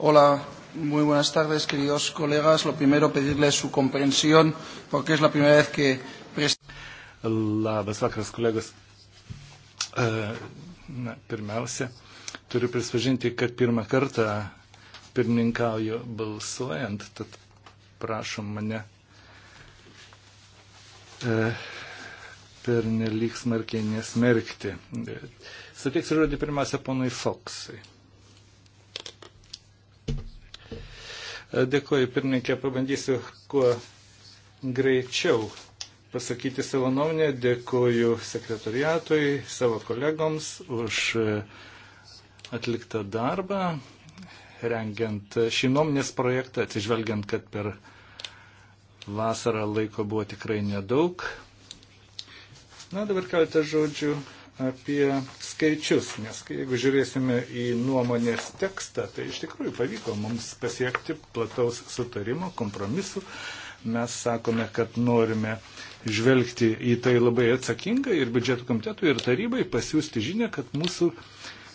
Hola, muy buenas tardes, queridos colegas. Lo primero, pedirles su comprensión, porque es la primera vez que... Labas vakaras, kolegos. E, na, pirmiausia, turiu prisipažinti, kad pirmą kartą pirmininkauju balsuojant, tad prašom mane e, per nelik smarkiai nesmerkti. Suteiksiu žodį pirmiausia ponui Foksui. Dėkuoju, pirmininkė, pabandysiu kuo greičiau pasakyti savo nuomonę. Dėkuoju sekretoriatui, savo kolegoms už e, atliktą darbą, rengiant šį nuomonės projektą, atsižvelgiant, kad per vasarą laiko buvo tikrai nedaug. Na, dabar keletą žodžių apie skaičius, nes jeigu žiūrėsime į nuomonės tekstą, tai iš tikrųjų pavyko mums pasiekti plataus sutarimo, kompromisu. Mes sakome, kad norime žvelgti į tai labai atsakingai ir biudžeto komitetui ir tarybai pasiūsti žinę, kad mūsų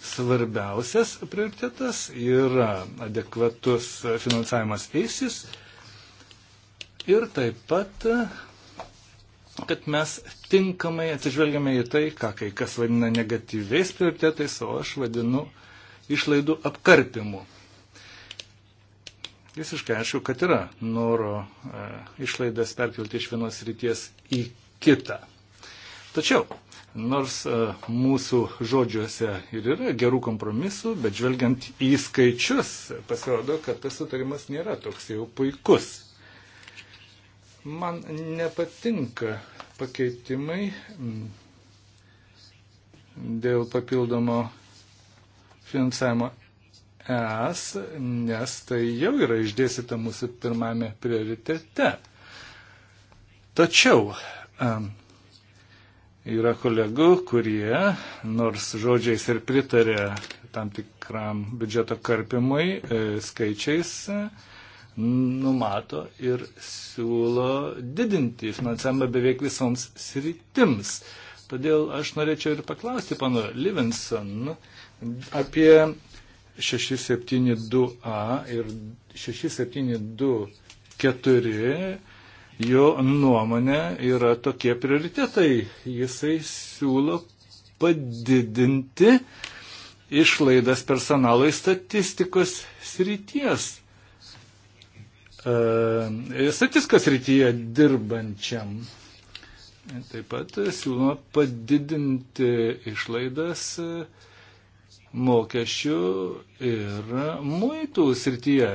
svarbiausias prioritetas yra adekvatus finansavimas eisis ir taip pat kad mes tinkamai atsižvelgiame į tai, ką kai kas vadina negatyviais prioritetais, o aš vadinu išlaidų apkarpimu. Visiškai aišku, kad yra noro e, išlaidas perkelti iš vienos ryties į kitą. Tačiau, nors e, mūsų žodžiuose ir yra gerų kompromisų, bet žvelgiant į skaičius, pasirodo, kad tas sutarimas nėra toks jau puikus. Man nepatinka pakeitimai mm, dėl papildomo finansavimo ES, nes tai jau yra išdėsita mūsų pirmame prioritete. Tačiau yra kolegų, kurie, nors žodžiais ir pritarė tam tikram biudžeto karpimui, e, skaičiais numato ir siūlo didinti finansavimą beveik visoms sritims. Todėl aš norėčiau ir paklausti pano Livinson apie 672A ir 6724 jo nuomonė yra tokie prioritetai. Jisai siūlo padidinti išlaidas personalai statistikos srities E, statistikos rytyje dirbančiam. Taip pat siūloma padidinti išlaidas mokesčių ir muitų srityje.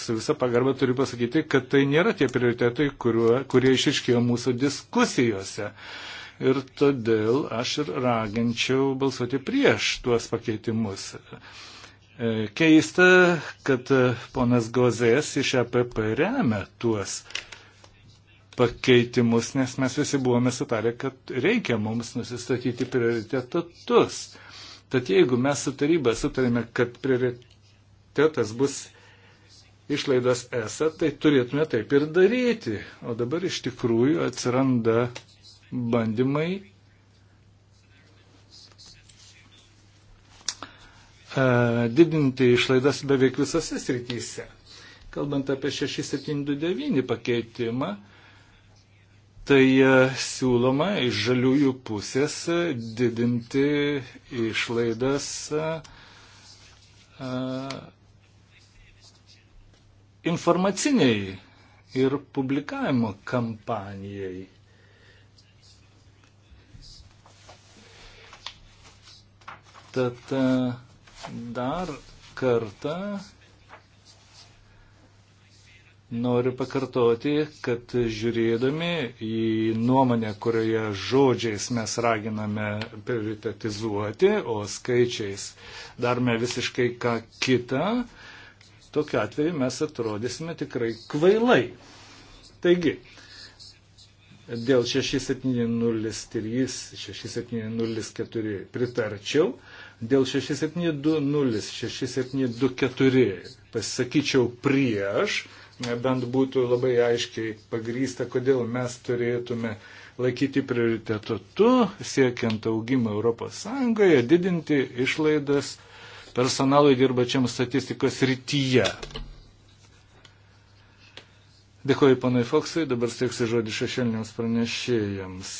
Su visa pagarba turiu pasakyti, kad tai nėra tie prioritetai, kuriuo, kurie išiškėjo mūsų diskusijose. Ir todėl aš ir raginčiau balsuoti prieš tuos pakeitimus. Uh, E, keista, kad e, ponas Gozės iš APP remia tuos pakeitimus, nes mes visi buvome sutarę, kad reikia mums nusistatyti prioritetus. Tad jeigu mes su taryba sutarėme, kad prioritetas bus išlaidos esą, tai turėtume taip ir daryti. O dabar iš tikrųjų atsiranda bandymai E, didinti išlaidas beveik visose srityse. Kalbant apie 6729 pakeitimą, tai e, siūloma iš žaliųjų pusės didinti išlaidas e, informaciniai ir publikavimo kampanijai. Tad uh, Dar kartą noriu pakartoti, kad žiūrėdami į nuomonę, kurioje žodžiais mes raginame prioritetizuoti, o skaičiais darome visiškai ką kitą, tokiu atveju mes atrodysime tikrai kvailai. Taigi, dėl 6703, 6704 pritarčiau, Dėl 6720, 6724 pasisakyčiau prieš, bent būtų labai aiškiai pagrysta, kodėl mes turėtume laikyti prioritetu, siekiant augimą ES, didinti išlaidas personalui dirbačiam statistikos rytyje. Dėkuoju panai Foksui, dabar steiksiu žodį šešėliniams pranešėjams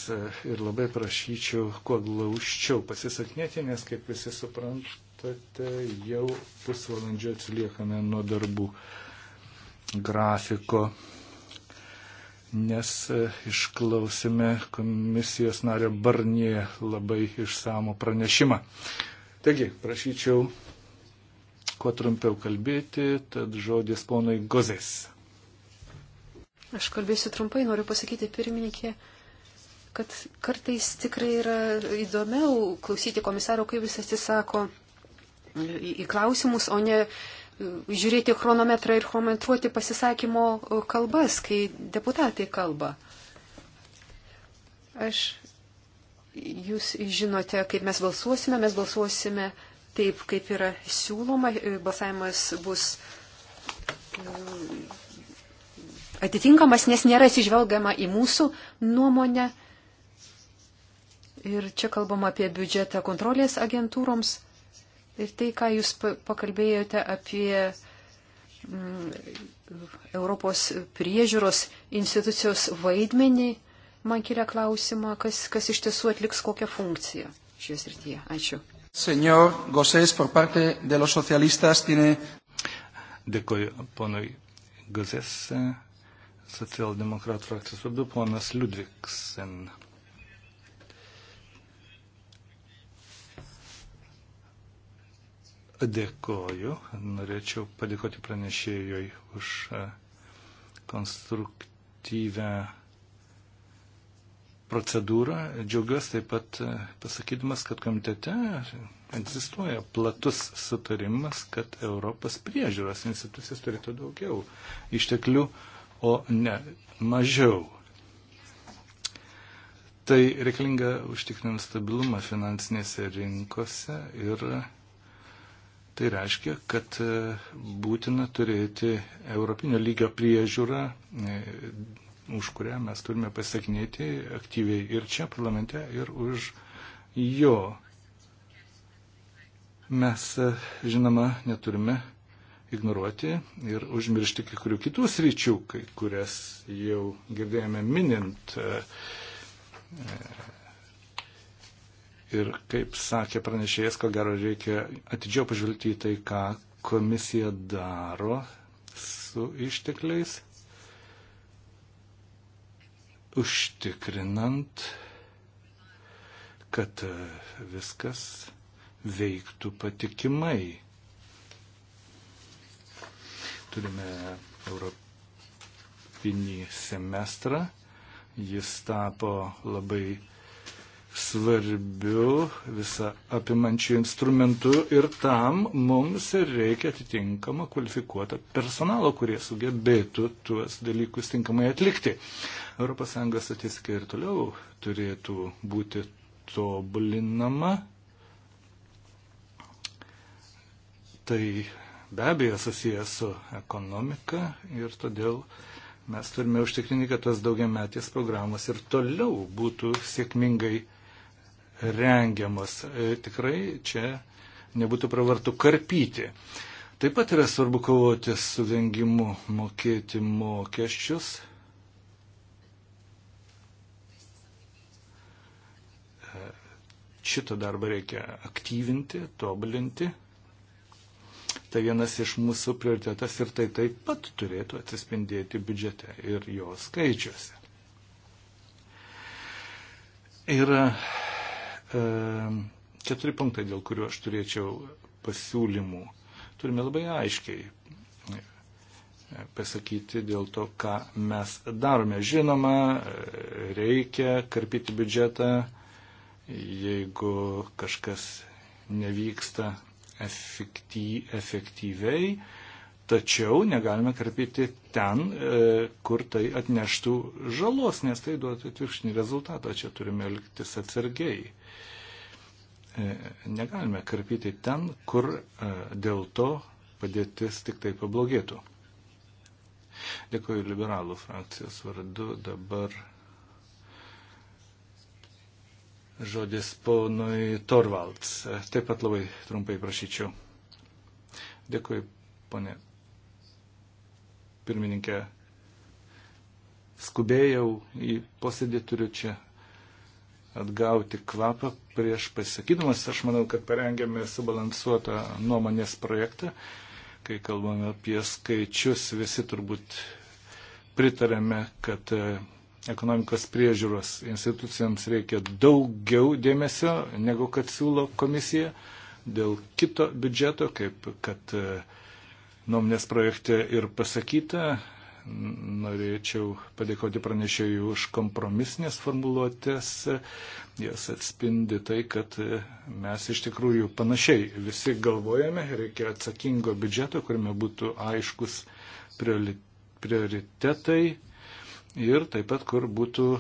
ir labai prašyčiau kuo glaučiau pasisakinėti, nes kaip visi suprantate, jau pusvalandžio atsiliekame nuo darbų grafiko, nes e, išklausime komisijos nario Barnie labai išsamų pranešimą. Taigi, prašyčiau kuo trumpiau kalbėti, tad žodis ponai Gozės. Aš kalbėsiu trumpai, noriu pasakyti pirmininkė, kad kartais tikrai yra įdomiau klausyti komisaro, kaip jis atsisako į klausimus, o ne žiūrėti chronometrą ir komentuoti pasisakymo kalbas, kai deputatai kalba. Aš, jūs žinote, kaip mes balsuosime, mes balsuosime taip, kaip yra siūloma, balsavimas bus atitinkamas, nes nėra atsižvelgiama į mūsų nuomonę. Ir čia kalbam apie biudžetą kontrolės agentūroms. Ir tai, ką jūs pakalbėjote apie mm, Europos priežiūros institucijos vaidmenį, man kilia klausimą, kas, kas iš tiesų atliks kokią funkciją šioje srityje. Ačiū. Senor Gosės, por parte de los socialistas, tiene. Dėkoju, ponui Gosės socialdemokratų frakcijos vardu ponas Ludviksen. Dėkoju. Norėčiau padėkoti pranešėjoj už e, konstruktyvę procedūrą. Džiaugiuosi taip pat e, pasakydamas, kad komitete egzistuoja platus sutarimas, kad Europos priežiūros institucijas turėtų daugiau išteklių o ne mažiau. Tai reikalinga užtikrinant stabilumą finansinėse rinkose ir tai reiškia, kad e, būtina turėti europinio lygio priežiūrą, e, už kurią mes turime pasakinėti aktyviai ir čia parlamente, ir už jo. Mes, e, žinoma, neturime ignoruoti ir užmiršti kai kurių kitų sričių, kai kurias jau girdėjome minint. E, e, ir kaip sakė pranešėjas, ko gero reikia atidžiau pažvelgti į tai, ką komisija daro su ištekliais, užtikrinant, kad viskas veiktų patikimai Turime europinį semestrą. Jis tapo labai svarbiu visą apimančiu instrumentu ir tam mums reikia atitinkamą kvalifikuotą personalą, kurie sugebėtų tuos dalykus tinkamai atlikti. ES statistika ir toliau turėtų būti tobulinama. Tai be abejo susijęs su ekonomika ir todėl mes turime užtikrinti, kad tos daugiametės programos ir toliau būtų sėkmingai rengiamas. E, tikrai čia nebūtų pravartu karpyti. Taip pat yra svarbu kovoti su vengimu mokėti mokesčius. E, šitą darbą reikia aktyvinti, tobulinti. Tai vienas iš mūsų prioritetas ir tai taip pat turėtų atsispindėti biudžete ir jo skaičiuose. Yra e, keturi punktai, dėl kurių aš turėčiau pasiūlymų. Turime labai aiškiai e, pasakyti dėl to, ką mes darome. Žinoma, e, reikia karpyti biudžetą, jeigu kažkas nevyksta efekty, efektyviai, tačiau negalime karpyti ten, e, kur tai atneštų žalos, nes tai duotų atvirkštinį rezultatą, čia turime elgtis atsargiai. E, negalime karpyti ten, kur e, dėl to padėtis tik tai pablogėtų. Dėkuoju liberalų frakcijos vardu dabar Žodis ponui Torvalds. Taip pat labai trumpai prašyčiau. Dėkui, ponė pirmininkė. Skubėjau į posėdį, turiu čia atgauti kvapą prieš pasisakydamas. Aš manau, kad parengėme subalansuotą nuomonės projektą. Kai kalbame apie skaičius, visi turbūt pritarėme, kad ekonomikos priežiūros institucijams reikia daugiau dėmesio, negu kad siūlo komisija dėl kito biudžeto, kaip kad e, nuomonės projekte ir pasakyta. Norėčiau padėkoti pranešėjų už kompromisinės formuluotės. Jas atspindi tai, kad e, mes iš tikrųjų panašiai visi galvojame, reikia atsakingo biudžeto, kuriame būtų aiškus prioritetai ir taip pat, kur būtų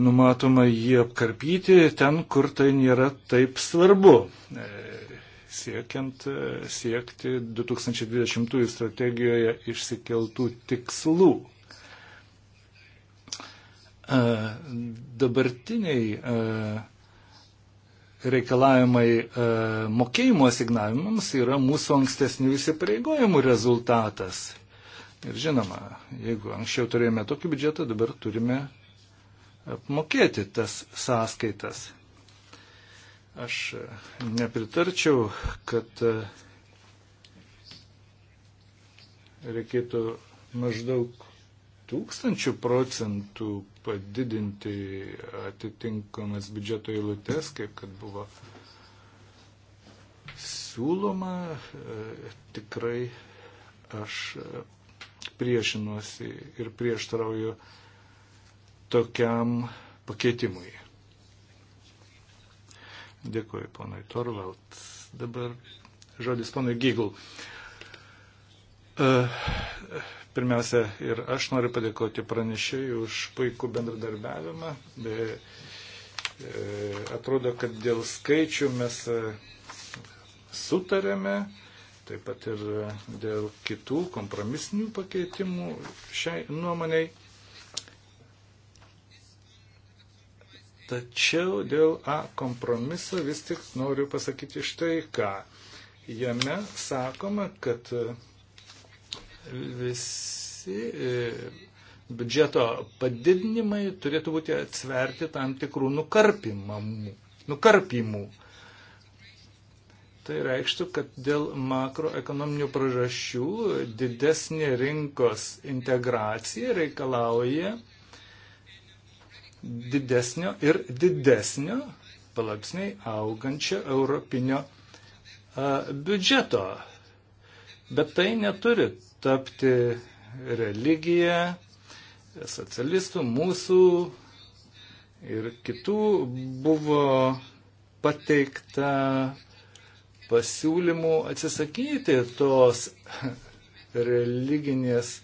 numatoma jį apkarpyti ten, kur tai nėra taip svarbu. E, siekiant e, siekti 2020 strategijoje išsikeltų tikslų. E, dabartiniai reikalavimai e, mokėjimo asignavimams yra mūsų ankstesnių įsipareigojimų rezultatas. Ir žinoma, jeigu anksčiau turėjome tokį biudžetą, dabar turime apmokėti tas sąskaitas. Aš nepritarčiau, kad reikėtų maždaug tūkstančių procentų padidinti atitinkamas biudžeto eilutes, kaip kad buvo siūloma. E, tikrai aš priešinuosi ir prieštarauju tokiam pakeitimui. Dėkuoju, ponai Torlaut. Dabar žodis ponai Gygl. Eh, pirmiausia, ir aš noriu padėkoti pranešėjui už puikų bendradarbiavimą. Eh, atrodo, kad dėl skaičių mes eh, sutarėme taip pat ir dėl kitų kompromisinių pakeitimų šiai nuomoniai. Tačiau dėl A kompromiso vis tik noriu pasakyti štai ką. Jame sakoma, kad visi e, biudžeto padidinimai turėtų būti atsverti tam tikrų nukarpimų. nukarpimų. Tai reikštų, kad dėl makroekonominių priežasčių didesnė rinkos integracija reikalauja didesnio ir didesnio palapsniai augančio europinio a, biudžeto. Bet tai neturi tapti religija, socialistų, mūsų ir kitų buvo pateikta pasiūlymų atsisakyti tos religinės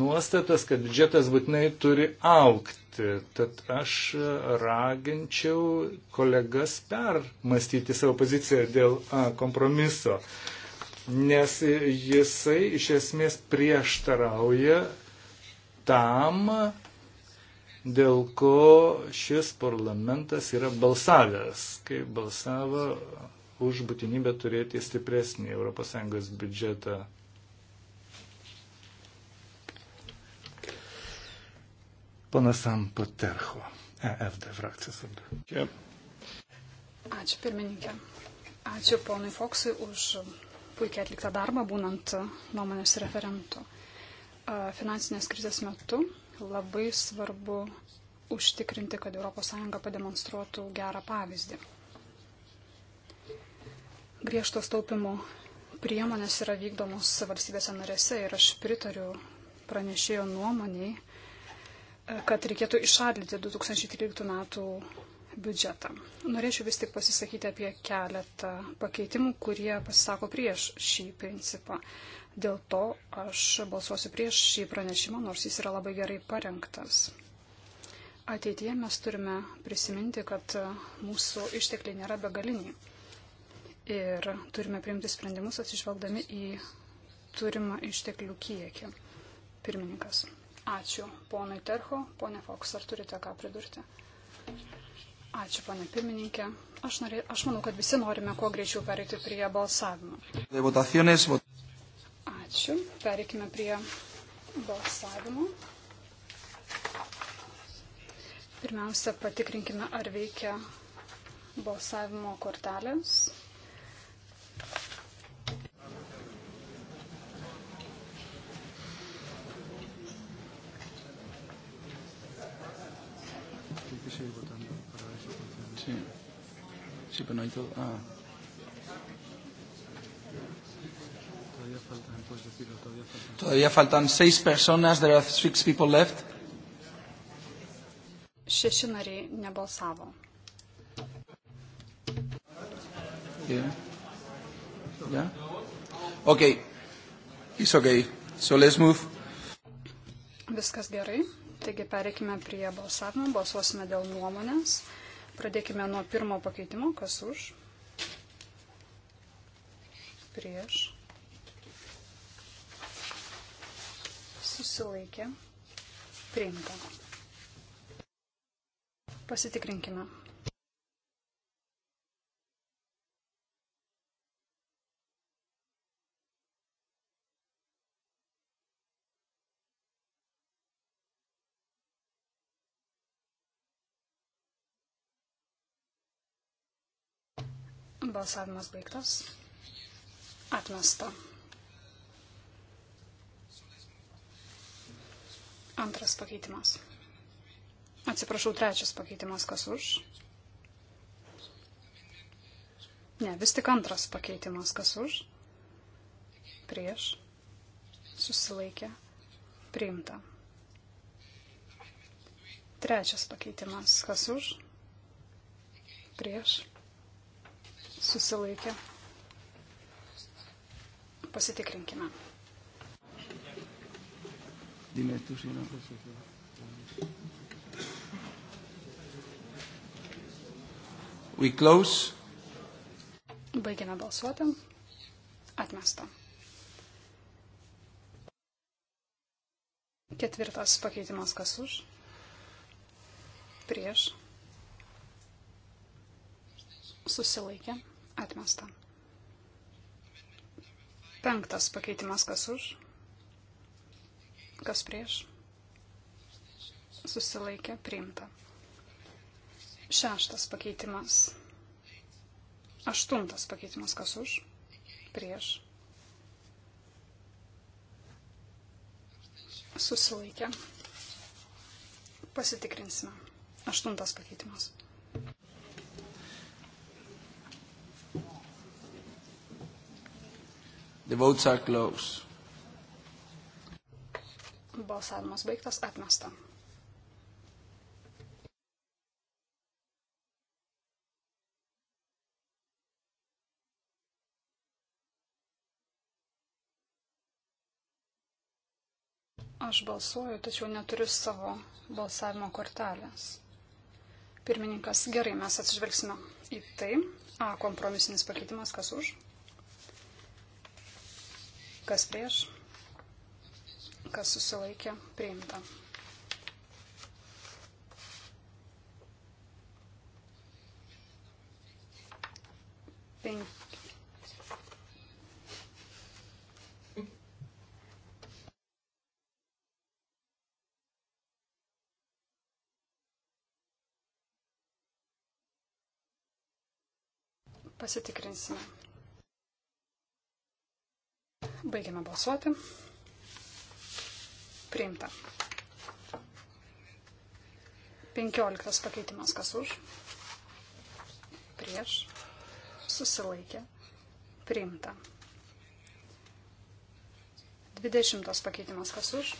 nuostatas, kad biudžetas būtinai turi aukti. Tad aš raginčiau kolegas permastyti savo poziciją dėl a, kompromiso, nes jisai iš esmės prieštarauja tam, dėl ko šis parlamentas yra balsavęs, kai balsavo už būtinybę turėti stipresnį ES biudžetą. Panas Ampoterho, EFD frakcijos vardu. Ačiū pirmininkė. Ačiū ponui Foksui už puikiai atliktą darbą, būnant nuomonės referentu. Finansinės krizės metu labai svarbu užtikrinti, kad ES pademonstruotų gerą pavyzdį griežtos taupimo priemonės yra vykdomos valstybėse narėse ir aš pritariu pranešėjo nuomoniai, e, kad reikėtų išaldyti 2013 metų biudžetą. Norėčiau vis tik pasisakyti apie keletą pakeitimų, kurie pasisako prieš šį principą. Dėl to aš balsuosiu prieš šį pranešimą, nors jis yra labai gerai parengtas. Ateityje mes turime prisiminti, kad mūsų ištekliai nėra begaliniai ir turime priimti sprendimus atsižvelgdami į turimą išteklių kiekį. Pirmininkas. Ačiū ponui Terho. Pone Foks, ar turite ką pridurti? Ačiū, ponė pirmininkė. Aš, norė, aš manau, kad visi norime kuo greičiau pereiti prie balsavimo. Ačiū. Pereikime prie balsavimo. Pirmiausia, patikrinkime, ar veikia balsavimo kortelės. Hay que seguir votando para ver si funciona. Sí. Sí, pero no hay todo. Ah. Todavía faltan, puedes decirlo, todavía faltan. Todavía faltan seis personas. There are six people left. Šeši nariai nebalsavo. Yeah. Yeah. Okay. It's okay. So let's move. Viskas gerai. Taigi pereikime prie balsavimo, balsuosime dėl nuomonės. Pradėkime nuo pirmo pakeitimo, kas už, prieš, susilaikė, priimta. Pasitikrinkime. Balsavimas baigtas. Atmesta. Antras pakeitimas. Atsiprašau, trečias pakeitimas kas už. Ne, vis tik antras pakeitimas kas už. Prieš. Susilaikė. Priimta. Trečias pakeitimas kas už. Prieš susilaikė. Pasitikrinkime. Dime tú si no We close. Baigiame balsuoti. Atmesta. Ketvirtas pakeitimas kas už. Prieš. Susilaikė. Atmesta. Penktas pakeitimas kas už, kas prieš. Susilaikė priimta. Šeštas pakeitimas. Aštuntas pakeitimas kas už, prieš. Susilaikė. Pasitikrinsime. Aštuntas pakeitimas. The votes are closed. Balsavimas baigtas, atmesta. Aš balsuoju, tačiau neturiu savo balsavimo kortelės. Pirmininkas, gerai, mes atsižvelgsime į tai. A, kompromisinis pakeitimas, kas už? Kas prieš? Kas susilaikė? Priimta. Penk... Pasitikrinsime. Baigiame balsuoti. Priimta. 15 pakeitimas kas už. Prieš. Susilaikė. Priimta. 20 pakeitimas kas už.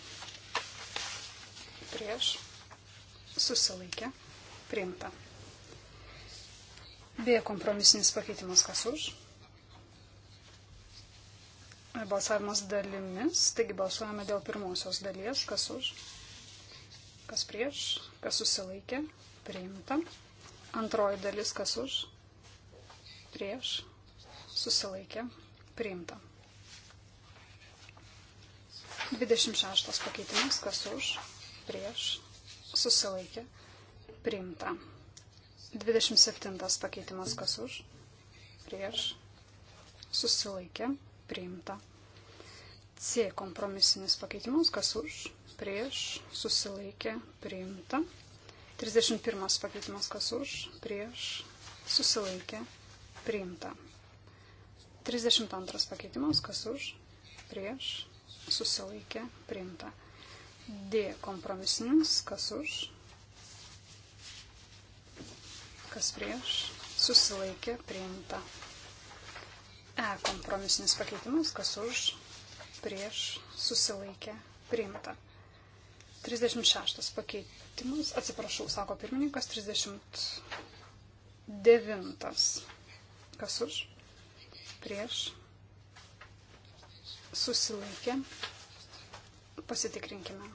Prieš. Susilaikė. Priimta. B kompromisinis pakeitimas kas už. Prieš Balsavimas dalimis, taigi balsuojame dėl pirmosios dalies, kas už, kas prieš, kas susilaikė, priimta. Antroji dalis, kas už, prieš, susilaikė, priimta. 26 pakeitimas, kas už, prieš, susilaikė, priimta. 27 pakeitimas, kas už, prieš, susilaikė, priimta priimta. C kompromisinis pakeitimas, kas už, prieš, susilaikė, priimta. 31 pakeitimas, kas už, prieš, susilaikė, priimta. 32 pakeitimas, kas už, prieš, susilaikė, priimta. D kompromisinis, kas už, kas prieš, susilaikė, priimta. E kompromisinis pakeitimas, kas už, prieš, susilaikė, priimta. 36 pakeitimas, atsiprašau, sako pirmininkas, 39. Kas už, prieš, susilaikė, pasitikrinkime.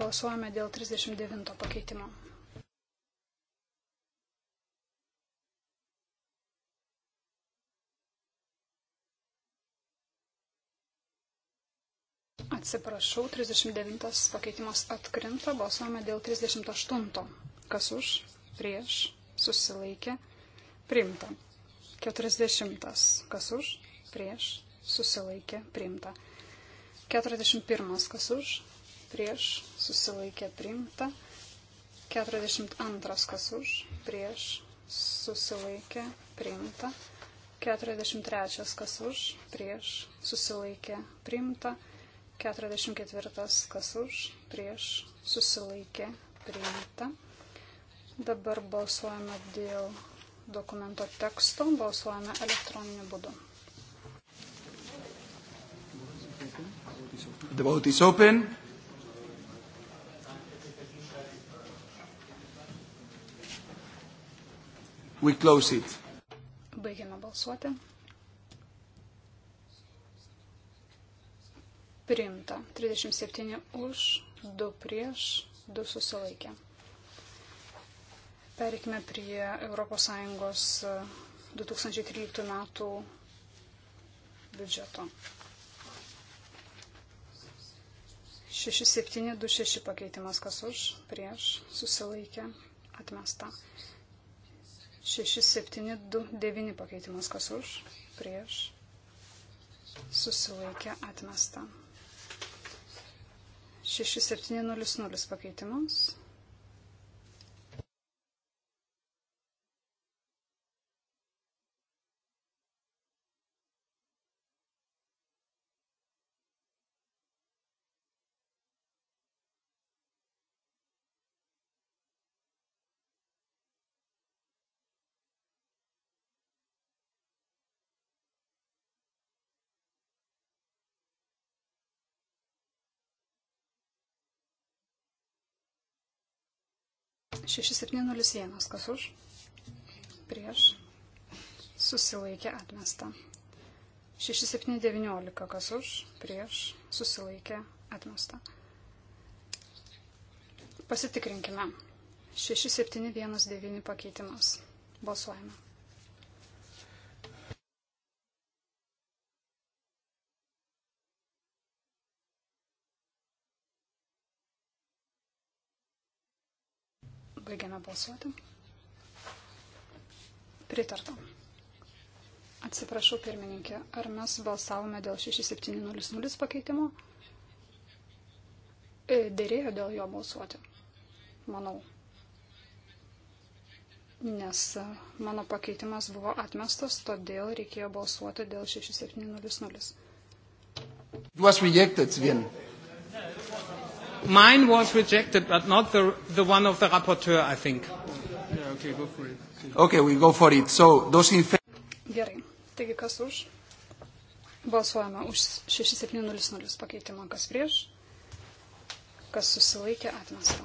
Balsuojame dėl 39 pakeitimo. Atsiprašau, 39 pakeitimas atkrinta, balsuojame dėl 38. Kas už, prieš, susilaikė, priimta. 40. Kas už, prieš, susilaikė, priimta. 41. Kas už, prieš, susilaikė, priimta. 42. Kas už, prieš, susilaikė, priimta. 43. Kas už, prieš, susilaikė, priimta. 44 kas už, prieš, susilaikė, priimta. Dabar balsuojame dėl dokumento teksto, balsuojame elektroniniu būdu. The vote is open. We close it. Baigiame balsuoti. Priimta. 37 už, 2 prieš, 2 susilaikė. Perikime prie ES 2013 e, metų biudžeto. 6726 pakeitimas kas už, prieš, susilaikė, atmesta. 6729 pakeitimas kas už, prieš, susilaikė, atmesta. 6700 pakeitimams. 6701, kas už, prieš, susilaikė atmesta. 6719, kas už, prieš, susilaikė atmesta. Pasitikrinkime. 6719 pakeitimas. Balsuojame. Baigiame balsuoti. Pritarta. Atsiprašau, pirmininkė, ar mes balsavome dėl 6700 pakeitimo? E, Dėrėjo dėl jo balsuoti, manau. Nes mano pakeitimas buvo atmestas, todėl reikėjo balsuoti dėl 6700. Duos rejected, vien. Yeah mine was rejected, but not the, the one of the rapporteur, I think. Yeah, okay, go for it. Okay, we go for it. So, those in favor. Gerai. Taigi, kas už? Balsuojame už 6700 pakeitimą, kas prieš, kas susilaikė atmestą.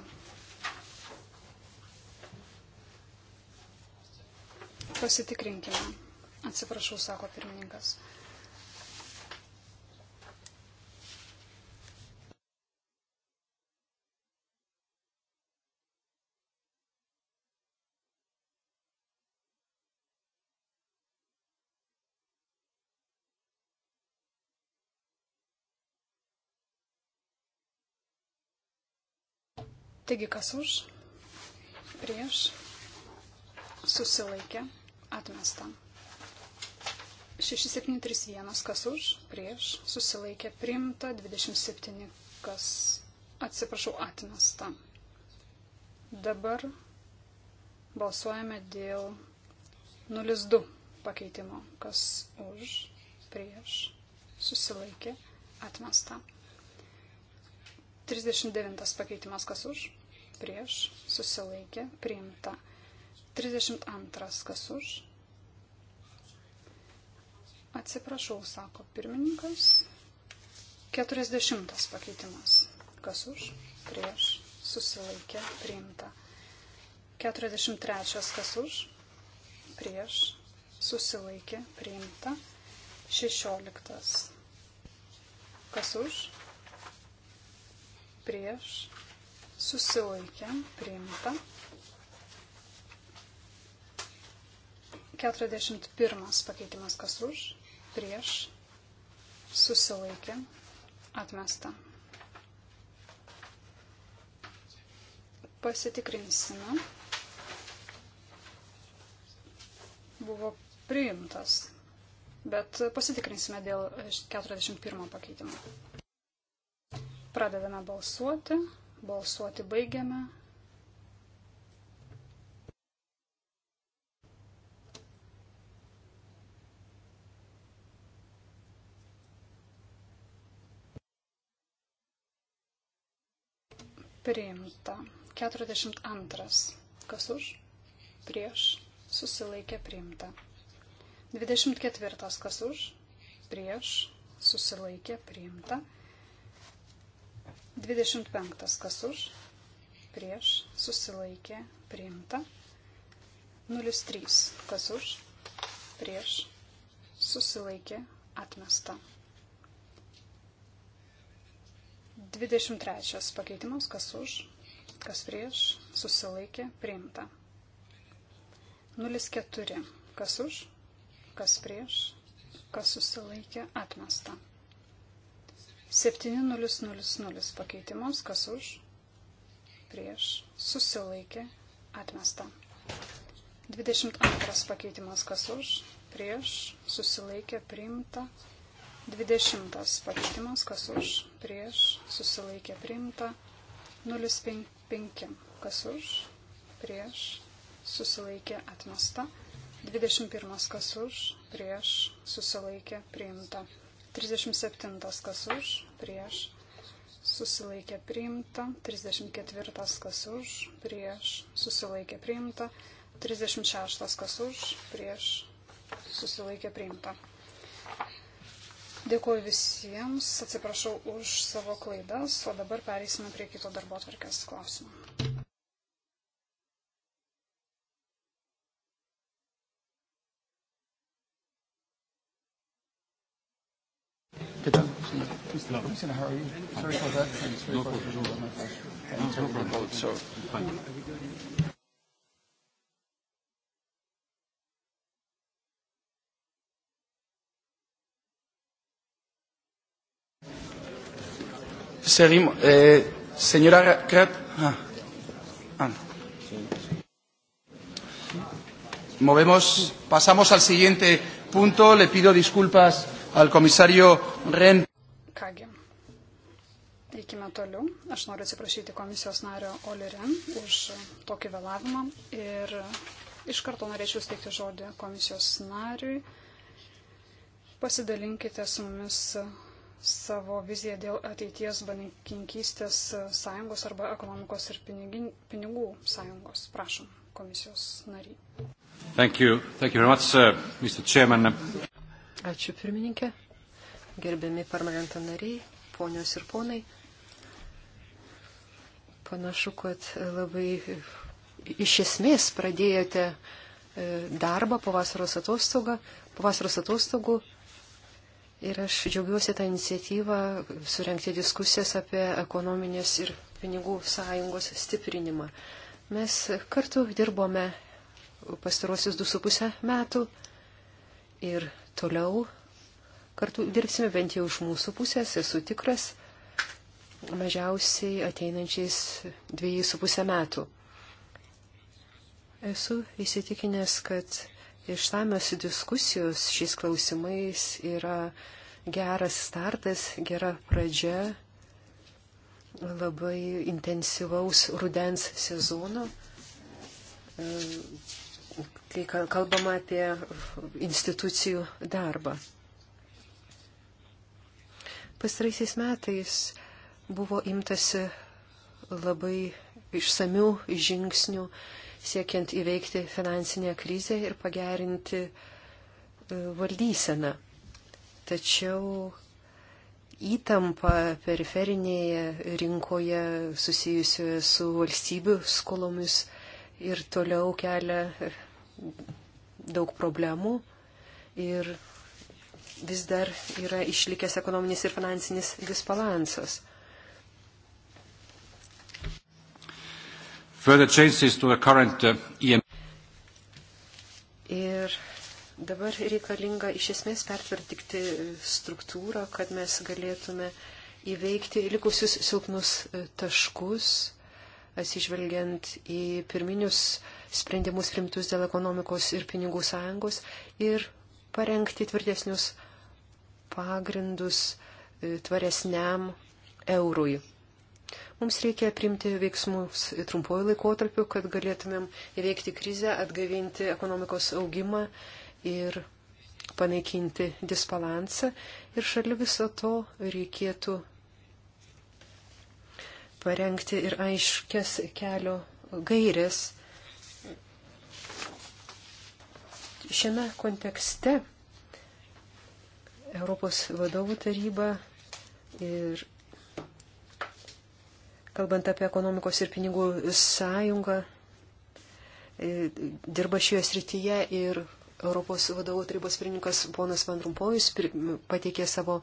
Pasitikrinkime. Atsiprašau, sako pirmininkas. Taigi, kas už, prieš, susilaikė, atmesta. 6731, kas už, prieš, susilaikė, priimta, 27, kas, atsiprašau, atmesta. Dabar balsuojame dėl 02 pakeitimo, kas už, prieš, susilaikė, atmesta. 39 pakeitimas kas už, prieš, susilaikė, priimta. 32 kas už. Atsiprašau, sako pirmininkas. 40 pakeitimas kas už, prieš, susilaikė, priimta. 43 kas už, prieš, susilaikė, priimta. 16 kas už, prieš, susilaikė, priimta. 41 pakeitimas kas už, prieš, susilaikė, atmesta. Pasitikrinsime. Buvo priimtas, bet pasitikrinsime dėl 41 pakeitimo. Pradedame balsuoti. Balsuoti baigiame. Priimta. 42. Kas už? Prieš. Susilaikė priimta. 24. Kas už? Prieš. Susilaikė priimta. 25. Kas už? Prieš. Susilaikė. Priimta. 03. Kas už? Prieš. Susilaikė. Atmesta. 23. Pakeitimas. Kas už? Kas prieš? Susilaikė. Priimta. 04. Kas už? Kas prieš? Kas susilaikė? Atmesta. 7000 pakeitimams, kas už, prieš, susilaikė, atmesta. 22 pakeitimas, kas už, prieš, susilaikė, priimta. 20 pakeitimas, kas už, prieš, susilaikė, priimta. 05, kas už, prieš, susilaikė, atmesta. 21 kas už, prieš, susilaikė, priimta. 37 kas už, prieš, susilaikė priimta, 34 kas už, prieš, susilaikė priimta, 36 kas už, prieš, susilaikė priimta. Dėkuoju visiems, atsiprašau už savo klaidas, o dabar pereisime prie kito darbo atvarkės klausimo. Good job. Mr. Commissioner, how are you? Sorry for that. And sorry no for problem. my pleasure. No, no problem. Oh, sorry. Fine. Seguimos. Eh, señora Krat. Ah. Ah. Movemos, pasamos al siguiente punto. Le pido disculpas al komisario Ren. Kągi, eikime toliau. Aš noriu atsiprašyti komisijos nario Oli Ren už tokį vėlavimą ir iš karto norėčiau steigti žodį komisijos nariui. Pasidalinkite su mumis savo viziją dėl ateities bankininkystės sąjungos arba ekonomikos ir pinigin, pinigų sąjungos. Prašom, komisijos nariai. Thank you. Thank you very much, uh, Mr. Chairman. Ačiū pirmininkė, gerbiami parlamento nariai, ponios ir ponai. Panašu, kad labai iš esmės pradėjote e, darbą po vasaros, atostogą, po vasaros atostogų. Ir aš džiaugiuosi tą iniciatyvą surenkti diskusijas apie ekonominės ir pinigų sąjungos stiprinimą. Mes kartu dirbome pastaruosius du su pusę metų ir toliau kartu dirbsime bent jau iš mūsų pusės, esu tikras, mažiausiai ateinančiais dviejai su pusę metų. Esu įsitikinęs, kad išsamios diskusijos šiais klausimais yra geras startas, gera pradžia labai intensyvaus rudens sezono kai kalbama apie institucijų darbą. Pastaraisiais metais buvo imtasi labai išsamių žingsnių siekiant įveikti finansinę krizę ir pagerinti e, valdyseną. Tačiau įtampa periferinėje rinkoje susijusioje su valstybių skolomis ir toliau kelia daug problemų ir vis dar yra išlikęs ekonominis ir finansinis disbalansas. Uh, e ir dabar reikalinga iš esmės pertvarkyti struktūrą, kad mes galėtume įveikti likusius silpnus e, taškus, atsižvelgiant į pirminius uh, sprendimus primtus dėl ekonomikos ir pinigų sąjungos ir parengti tvirtesnius pagrindus e, tvaresniam eurui. Mums reikia primti veiksmus trumpuoju laikotarpiu, kad galėtumėm įveikti krizę, atgavinti ekonomikos augimą ir panaikinti disbalansą. Ir šalia viso to reikėtų parengti ir aiškės kelio gairės Šiame kontekste Europos vadovų taryba ir kalbant apie ekonomikos ir pinigų sąjungą, e, dirba šioje srityje ir Europos vadovų tarybos pirmininkas ponas Van Rumpojus pateikė savo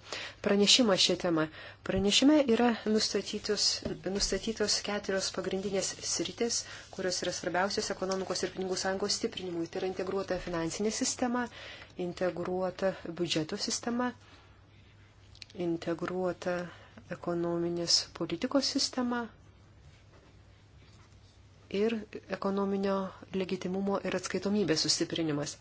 pranešimą šią temą. Pranešime yra nustatytos, nustatytos keturios pagrindinės sritis, kurios yra svarbiausios ekonomikos ir pinigų sąjungos stiprinimui. Tai yra integruota finansinė sistema, integruota biudžeto sistema, integruota ekonominės politikos sistema, ir ekonominio legitimumo ir atskaitomybės sustiprinimas.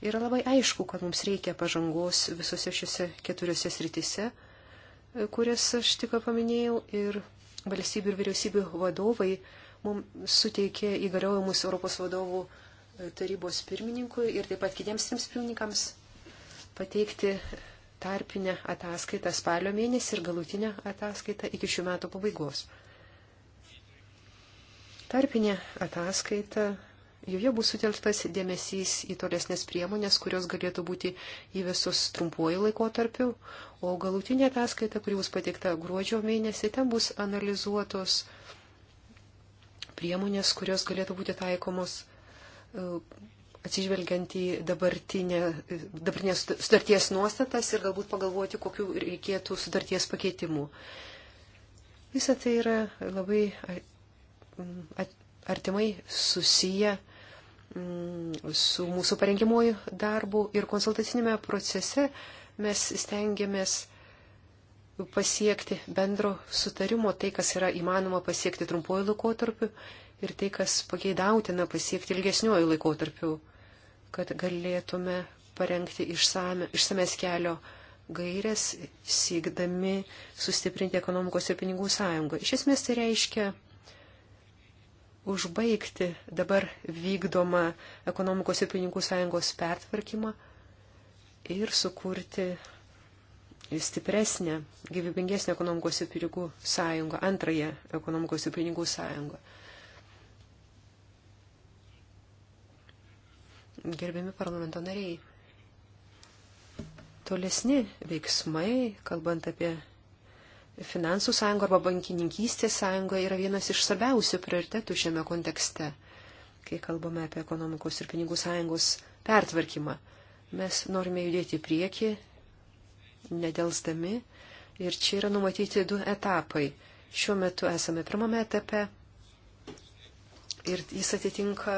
Yra labai aišku, kad mums reikia pažangos visose šiuose keturiose sritise, kurias aš tik paminėjau, ir valstybių ir vyriausybių vadovai mums suteikė įgaliojimus Europos vadovų e, tarybos pirmininkui ir taip pat kitiems trims pirmininkams pateikti tarpinę ataskaitą spalio mėnesį ir galutinę ataskaitą iki šių metų pabaigos. Tarpinė ataskaita Joje bus sutelktas dėmesys į tolesnės priemonės, kurios galėtų būti įvesus trumpuoju laikotarpiu, o galutinė ataskaita, kuri bus pateikta gruodžio mėnesį, ten bus analizuotos priemonės, kurios galėtų būti taikomos e, atsižvelgiant į dabartinę, e, dabartinės sutarties nuostatas ir galbūt pagalvoti, kokiu reikėtų sutarties pakeitimu. Visą tai yra labai artimai susiję Mm, su mūsų parengimuoju darbu ir konsultacinėme procese mes stengiamės pasiekti bendro sutarimo tai, kas yra įmanoma pasiekti trumpuoju laikotarpiu ir tai, kas pageidautina pasiekti ilgesniuoju laikotarpiu, kad galėtume parengti išsame, išsames kelio gairias, siekdami sustiprinti ekonomikos ir pinigų sąjungą. Iš esmės tai reiškia užbaigti dabar vykdomą ekonomikos ir pinigų sąjungos pertvarkymą ir sukurti stipresnę, gyvybingesnę ekonomikos ir pinigų sąjungą, antrąją ekonomikos ir pinigų sąjungą. Gerbiami parlamento nariai, tolesni veiksmai, kalbant apie finansų sąjunga arba bankininkystės sąjunga yra vienas iš svarbiausių prioritetų šiame kontekste, kai kalbame apie ekonomikos ir pinigų sąjungos pertvarkymą. Mes norime judėti į priekį, nedelsdami, ir čia yra numatyti du etapai. Šiuo metu esame pirmame etape ir jis atitinka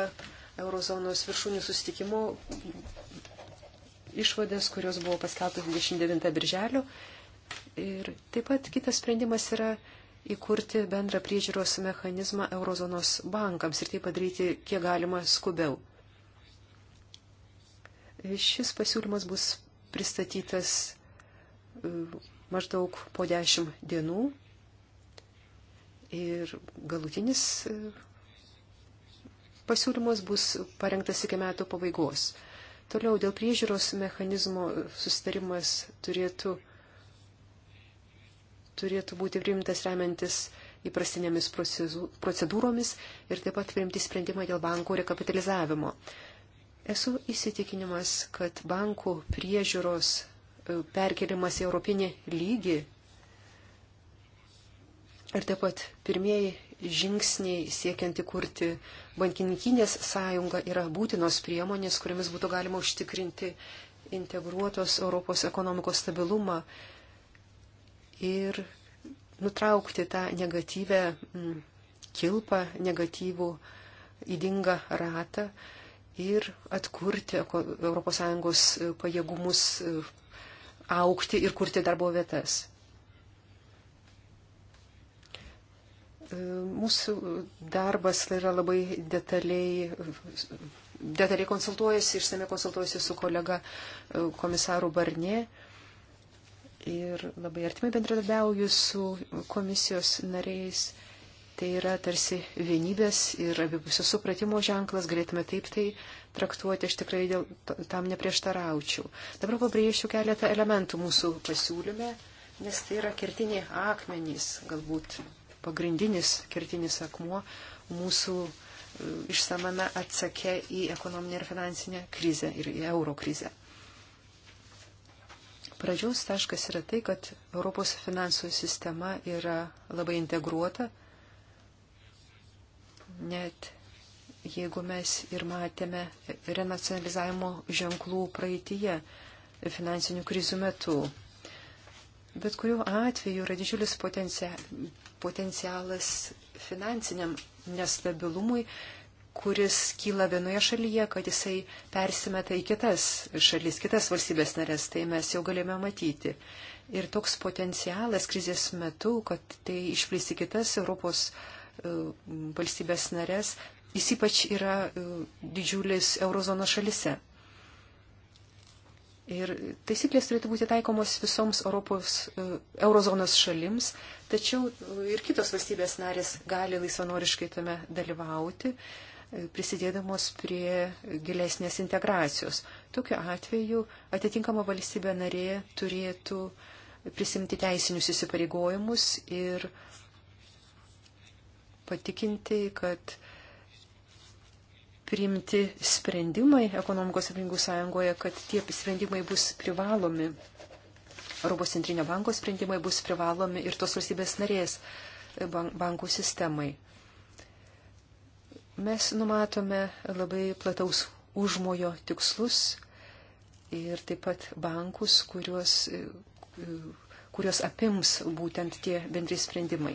Eurozonos viršūnių sustikimo išvadas, kurios buvo paskelbtos 29 birželio Ir taip pat kitas sprendimas yra įkurti bendrą priežiūros mechanizmą eurozonos bankams ir tai padaryti kiek galima skubiau. Šis pasiūlymas bus pristatytas e, maždaug po dešimt dienų ir galutinis e, pasiūlymas bus parengtas iki metų pabaigos. Toliau dėl priežiūros mechanizmo susitarimas turėtų turėtų būti priimtas remiantis įprastinėmis procedūromis ir taip pat priimti sprendimą dėl bankų rekapitalizavimo. Esu įsitikinimas, kad bankų priežiūros e, perkelimas į europinį lygį ir taip pat pirmieji žingsniai siekiant įkurti bankininkinės sąjungą yra būtinos priemonės, kuriamis būtų galima užtikrinti integruotos Europos ekonomikos stabilumą ir nutraukti tą negatyvę mm, kilpą, negatyvų įdingą ratą ir atkurti ES e, pajėgumus e, aukti ir kurti darbo vietas. E, mūsų darbas yra labai detaliai, detaliai konsultuojasi, išsame konsultuojasi su kolega komisaru Barnė ir labai artimai bendradarbiauju su komisijos nariais. Tai yra tarsi vienybės ir abipusio supratimo ženklas, galėtume taip tai traktuoti, aš tikrai dėl, tam neprieštaraučiau. Dabar pabrėšiu keletą elementų mūsų pasiūlyme, nes tai yra kertiniai akmenys, galbūt pagrindinis kertinis akmuo mūsų e, išsamame atsake į ekonominę ir finansinę krizę ir į euro krizę. Pradžiaus taškas yra tai, kad Europos finansų sistema yra labai integruota, net jeigu mes ir matėme renacionalizavimo ženklų praeitįje finansinių krizių metu. Bet kuriuo atveju yra didžiulis potencia, potencialas finansiniam nestabilumui kuris kyla vienoje šalyje, kad jisai persimeta į kitas šalis, kitas valstybės narės, tai mes jau galime matyti. Ir toks potencialas krizės metu, kad tai išplėsti kitas Europos e, valstybės narės, jis ypač yra e, didžiulis eurozono šalise. Ir taisyklės turėtų būti taikomos visoms Europos, e, eurozonos šalims, tačiau ir kitos valstybės narės gali laisvanoriškai tame dalyvauti. Uh, prisidėdamos prie gilesnės integracijos. Tokiu atveju atitinkama valstybė narė turėtų prisimti teisinius įsipareigojimus ir patikinti, kad priimti sprendimai ekonomikos aplinkų sąjungoje, kad tie sprendimai bus privalomi. Europos centrinio banko sprendimai bus privalomi ir tos valstybės narės bankų sistemai. Mes numatome labai plataus užmojo tikslus ir taip pat bankus, kuriuos, kuriuos apims būtent tie bendri sprendimai.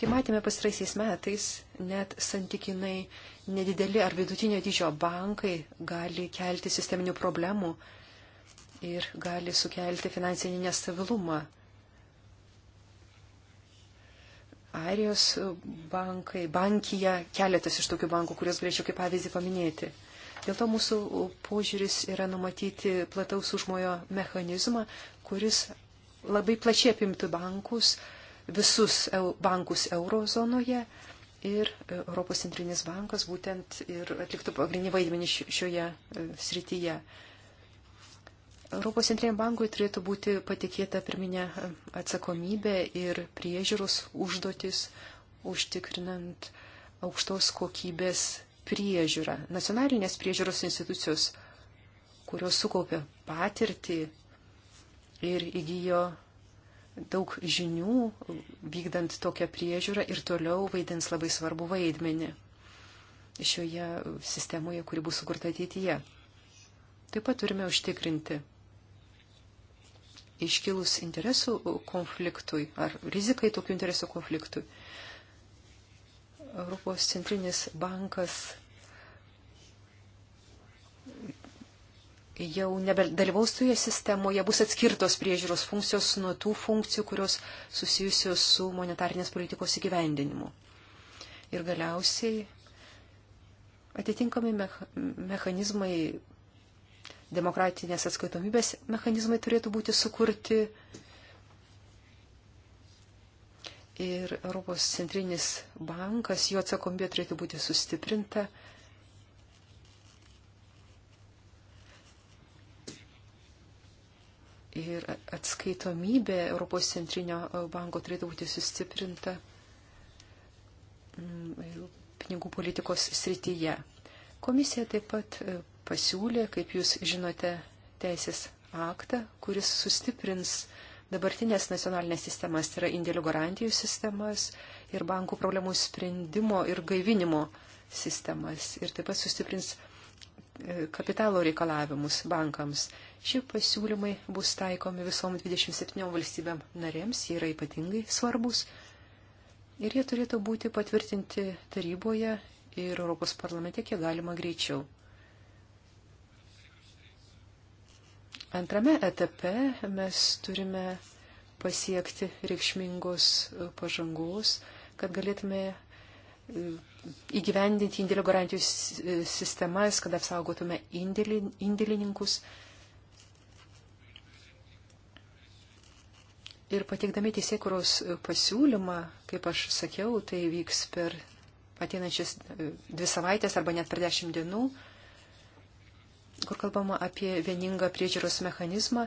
Kai matėme pastraisiais metais, net santykinai nedideli ar vidutinio dydžio bankai gali kelti sisteminių problemų ir gali sukelti finansinį nestabilumą Airijos bankai, bankija, keletas iš tokių bankų, kuriuos galėčiau kaip pavyzdį paminėti. Dėl to mūsų požiūris yra numatyti plataus užmojo mechanizmą, kuris labai plačiai apimtų bankus, visus bankus eurozonoje ir Europos centrinis bankas būtent ir atliktų pagrindinį vaidmenį šioje e, srityje. Europos centriniam bankui turėtų būti patikėta pirminė e, atsakomybė ir priežiūros užduotis, užtikrinant aukštos kokybės priežiūrą. Nacionalinės priežiūros institucijos, kurios sukaupė patirtį ir įgyjo daug žinių vykdant tokią priežiūrą ir toliau vaidins labai svarbu vaidmenį šioje sistemoje, kuri bus sukurta ateityje. Taip pat turime užtikrinti, iškilus interesų konfliktui ar rizikai tokių interesų konfliktui. Europos centrinis bankas jau nebedalyvaus toje sistemoje, bus atskirtos priežiūros funkcijos nuo tų funkcijų, kurios susijusios su monetarnės politikos įgyvendinimu. Ir galiausiai atitinkami mechanizmai demokratinės atskaitomybės mechanizmai turėtų būti sukurti. Ir Europos centrinis bankas, jo atsakomybė turėtų būti sustiprinta. Ir atskaitomybė Europos centrinio banko turėtų būti sustiprinta mm, pinigų politikos srityje. Komisija taip pat pasiūlė, kaip jūs žinote, teisės aktą, kuris sustiprins dabartinės nacionalinės sistemas, tai yra indėlių garantijų sistemas ir bankų problemų sprendimo ir gaivinimo sistemas. Ir taip pat sustiprins e, kapitalo reikalavimus bankams. Šie pasiūlymai bus taikomi visom 27 valstybėm narėms, jie yra ypatingai svarbus. Ir jie turėtų būti patvirtinti taryboje ir Europos parlamente kiek galima greičiau. Antrame etape mes turime pasiekti reikšmingos pažangos, kad galėtume mm, įgyvendinti indėlio garantijų sistemas, kad apsaugotume indėlį, indėlininkus. Ir pateikdami teisėkuros pasiūlymą, kaip aš sakiau, tai vyks per ateinančias mm, dvi savaitės arba net per dešimt dienų kur kalbama apie vieningą priežiūros mechanizmą,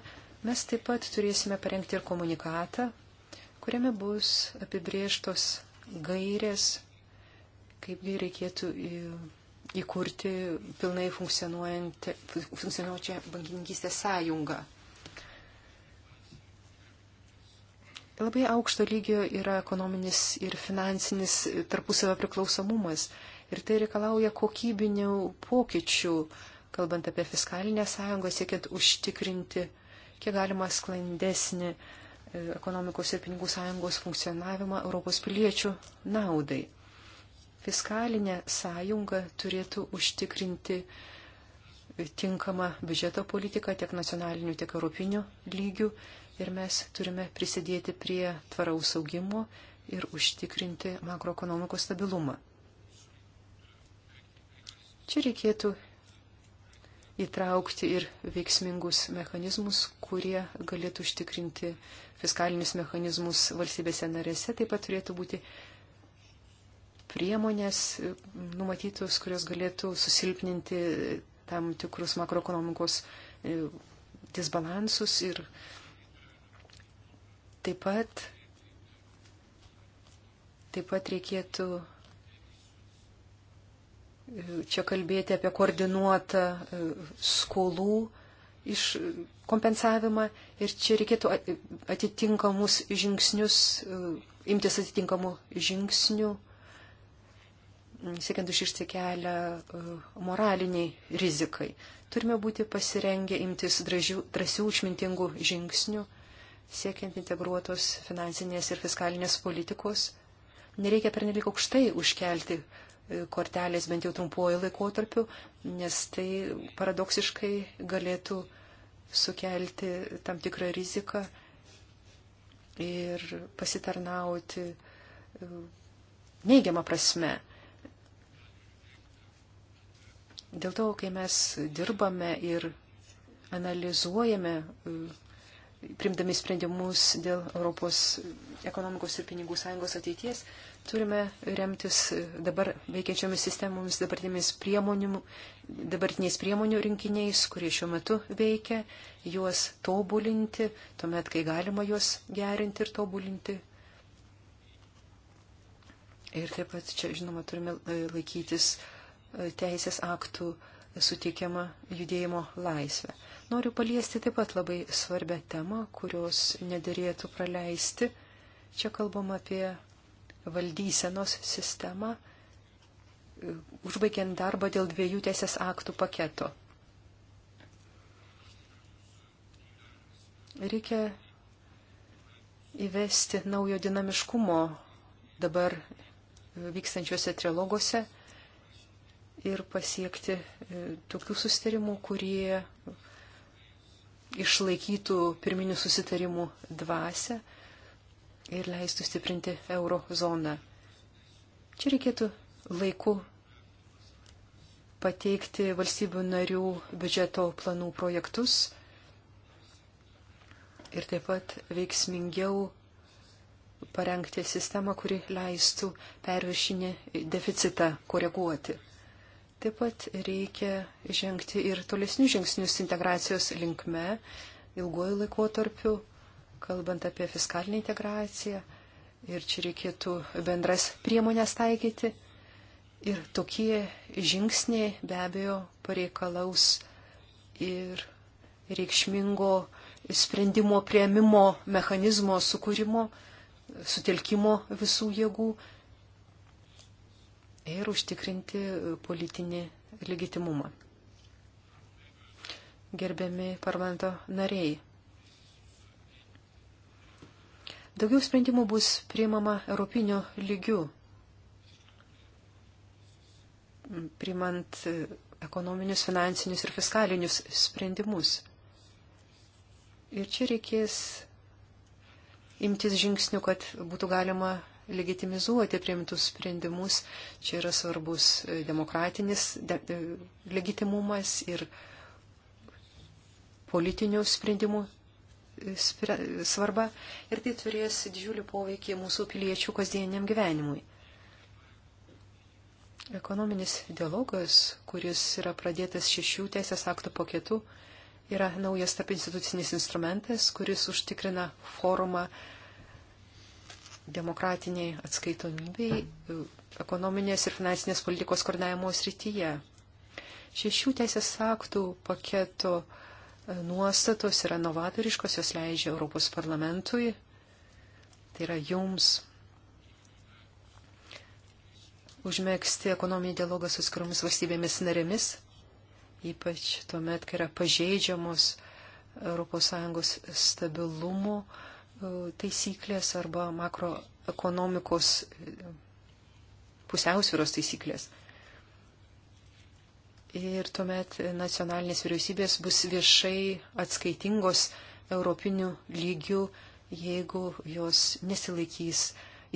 mes taip pat turėsime parengti ir komunikatą, kuriame bus apibrieštos gairės, kaipgi reikėtų įkurti pilnai funkcionuojančią bankininkystės sąjungą. Labai aukšto lygio yra ekonominis ir finansinis tarpusavio priklausomumas ir tai reikalauja kokybinių pokyčių kalbant apie fiskalinę sąjungą, siekiant užtikrinti kiek galima sklandesnį e, ekonomikos ir pinigų sąjungos funkcionavimą Europos piliečių naudai. Fiskalinė sąjunga turėtų užtikrinti e, tinkamą biudžeto politiką tiek nacionaliniu, tiek europiniu lygiu ir mes turime prisidėti prie tvaraus augimo ir užtikrinti makroekonomikos stabilumą. Čia reikėtų įtraukti ir veiksmingus mechanizmus, kurie galėtų užtikrinti fiskalinius mechanizmus valstybėse narėse. Taip pat turėtų būti priemonės e, numatytos, kurios galėtų susilpninti tam tikrus makroekonomikos e, disbalansus ir taip pat, taip pat reikėtų čia kalbėti apie koordinuotą e, skolų iš kompensavimą ir čia reikėtų atitinkamus žingsnius, e, imtis atitinkamų žingsnių, siekiant užirsti kelią e, moraliniai rizikai. Turime būti pasirengę imtis dražių, drąsių, išmintingų žingsnių, siekiant integruotos finansinės ir fiskalinės politikos. Nereikia pernelyg aukštai užkelti kortelės bent jau trumpuoju laikotarpiu, nes tai paradoksiškai galėtų sukelti tam tikrą riziką ir pasitarnauti e, neigiamą prasme. Dėl to, kai mes dirbame ir analizuojame, e, primdami sprendimus dėl Europos ekonomikos ir pinigų sąjungos ateities, Turime remtis dabar veikiančiomis sistemomis, dabartiniais priemonių, dabartiniais priemonių rinkiniais, kurie šiuo metu veikia, juos tobulinti, tuomet, kai galima juos gerinti ir tobulinti. Ir taip pat čia, žinoma, turime e, laikytis e, teisės aktų suteikiama judėjimo laisvė. Noriu paliesti taip pat labai svarbę temą, kurios nederėtų praleisti. Čia kalbam apie valdysenos sistemą, užbaigiant darbą dėl dviejų teisės aktų paketo. Reikia įvesti naujo dinamiškumo dabar vykstančiuose triloguose ir pasiekti e, tokių sustarimų, kurie išlaikytų pirminių susitarimų dvasę ir leistų stiprinti euro zoną. Čia reikėtų laiku pateikti valstybių narių biudžeto planų projektus ir taip pat veiksmingiau parengti sistemą, kuri leistų perviršinį deficitą koreguoti. Taip pat reikia žengti ir tolesnius žingsnius integracijos linkme ilguoju laikotarpiu kalbant apie fiskalinį integraciją. Ir čia reikėtų bendras priemonės taikyti. Ir tokie žingsniai be abejo pareikalaus ir reikšmingo sprendimo prieimimo mechanizmo sukūrimo, sutelkimo visų jėgų ir užtikrinti politinį legitimumą. Gerbiami parlamento nariai, Daugiau sprendimų bus priimama europiniu lygiu, primant ekonominius, finansinius ir fiskalinius sprendimus. Ir čia reikės imtis žingsnių, kad būtų galima legitimizuoti priimtus sprendimus. Čia yra svarbus demokratinis de, de, legitimumas ir politinių sprendimų svarbą ir tai turės didžiulį poveikį mūsų piliečių kasdieniam gyvenimui. Ekonominis dialogas, kuris yra pradėtas šešių teisės aktų paketų, yra naujas tap institucinis instrumentas, kuris užtikrina forumą demokratiniai atskaitomybei ekonominės ir finansinės politikos koordinavimo srityje. Šešių teisės aktų paketo uh, nuostatos yra novatoriškos, jos leidžia Europos parlamentui, tai yra jums, užmėgsti ekonominį dialogą su skiromis valstybėmis narėmis, ypač tuomet, kai yra pažeidžiamos ES stabilumo e, taisyklės arba makroekonomikos e, pusiausvyros taisyklės. Ir tuomet nacionalinės vyriausybės bus viešai atskaitingos europinių lygių, jeigu jos nesilaikys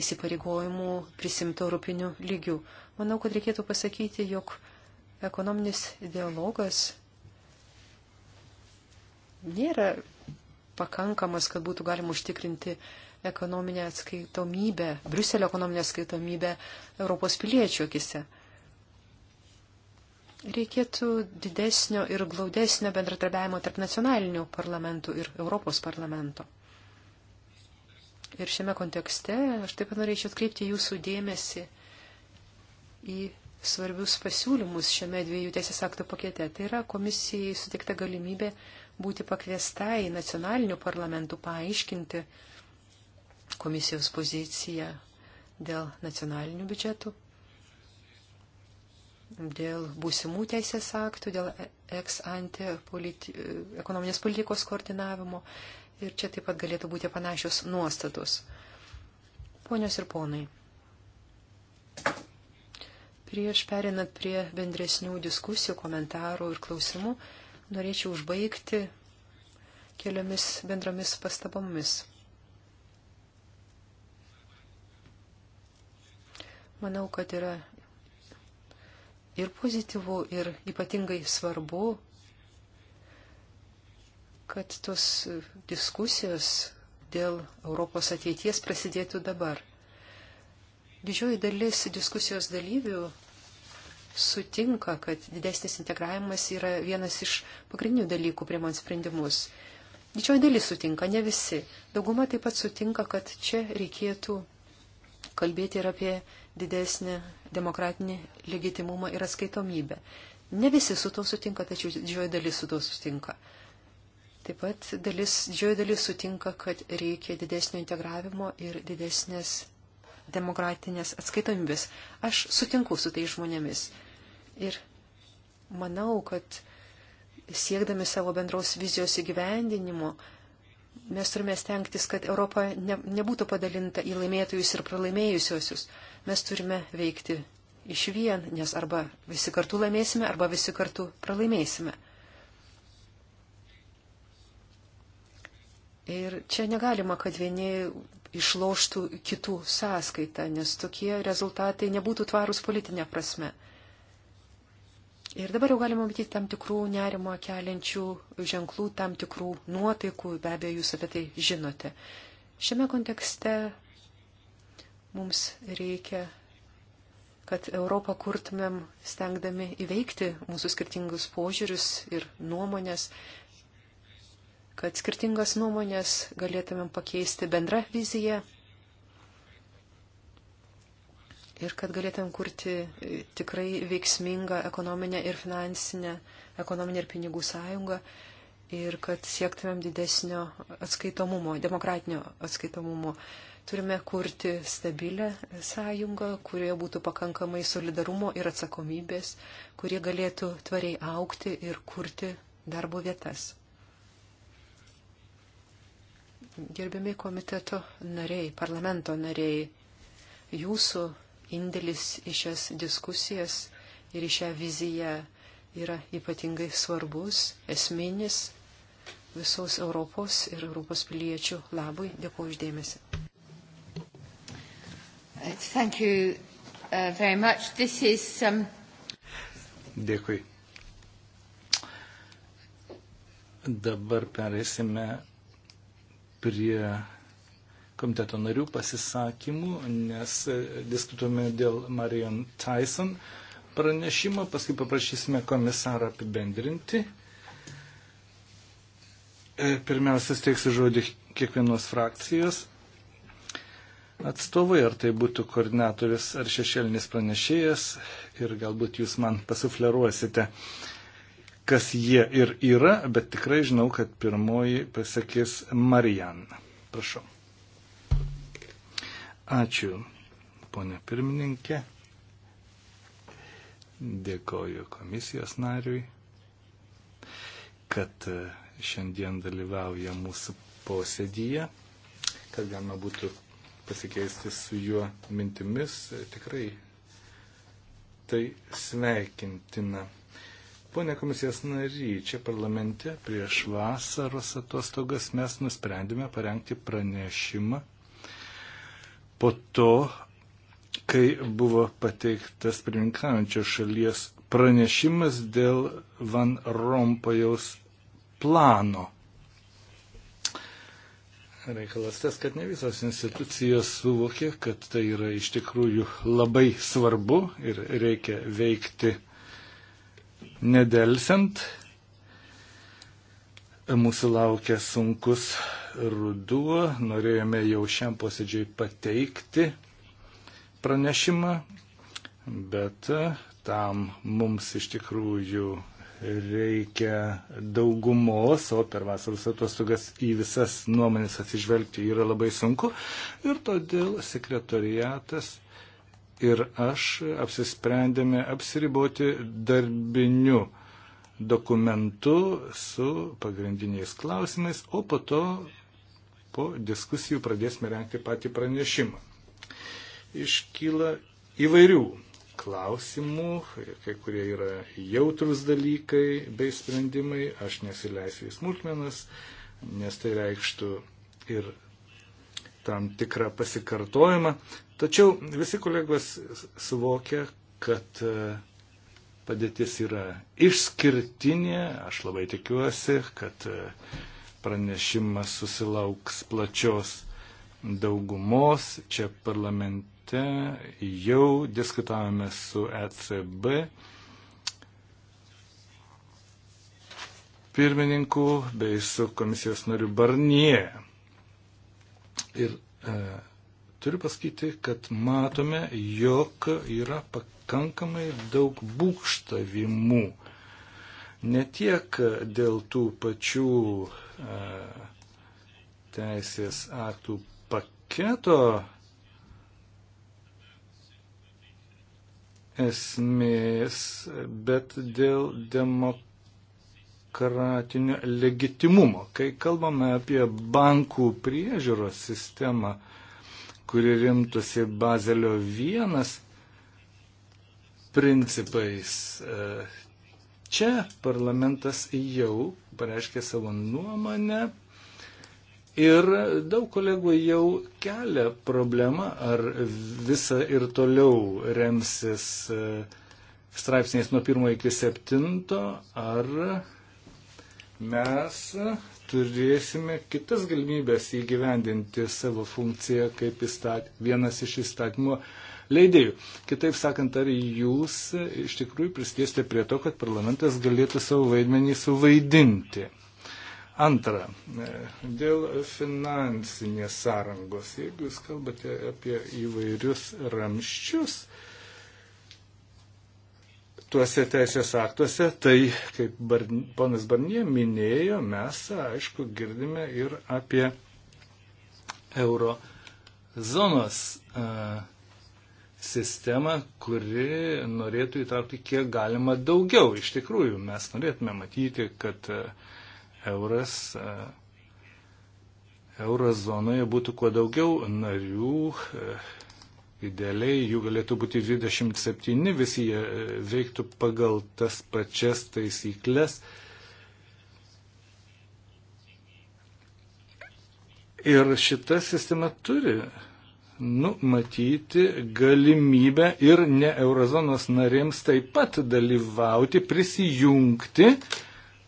įsipareigojimų prisimtų europinių lygių. Manau, kad reikėtų pasakyti, jog ekonominis dialogas nėra pakankamas, kad būtų galima užtikrinti ekonominę atskaitomybę, Briuselio ekonominę atskaitomybę Europos piliečių akise. Reikėtų didesnio ir glaudesnio bendradarbiavimo tarp nacionalinių parlamentų ir Europos parlamento. Ir šiame kontekste aš taip pat norėčiau atkreipti jūsų dėmesį į svarbius pasiūlymus šiame dviejų teisės aktų pakete. Tai yra komisijai sutikta galimybė būti pakviesta į nacionalinių parlamentų paaiškinti komisijos poziciją dėl nacionalinių biudžetų dėl būsimų teisės aktų, dėl e- ex ante politi ekonominės politikos koordinavimo. Ir čia taip pat galėtų būti panašios nuostatos. Ponios ir ponai, prieš perinant prie bendresnių diskusijų, komentarų ir klausimų, norėčiau užbaigti keliomis bendromis pastabomis. Manau, kad yra ir pozityvu, ir ypatingai svarbu, kad tos diskusijos dėl Europos ateities prasidėtų dabar. Didžioji dalis diskusijos dalyvių sutinka, kad didesnis integravimas yra vienas iš pagrindinių dalykų priimant sprendimus. Didžioji dalis sutinka, ne visi. Dauguma taip pat sutinka, kad čia reikėtų kalbėti ir apie didesnį demokratinį legitimumą ir atskaitomybę. Ne visi su to sutinka, tačiau didžioji dalis su to sutinka. Taip pat dalis, didžioji dalis sutinka, kad reikia didesnio integravimo ir didesnės demokratinės atskaitomybės. Aš sutinku su tai žmonėmis. Ir manau, kad siekdami savo bendros vizijos įgyvendinimo, Mes turime stengtis, kad Europa ne, nebūtų padalinta į laimėtojus ir pralaimėjusiosius. Mes turime veikti iš vien, nes arba visi kartu laimėsime, arba visi kartu pralaimėsime. Ir čia negalima, kad vieni išloštų kitų sąskaitą, nes tokie rezultatai nebūtų tvarūs politinė prasme. Ir dabar jau galima matyti tam tikrų nerimo keliančių ženklų, tam tikrų nuotaikų, be abejo, jūs apie tai žinote. Šiame kontekste mums reikia, kad Europą kurtumėm stengdami įveikti mūsų skirtingus požiūrius ir nuomonės, kad skirtingas nuomonės galėtumėm pakeisti bendrą viziją ir kad galėtum kurti e, tikrai veiksmingą ekonominę ir finansinę, ekonominę ir pinigų sąjungą ir kad siektumėm didesnio atskaitomumo, demokratinio atskaitomumo. Turime kurti stabilę sąjungą, kurioje būtų pakankamai solidarumo ir atsakomybės, kurie galėtų tvariai aukti ir kurti darbo vietas. Gerbiami komiteto nariai, parlamento nariai, jūsų indėlis į šias diskusijas ir į šią viziją yra ypatingai svarbus, esminis visos Europos ir Europos piliečių labui. Dėkuoju uždėmesi. Uh, thank you uh, very much. This is some... Um, Dėkui. Dabar perėsime prie komiteto narių pasisakymų, nes e, diskutuome dėl Marion Tyson pranešimo, paskui paprašysime komisarą apibendrinti. E, pirmiausia, steiksiu žodį kiekvienos frakcijos atstovai, ar tai būtų koordinatorius ar šešėlinis pranešėjas ir galbūt jūs man pasufleruosite, kas jie ir yra, bet tikrai žinau, kad pirmoji pasakys Marijan. Prašau. Ačiū, ponė pirmininkė. Dėkoju komisijos nariui, kad e, šiandien dalyvauja mūsų posėdyje, kad galima būtų pasikeisti su juo mintimis. E, tikrai tai sveikintina. Pone komisijos nary, čia parlamente prieš vasaros atostogas mes nusprendėme parengti pranešimą po to, kai buvo pateiktas pirmininkaujančios šalies pranešimas dėl Van Rompojaus plano. Reikalas tas, kad ne visos institucijos suvokė, kad tai yra iš tikrųjų labai svarbu ir reikia veikti nedelsiant. Mūsų laukia sunkus ruduo. Norėjome jau šiam posėdžiai pateikti pranešimą, bet e, tam mums iš tikrųjų reikia daugumos, o per vasaros atostogas į visas nuomonės atsižvelgti yra labai sunku. Ir todėl sekretoriatas ir aš apsisprendėme apsiriboti darbiniu dokumentu su pagrindiniais klausimais, o po to po diskusijų pradėsime renkti patį pranešimą. Iškyla įvairių klausimų, kai kurie yra jautrus dalykai bei sprendimai, aš nesileisiu į smulkmenas, nes tai reikštų ir tam tikrą pasikartojimą. Tačiau visi kolegos suvokia, kad uh, Padėtis yra išskirtinė, aš labai tikiuosi, kad e, pranešimas susilauks plačios daugumos. Čia parlamente jau diskutavome su ECB pirmininku bei su komisijos nariu Barnie. Ir e, turiu pasakyti, kad matome, jog yra pakankamai pakankamai daug būkštavimų. Ne tiek dėl tų pačių e, teisės aktų paketo esmės, bet dėl demokratinio legitimumo. Kai kalbame apie bankų priežiūros sistemą, kuri rimtusi Bazelio vienas principais. E, čia parlamentas jau pareiškė savo nuomonę ir daug kolegų jau kelia problemą, ar visa ir toliau remsis e, straipsniais nuo 1 iki 7, ar mes turėsime kitas galimybės įgyvendinti savo funkciją kaip įstat, vienas iš įstatymo leidėjų. Kitaip sakant, ar jūs iš tikrųjų prisidėsite prie to, kad parlamentas galėtų savo vaidmenį suvaidinti? Antra, e, dėl finansinės sąrangos. Jeigu jūs kalbate apie įvairius ramščius, tuose teisės aktuose, tai kaip bar, ponas Barnie minėjo, mes, aišku, girdime ir apie euro zonos a, e, sistemą, kuri norėtų įtraukti kiek galima daugiau. Iš tikrųjų, mes norėtume matyti, kad e, euras, e, eurozonoje būtų kuo daugiau narių. E, idealiai jų galėtų būti 27, visi jie veiktų pagal tas pačias taisyklės. Ir šita sistema turi numatyti galimybę ir ne eurozonos narėms taip pat dalyvauti, prisijungti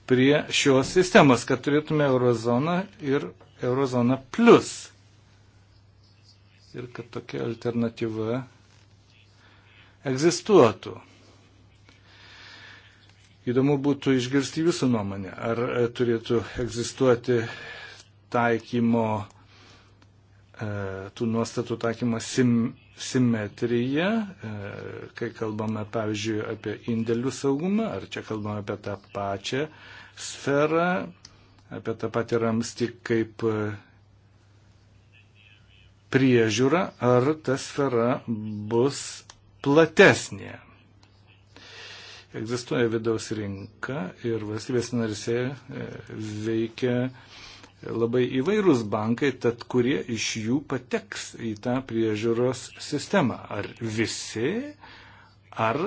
prie šios sistemos, kad turėtume eurozoną ir eurozoną plus. Ir kad tokia alternatyva egzistuotų. Įdomu būtų išgirsti jūsų nuomonę, ar turėtų egzistuoti taikymo E, tų nuostatų taikymą sim, simetriją, e, kai kalbame, pavyzdžiui, apie indėlių saugumą, ar čia kalbame apie tą pačią sferą, apie tą patį ramstį kaip e, priežiūra, ar ta sfera bus platesnė. Egzistuoja vidaus rinka ir valstybės narise veikia e, labai įvairūs bankai, tad kurie iš jų pateks į tą priežiūros sistemą. Ar visi, ar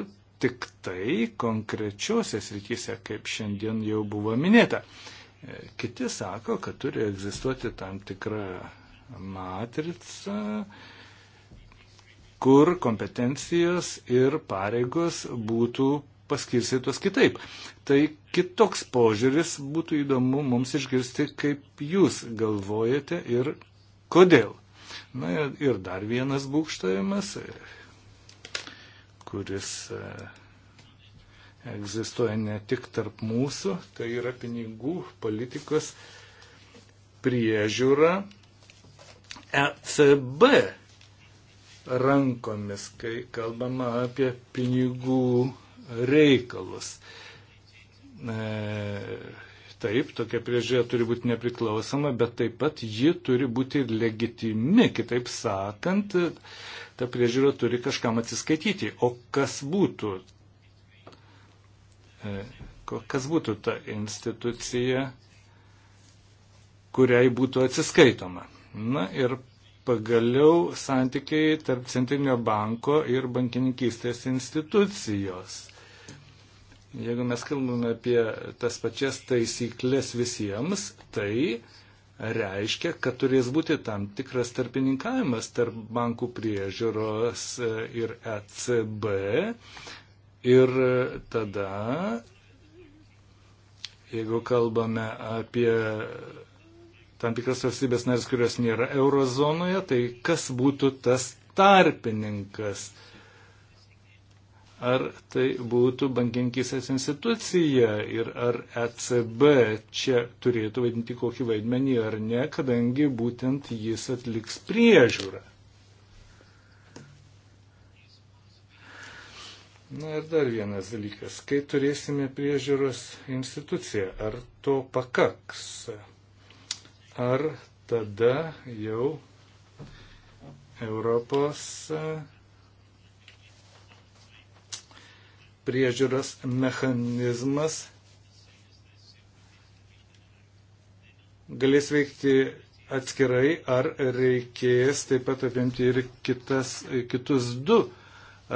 tik tai konkrečiuose srityse, kaip šiandien jau buvo minėta. E, kiti sako, kad turi egzistuoti tam tikra matrica, kur kompetencijos ir pareigos būtų paskirstytos kitaip. Tai kitoks požiūris būtų įdomu mums išgirsti, kaip jūs galvojate ir kodėl. Na ir dar vienas būkštavimas, kuris e, egzistuoja ne tik tarp mūsų, tai yra pinigų politikos priežiūra ECB rankomis, kai kalbama apie pinigų reikalus. E, taip, tokia priežiūra turi būti nepriklausoma, bet taip pat ji turi būti legitimi. Kitaip sakant, ta priežiūra turi kažkam atsiskaityti. O kas būtų? E, kas būtų ta institucija, kuriai būtų atsiskaitoma? Na ir pagaliau santykiai tarp Centrinio banko ir bankininkystės institucijos. Jeigu mes kalbame apie tas pačias taisyklės visiems, tai reiškia, kad turės būti tam tikras tarpininkavimas tarp bankų priežiūros e, ir ECB. Ir tada, jeigu kalbame apie tam tikras valstybės narės, kurios nėra eurozonoje, tai kas būtų tas tarpininkas? Ar tai būtų bankininkysės institucija ir ar ECB čia turėtų vaidinti kokį vaidmenį ar ne, kadangi būtent jis atliks priežiūrą. Na ir dar vienas dalykas. Kai turėsime priežiūros instituciją, ar to pakaks? ar tada jau Europos e, priežiūros mechanizmas galės veikti atskirai, ar reikės taip pat apimti ir kitas, kitus du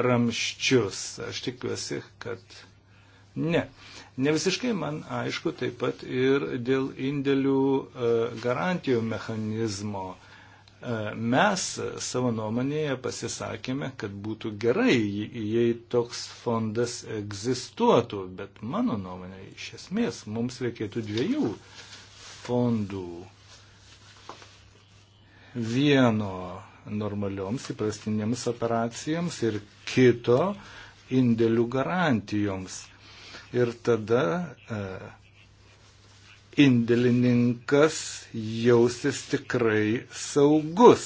ramščius. Aš tikiuosi, kad ne. Ne visiškai man aišku taip pat ir dėl indėlių e, garantijų mechanizmo. E, mes savo nuomonėje pasisakėme, kad būtų gerai, jei toks fondas egzistuotų, bet mano nuomonė iš esmės mums reikėtų dviejų fondų. Vieno normalioms įprastinėms operacijoms ir kito indėlių garantijoms ir tada e, indėlininkas jausis tikrai saugus.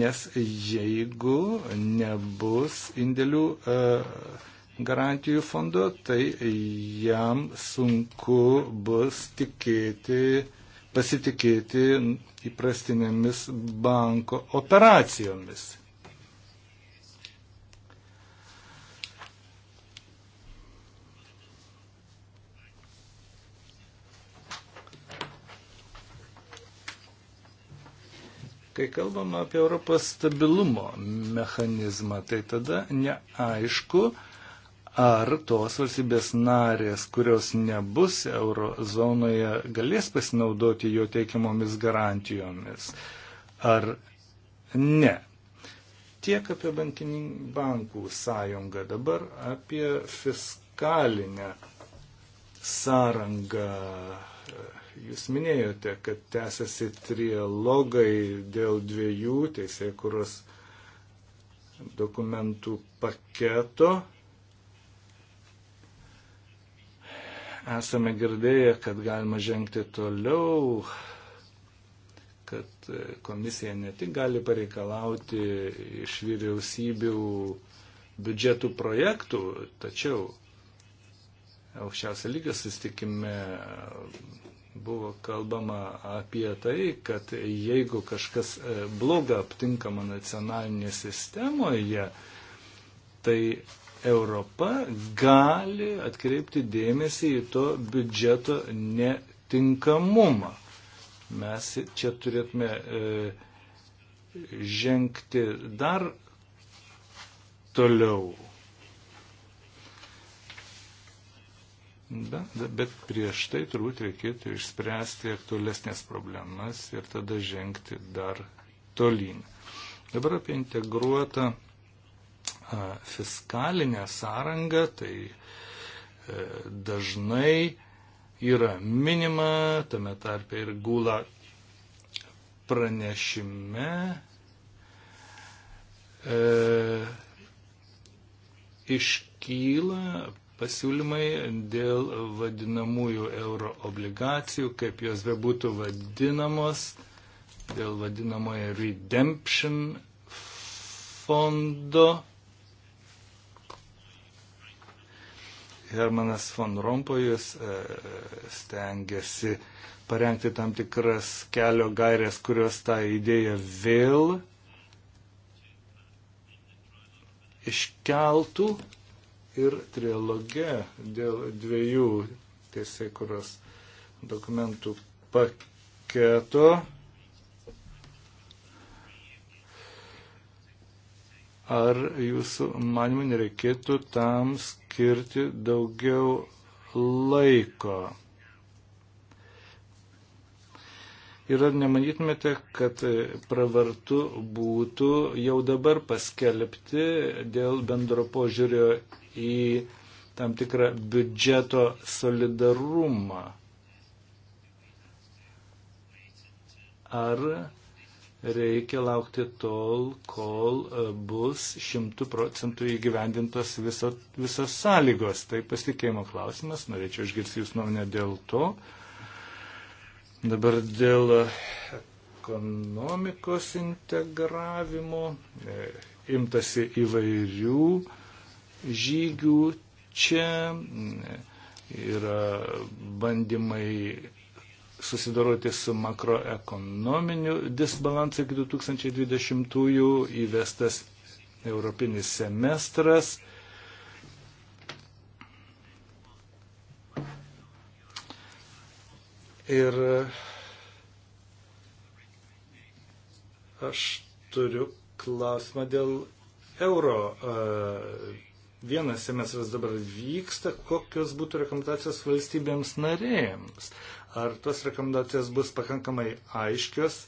Nes jeigu nebus indėlių e, garantijų fondo, tai jam sunku bus tikėti, pasitikėti įprastinėmis banko operacijomis. Kai kalbam apie Europos stabilumo mechanizmą, tai tada neaišku, ar tos valstybės narės, kurios nebus eurozonoje, galės pasinaudoti jo teikiamomis garantijomis, ar ne. Tiek apie bankų sąjungą, dabar apie fiskalinę sąrangą Jūs minėjote, kad tęsiasi trialogai dėl dviejų teisėkuros dokumentų paketo. Esame girdėję, kad galima žengti toliau, kad komisija ne tik gali pareikalauti iš vyriausybių biudžetų projektų, tačiau aukščiausio lygio sustikime buvo kalbama apie tai, kad jeigu kažkas e, bloga aptinkama nacionalinėje sistemoje, tai Europa gali atkreipti dėmesį į to biudžeto netinkamumą. Mes čia turėtume e, žengti dar toliau Bet prieš tai turbūt reikėtų išspręsti aktualesnės problemas ir tada žengti dar tolyn. Dabar apie integruotą fiskalinę sąrangą, tai e, dažnai yra minima, tame tarpe ir gula pranešime. E, iškyla pasiūlymai dėl vadinamųjų euro obligacijų, kaip jos bebūtų vadinamos, dėl vadinamojo redemption fondo. Hermanas von Rompojus e, stengiasi parengti tam tikras kelio gairės, kurios tą idėją vėl iškeltų ir trialoge dėl dviejų teisėkuros dokumentų paketo. Ar jūsų manimų nereikėtų tam skirti daugiau laiko? Ir ar nemanytumėte, kad pravartu būtų jau dabar paskelbti dėl bendro požiūrio į tam tikrą biudžeto solidarumą? Ar reikia laukti tol, kol bus šimtų procentų įgyvendintos viso, visos sąlygos. Tai pasitikėjimo klausimas, norėčiau išgirsti Jūsų nuomonę dėl to. Dabar dėl ekonomikos integravimo e, imtasi įvairių žygių čia. E, yra bandymai susidoroti su makroekonominiu disbalansu iki 2020-ųjų įvestas europinis semestras. Ir e, aš turiu klausimą dėl euro. E, vienas semestras dabar vyksta, kokios būtų rekomendacijos valstybėms narėms. Ar tos rekomendacijos bus pakankamai aiškios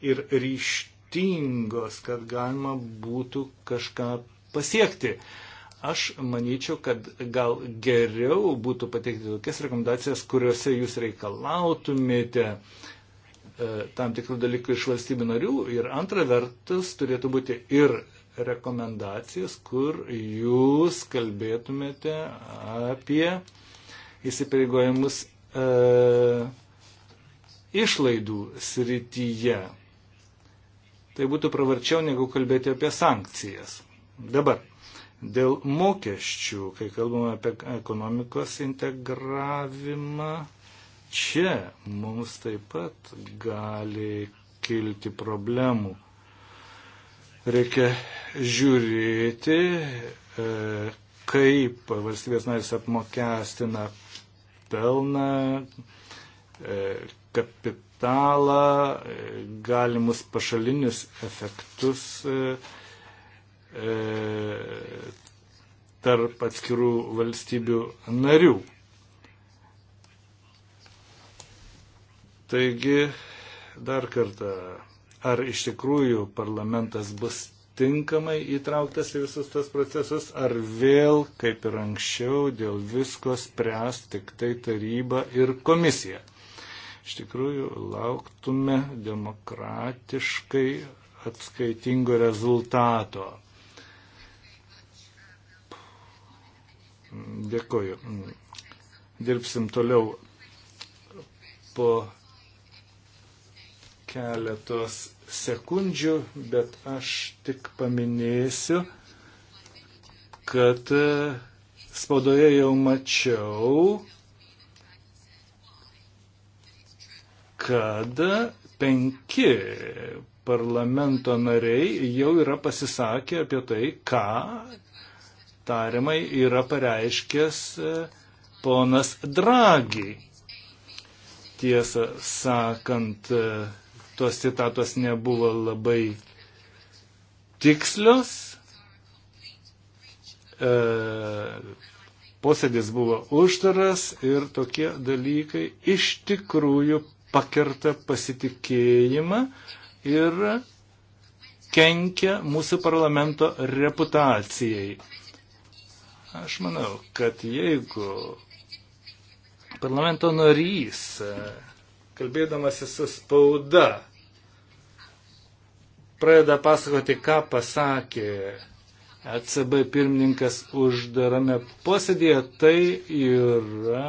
ir ryštingos, kad galima būtų kažką pasiekti. Uh, Aš manyčiau, kad gal geriau būtų pateikti tokias rekomendacijas, kuriuose jūs reikalautumėte e, tam tikrų dalykų iš valstybių narių ir antra vertus turėtų būti ir rekomendacijas, kur jūs kalbėtumėte apie įsipareigojimus e, išlaidų srityje. Tai būtų pravarčiau negu kalbėti apie sankcijas. Dabar Dėl mokesčių, kai kalbame apie ekonomikos integravimą, čia mums taip pat gali kilti problemų. Reikia žiūrėti, e, kaip valstybės narys apmokestina pelną, e, kapitalą, e, galimus pašalinius efektus, tarp atskirų valstybių narių. Taigi, dar kartą, ar iš tikrųjų parlamentas bus tinkamai įtrauktas į visus tos procesus, ar vėl, kaip ir anksčiau, dėl visko spręs tik tai taryba ir komisija. Iš tikrųjų, lauktume demokratiškai atskaitingo rezultato. Dėkoju. Dirbsim toliau po keletos sekundžių, bet aš tik paminėsiu, kad e, spaudoje jau mačiau, kad penki parlamento nariai jau yra pasisakę apie tai, ką tariamai yra pareiškęs e, ponas Dragi. Tiesą sakant, e, tos citatos nebuvo labai tikslios. E, posėdis buvo uždaras ir tokie dalykai iš tikrųjų pakerta pasitikėjimą ir kenkia mūsų parlamento reputacijai. Aš manau, kad jeigu parlamento narys, e, kalbėdamasis su spauda, pradeda pasakoti, ką pasakė ECB pirmininkas uždarame posėdėje, tai yra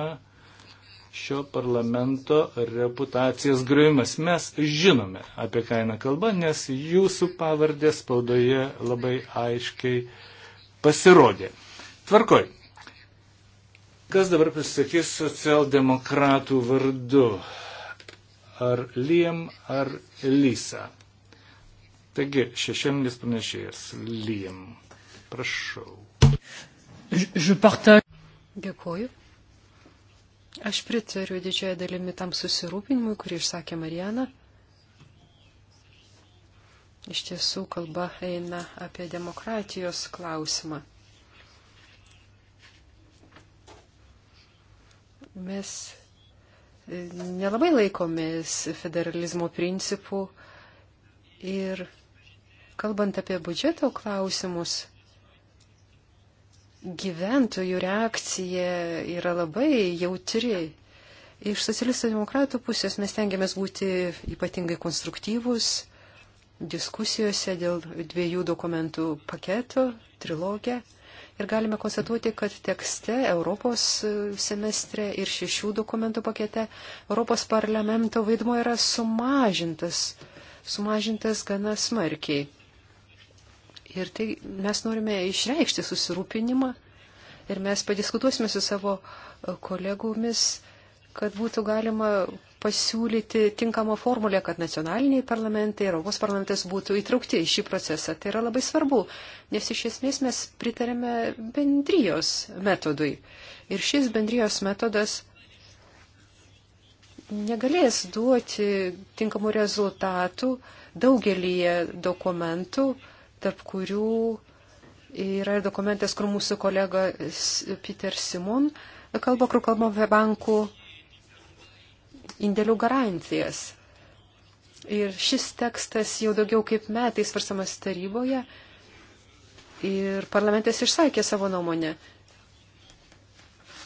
šio parlamento reputacijos griovimas. Mes žinome, apie ką eina kalba, nes jūsų pavardė spaudoje labai aiškiai pasirodė. Tvarkoj. Kas dabar pasisakys socialdemokratų vardu? Ar Liem, ar Lysa? Taigi, šešėlis pranešėjas Liem. Prašau. Dėkuoju. Aš pritariu didžiąją dalimi tam susirūpinimui, kurį išsakė Marijana. Iš tiesų kalba eina apie demokratijos klausimą. Mes e, nelabai laikomės federalizmo principų ir kalbant apie budžeto klausimus, gyventojų reakcija yra labai jautri. Iš socialistų demokratų pusės mes tengiamės būti ypatingai konstruktyvus diskusijose dėl dviejų dokumentų paketo, trilogė. Ir galime konstatuoti, kad tekste Europos e, semestre ir šešių dokumentų pakete Europos parlamento vaidmo yra sumažintas, sumažintas gana smarkiai. Ir tai mes norime išreikšti susirūpinimą ir mes padiskutuosime su savo e, kolegomis, kad būtų galima pasiūlyti tinkamą formulę, kad nacionaliniai parlamentai ir Europos parlamentas būtų įtraukti į šį procesą. Tai yra labai svarbu, nes iš esmės mes pritarėme bendrijos metodui. Ir šis bendrijos metodas negalės duoti tinkamų rezultatų daugelį dokumentų, tarp kurių yra ir dokumentas, kur mūsų kolega Peter Simon kalba, kur kalbame apie bankų indėlių garantijas. Ir šis tekstas jau daugiau kaip metais svarstamas taryboje ir parlamentas išsakė savo nuomonę.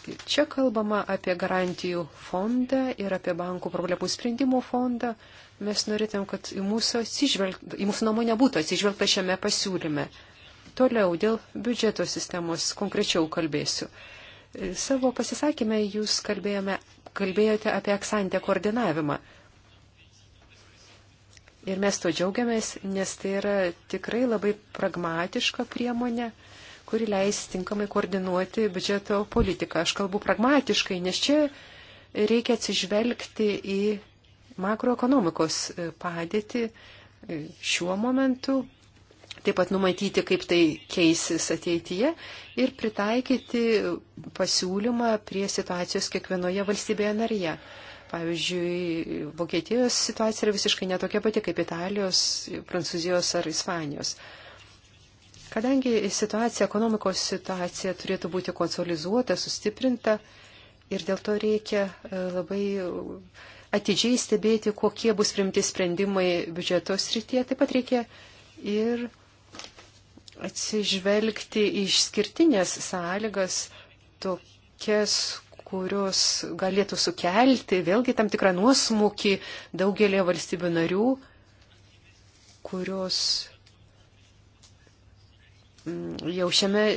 Ir čia kalbama apie garantijų fondą ir apie bankų problemų sprendimų fondą. Mes norėtum, kad į mūsų, į mūsų nuomonę būtų atsižvelgta šiame pasiūlyme. Toliau dėl biudžeto sistemos konkrečiau kalbėsiu. Savo pasisakymę jūs kalbėjome, kalbėjote apie eksantę koordinavimą. Ir mes to džiaugiamės, nes tai yra tikrai labai pragmatiška priemonė, kuri leis tinkamai koordinuoti biudžeto politiką. Aš kalbu pragmatiškai, nes čia reikia atsižvelgti į makroekonomikos padėtį šiuo momentu taip pat numatyti, kaip tai keisis ateityje ir pritaikyti pasiūlymą prie situacijos kiekvienoje valstybėje narėje. Pavyzdžiui, Vokietijos situacija yra visiškai netokia pati kaip Italijos, Prancūzijos ar Ispanijos. Kadangi situacija, ekonomikos situacija turėtų būti konsolizuota, sustiprinta ir dėl to reikia e, labai atidžiai stebėti, kokie bus primti sprendimai biudžeto srityje, taip pat reikia ir atsižvelgti į išskirtinės sąlygas, tokias, kurios galėtų sukelti vėlgi tam tikrą nuosmukį daugelį valstybių narių, kurios mm, jau šiame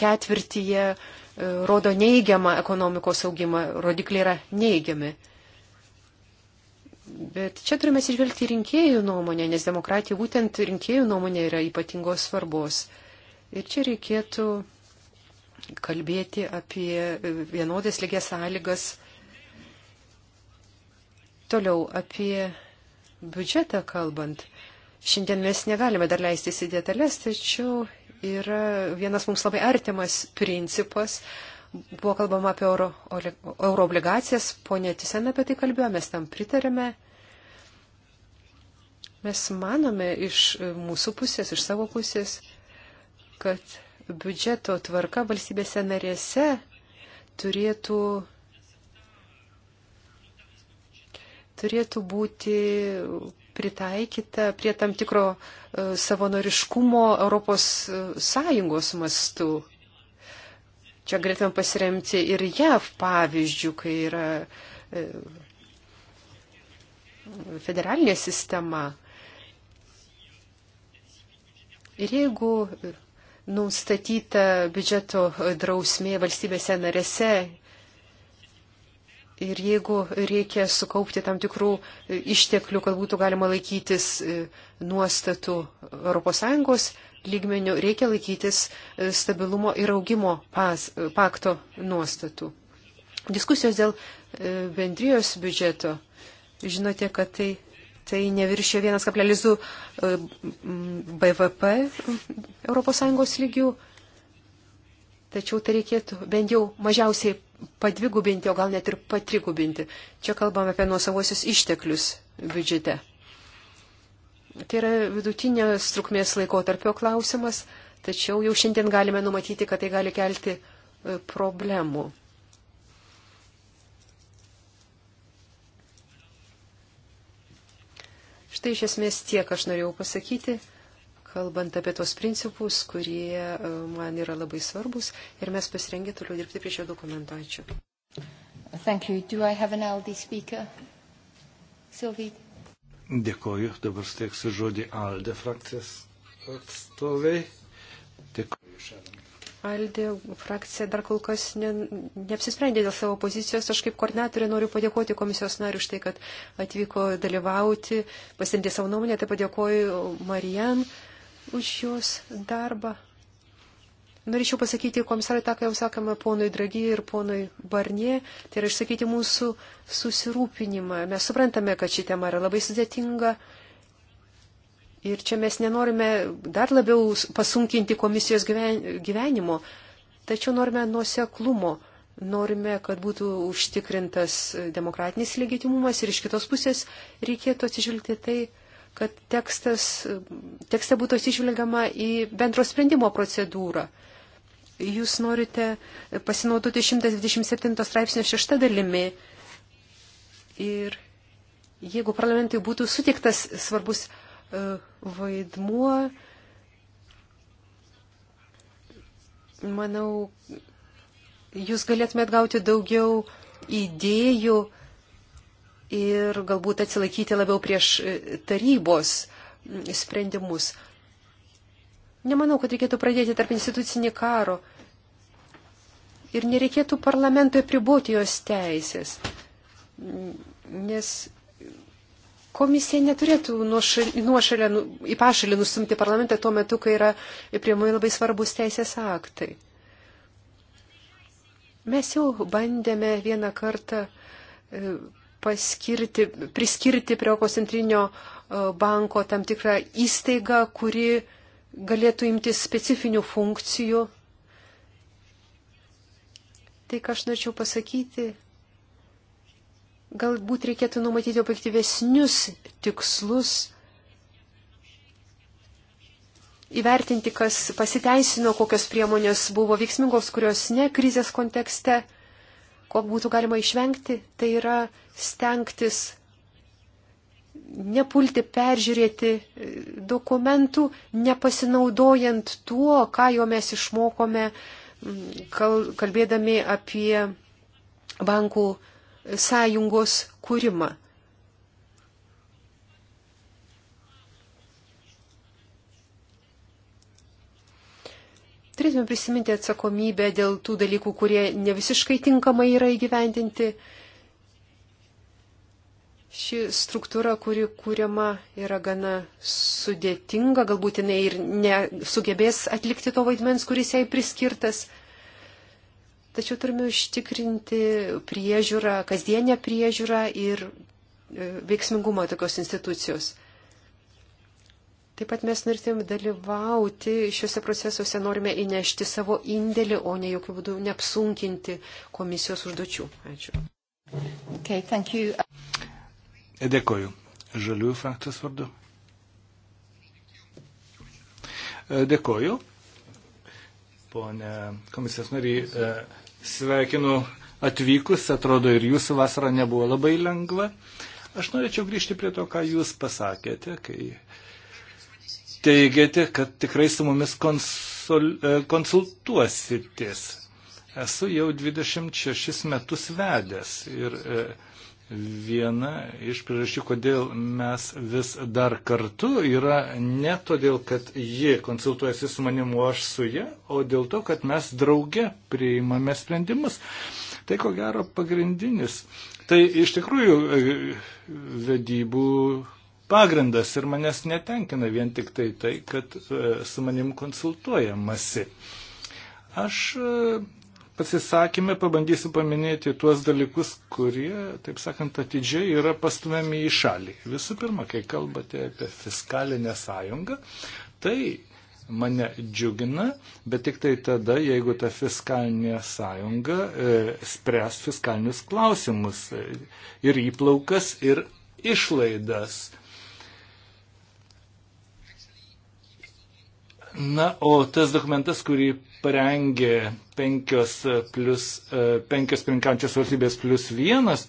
ketvirtyje e, rodo neigiamą ekonomikos augimą, rodikliai yra neigiami. Bet čia turime atsižvelgti rinkėjų nuomonę, nes demokratija būtent rinkėjų nuomonė yra ypatingos svarbos. Ir čia reikėtų kalbėti apie e, vienodės lygės sąlygas. Toliau apie biudžetą kalbant. Šiandien mes negalime dar leistis į detalės, tačiau yra vienas mums labai artimas principas. Buvo kalbama apie euro, euro obligacijas, ponė Tisen apie tai kalbėjo, mes tam pritarėme. Mes manome iš mūsų pusės, iš savo pusės, kad biudžeto tvarka valstybėse narėse turėtų, turėtų būti pritaikyta prie tam tikro e, savanoriškumo Europos e, Sąjungos mastu. Čia galėtum pasiremti ir JAV pavyzdžių, kai yra e, federalinė sistema. Ir jeigu nustatyta biudžeto drausmė valstybėse narėse ir jeigu reikia sukaupti tam tikrų išteklių, kad būtų galima laikytis e, nuostatų ES lygmenių, reikia laikytis e, stabilumo ir augimo pas, pakto nuostatų. Diskusijos dėl e, bendrijos biudžeto. Žinote, kad tai tai neviršė 1,2 BVP ES lygių. Tačiau tai reikėtų bent jau mažiausiai padvigubinti, o gal net ir patrigubinti. Čia kalbam apie nuosavosius išteklius biudžete. Tai yra vidutinės trukmės laikotarpio klausimas, tačiau jau šiandien galime numatyti, kad tai gali kelti e, problemų. Štai iš esmės tiek aš norėjau pasakyti, kalbant apie tos principus, kurie e, man yra labai svarbus ir mes pasirengę toliau dirbti prie šio dokumento. Ačiū. Thank you. Do I have an LD speaker? Sylvie? Dėkoju. Dabar steiksiu žodį ALDE frakcijos atstoviai. Dėkoju. Aldė frakcija dar kol kas ne, neapsisprendė dėl savo pozicijos. Aš kaip koordinatorė noriu padėkoti komisijos nariu už tai, kad atvyko dalyvauti, pasidė savo nuomonę, tai padėkoju Marijan už jos darbą. Norėčiau pasakyti komisarai tą, ką jau sakome ponui Dragi ir ponui Barnie, tai yra išsakyti mūsų susirūpinimą. Mes suprantame, kad ši tema yra labai sudėtinga Ir čia mes nenorime dar labiau pasunkinti komisijos gyvenimo, tačiau norime nuoseklumo, norime, kad būtų užtikrintas demokratinis legitimumas ir iš kitos pusės reikėtų atsižvelgti tai, kad tekstas, tekste būtų atsižvelgiama į bendro sprendimo procedūrą. Jūs norite pasinaudoti 127 straipsnio šešta dalimi ir jeigu parlamentui būtų sutiktas svarbus E, vaidmuo. Manau, jūs galėtumėt gauti daugiau idėjų ir galbūt atsilaikyti labiau prieš e, tarybos sprendimus. Nemanau, kad reikėtų pradėti tarp institucinį karo ir nereikėtų parlamentui pribūti jos teisės, nes Komisija neturėtų nuošalę, nu, į pašalį nustumti parlamentą tuo metu, kai yra priemai labai svarbus teisės aktai. Mes jau bandėme vieną kartą e, paskirti, priskirti prie Okocentrinio e, banko tam tikrą įstaigą, kuri galėtų imtis specifinių funkcijų. Tai, ką aš norėčiau pasakyti, Galbūt reikėtų numatyti objektyvesnius tikslus, įvertinti, kas pasiteisino, kokios priemonės buvo veiksmingos, kurios ne krizės kontekste, ko būtų galima išvengti, tai yra stengtis nepulti peržiūrėti dokumentų, nepasinaudojant tuo, ką jo mes išmokome, kalbėdami apie bankų sąjungos kūrimą. Turėtume prisiminti atsakomybę dėl tų dalykų, kurie ne visiškai tinkamai yra įgyvendinti. Ši struktūra, kuri kūriama, yra gana sudėtinga, galbūt jinai ir nesugebės atlikti to vaidmens, kuris jai priskirtas. Tačiau turime užtikrinti priežiūrą, kasdienę priežiūrą ir e, veiksmingumą tokios institucijos. Taip pat mes norėtume dalyvauti šiuose procesuose, norime įnešti savo indėlį, o ne jokių būdų neapsunkinti komisijos užduočių. Ačiū. Okay, thank you. Dėkoju. Žaliųjų frakcijos vardu. Dėkoju. Pone komisijos nariai, e, sveikinu atvykus, atrodo ir jūsų vasara nebuvo labai lengva. Aš norėčiau grįžti prie to, ką jūs pasakėte, kai teigiate, kad tikrai su mumis konsul, e, konsultuositės. Esu jau 26 metus vedęs ir e, viena iš priežasčių, kodėl mes vis dar kartu, yra ne todėl, kad ji konsultuojasi su manimu, o aš su ja, o dėl to, kad mes drauge priimame sprendimus. Tai ko gero pagrindinis. Tai iš tikrųjų e, vedybų pagrindas ir manęs netenkina vien tik tai tai, kad e, su manim konsultuojamasi. Aš e, pasisakymę pabandysiu paminėti tuos dalykus, kurie, taip sakant, atidžiai yra pastumiami į šalį. Visų pirma, kai kalbate apie fiskalinę sąjungą, tai mane džiugina, bet tik tai tada, jeigu ta fiskalinė sąjunga e, spręs fiskalinius klausimus e, ir įplaukas, ir išlaidas. Na, o tas dokumentas, kurį parengė penkios, plus, e, penkios pirinkančios valstybės plus vienas,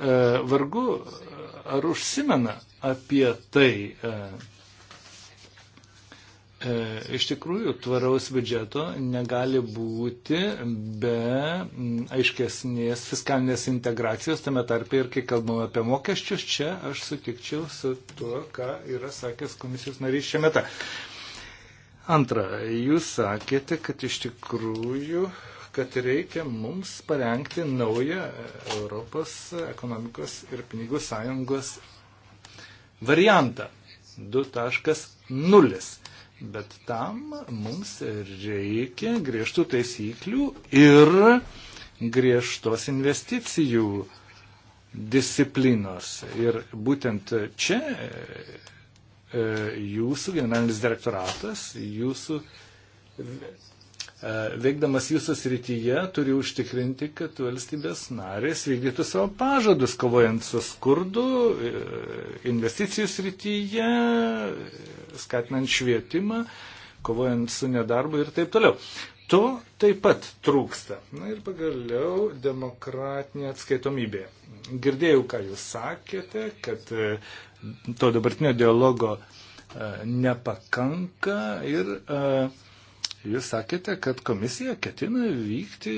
e, vargu ar užsimena apie tai. E, iš tikrųjų, tvaraus biudžeto negali būti be aiškesnės fiskalinės integracijos, tame tarpe ir kai kalbame apie mokesčius, čia aš sutikčiau su tuo, ką yra sakęs komisijos narys šiame metu. Antra, jūs sakėte, kad iš tikrųjų, kad reikia mums parengti naują Europos ekonomikos ir pinigų sąjungos variantą 2.0. Bet tam mums reikia griežtų taisyklių ir griežtos investicijų disciplinos. Ir būtent čia E, jūsų generalinis direktoratas, jūsų e, veikdamas jūsų srityje turi užtikrinti, kad valstybės narės vykdytų savo pažadus, kovojant su skurdu, e, investicijų srityje, skatinant švietimą, kovojant su nedarbu ir taip toliau to taip pat trūksta. Na ir pagaliau demokratinė atskaitomybė. Girdėjau, ką jūs sakėte, kad e, to dabartinio dialogo e, nepakanka ir e, jūs sakėte, kad komisija ketina vykti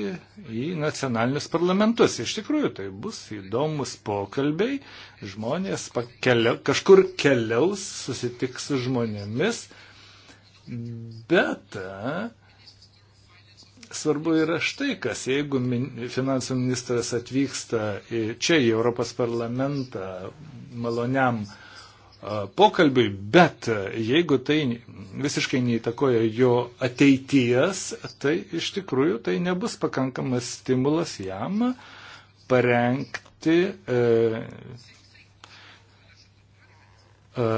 į nacionalinius parlamentus. Iš tikrųjų, tai bus įdomus pokalbiai, žmonės pakelia, kažkur keliaus, susitiks su žmonėmis, bet uh, svarbu yra štai kas. Jeigu finansų ministras atvyksta čia į Europos parlamentą maloniam pokalbiui, bet jeigu tai visiškai neįtakoja jo ateities, tai iš tikrųjų tai nebus pakankamas stimulas jam parengti e, e,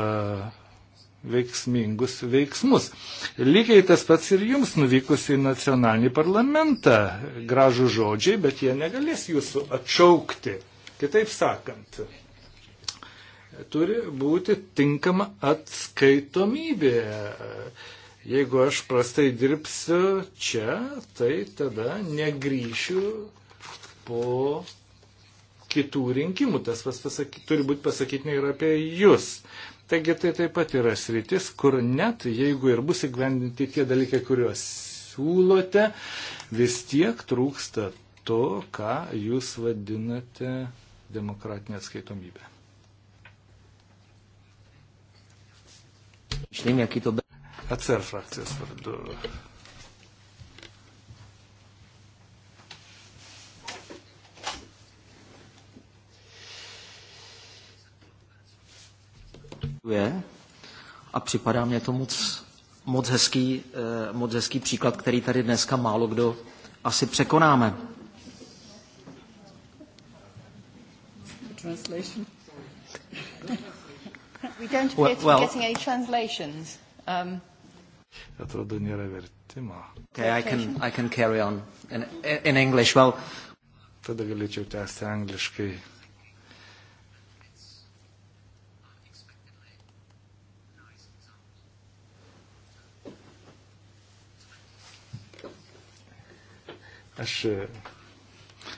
veiksmingus veiksmus. Lygiai tas pats ir jums nuvykus į nacionalinį parlamentą. Gražų žodžiai, bet jie negalės jūsų atšaukti. Kitaip sakant, turi būti tinkama atskaitomybė. Jeigu aš prastai dirbsiu čia, tai tada negryšiu po kitų rinkimų. Tas pas pasaky, turi būti pasakytinai ir apie jūs. Taigi tai taip pat yra sritis, kur net jeigu ir bus įgyvendinti tie dalykai, kuriuos siūlote, vis tiek trūksta to, ką jūs vadinate demokratinė atskaitomybė. Atsar frakcijos vardu. je a připadá mě to moc, moc, hezký, eh, moc hezký příklad, který tady dneska málo kdo asi překonáme. Translation. We don't appear to well, be getting any translations. Um, Atrodo, nėra vertimo. Okay, I can, I can carry on in, in English. Well, Tada galėčiau tęsti angliškai. Aš e,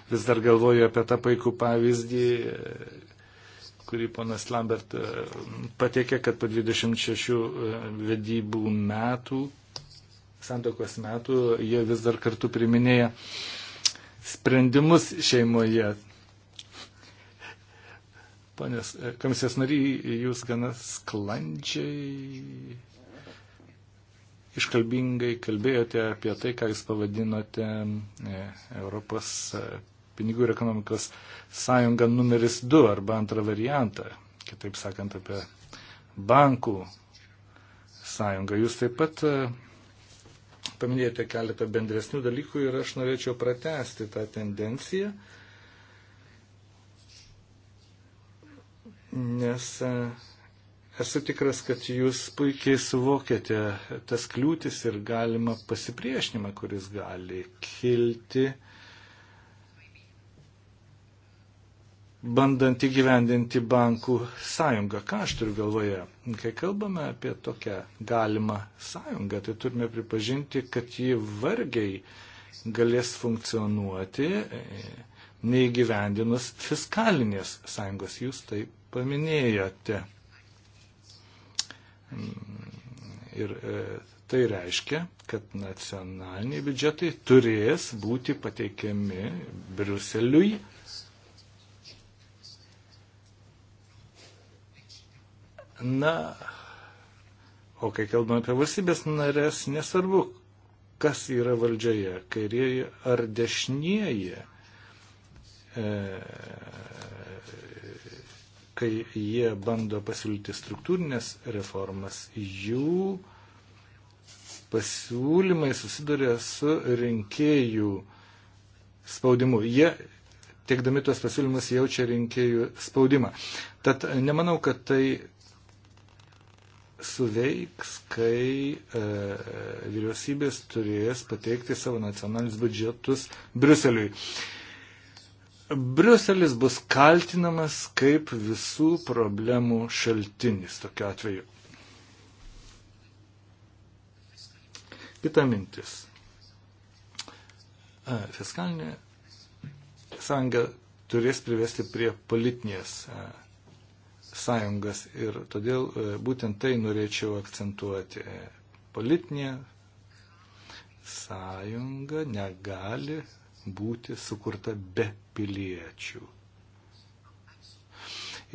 vis dar galvoju apie tą paikų pavyzdį, e, kurį ponas Lambert e, patiekė, kad po 26 vedybų metų, santokos metų, jie vis dar kartu priminėja sprendimus šeimoje. Ponės, komisijos nariai, jūs gana sklandžiai iškalbingai kalbėjote apie tai, ką jūs pavadinote e, Europos e, pinigų ir ekonomikos sąjunga numeris 2 arba antrą variantą, kitaip sakant, apie bankų sąjungą. Jūs taip pat e, paminėjote keletą bendresnių dalykų ir aš norėčiau pratesti tą tendenciją, nes Esu tikras, kad jūs puikiai suvokėte tas kliūtis ir galima pasipriešinimą, kuris gali kilti, bandant įgyvendinti bankų sąjungą. Ką aš turiu galvoje? Kai kalbame apie tokią galimą sąjungą, tai turime pripažinti, kad ji vargiai galės funkcionuoti neįgyvendinus fiskalinės sąjungos. Jūs tai paminėjote. Ir e, tai reiškia, kad nacionaliniai biudžetai turės būti pateikiami Briuseliui. Na, o kai kalbame apie valstybės narės, nesvarbu, kas yra valdžioje, kairieji ar dešinieji. E, kai jie bando pasiūlyti struktūrinės reformas, jų pasiūlymai susiduria su rinkėjų spaudimu. Jie, tiekdami tuos pasiūlymus, jaučia rinkėjų spaudimą. Tad nemanau, kad tai suveiks, kai e, vyriausybės turės pateikti savo nacionalinius biudžetus Bruseliui. E, Briuselis bus kaltinamas kaip visų problemų šaltinis tokiu atveju. Kita mintis. Fiskalinė sąjunga turės privesti prie politinės sąjungas ir todėl e, būtent tai norėčiau akcentuoti. E, politinė sąjunga negali būti sukurta be piliečių.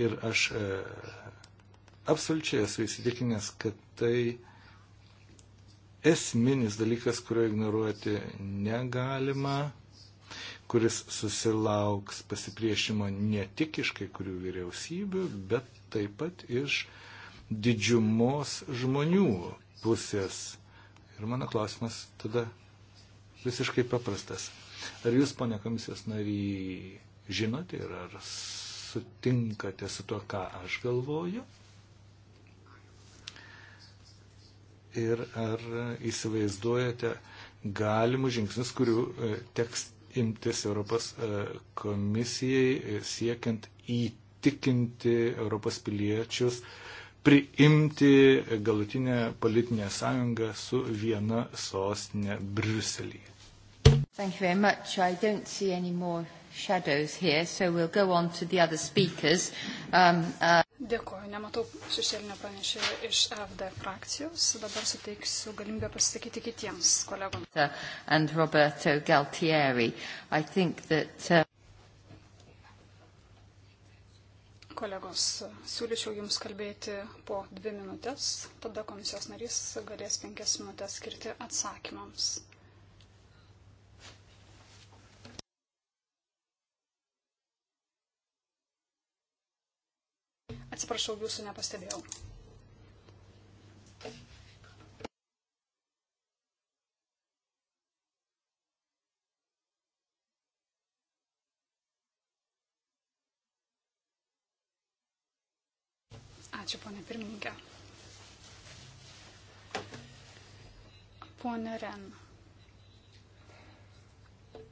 Ir aš e, absoliučiai esu įsitikinęs, kad tai esminis dalykas, kurio ignoruoti negalima, kuris susilauks pasipriešimo ne tik iš kai kurių vyriausybių, bet taip pat iš didžiumos žmonių pusės. Ir mano klausimas tada visiškai paprastas. Ar jūs, ponia komisijos nariai, žinote ir ar sutinkate su tuo, ką aš galvoju? Ir ar įsivaizduojate galimus žingsnius, kurių e, teks imtis Europos e, komisijai e, siekiant įtikinti Europos piliečius, priimti galutinę politinę sąjungą su viena sostinė Briuselėje. Thank you very much. I don't see any more shadows here, so we'll go on to the other speakers. Um, uh... Dėkuoju, nematau šešėlinio pranešėjo iš FD frakcijos. Dabar suteiksiu galimybę pasisakyti kitiems kolegoms. And Roberto Galtieri. I think that... Uh... Kolegos, siūlyčiau Jums kalbėti po dvi minutės, tada komisijos narys galės penkias minutės skirti atsakymams. Atsiprašau, jūsų nepastebėjau. Ačiū, ponė pirmininkė. Pone Ren,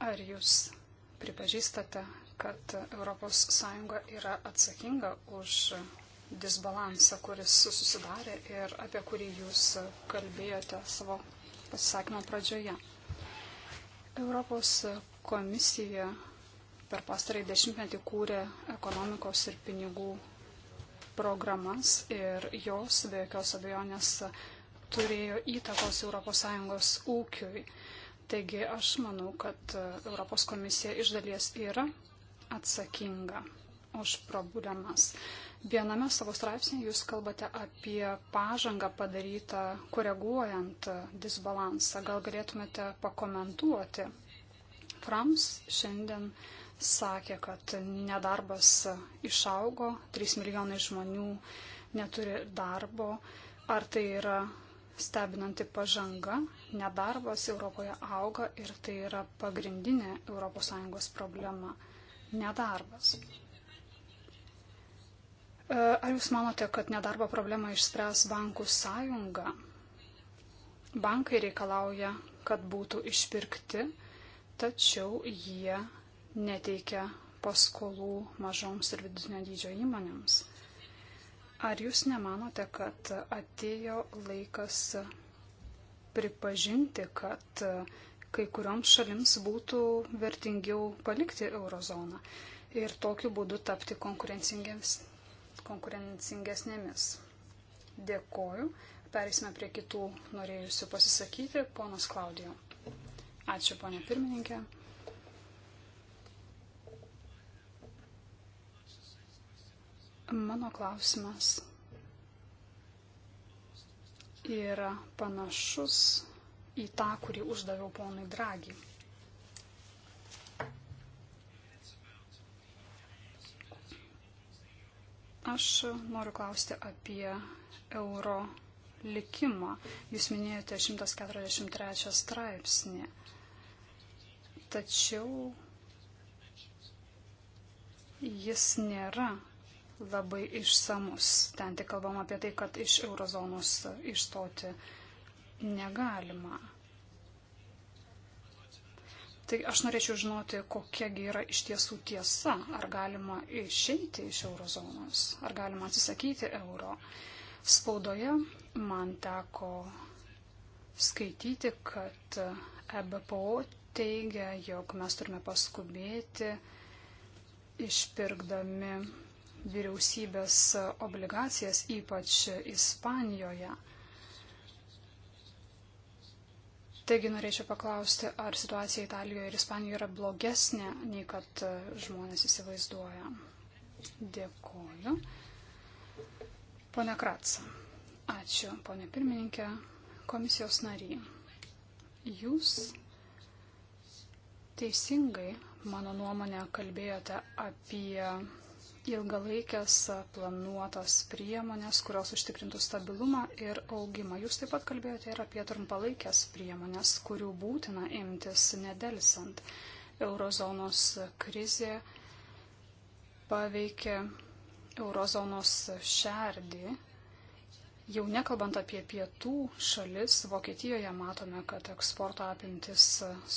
ar jūs pripažįstate, kad ES yra atsakinga už disbalansą, kuris susidarė ir apie kurį jūs kalbėjote savo pasisakymo pradžioje. Europos komisija per pastarąjį dešimtmetį kūrė ekonomikos ir pinigų programas ir jos be jokios abejonės turėjo įtakos ES ūkiui. Taigi aš manau, kad e, Europos komisija iš dalies yra atsakinga už problemas. Viename savo straipsnėje jūs kalbate apie pažangą padarytą koreguojant e, disbalansą. Gal galėtumėte pakomentuoti? Frams šiandien sakė, kad nedarbas e, išaugo, 3 milijonai žmonių neturi darbo. Ar tai yra stebinanti pažanga Nedarbas Europoje auga ir tai yra pagrindinė ES problema - nedarbas. E, ar Jūs manote, kad nedarbo problemą išspręs bankų sąjunga? Bankai reikalauja, kad būtų išpirkti, tačiau jie neteikia paskolų mažoms ir vidutinio dydžio įmonėms. Ar jūs nemanote, kad atėjo laikas pripažinti, kad e, kai kurioms šalims būtų vertingiau palikti eurozoną ir tokiu būdu tapti konkurencingesnėmis. Dėkoju. Perėsime prie kitų norėjusių pasisakyti. Ponas Klaudijo. Ačiū, ponė pirmininkė. Mano klausimas yra panašus į tą, kurį uždaviau ponui Dragi. Aš noriu klausti apie euro likimą. Jūs minėjote 143 straipsnį. Tačiau jis nėra labai išsamus. Ten tik kalbam apie tai, kad iš eurozonos išstoti negalima. Tai aš norėčiau žinoti, kokiagi yra iš tiesų tiesa. Ar galima išeiti iš eurozonos, ar galima atsisakyti euro. Spaudoje man teko skaityti, kad EBPO teigia, jog mes turime paskubėti išpirkdami vyriausybės obligacijas, ypač Ispanijoje. Taigi norėčiau paklausti, ar situacija Italijoje ir Ispanijoje yra blogesnė, nei kad žmonės įsivaizduoja. Dėkoju. Pone Kratsa. Ačiū, ponė pirmininkė, komisijos nariai. Jūs teisingai, mano nuomonė, kalbėjote apie ilgalaikės planuotos priemonės, kurios užtikrintų stabilumą ir augimą. Jūs taip pat kalbėjote ir apie trumpalaikės priemonės, kurių būtina imtis nedelsant. Eurozonos krizė paveikė eurozonos šerdį. Jau nekalbant apie pietų šalis, Vokietijoje matome, kad eksporto apimtis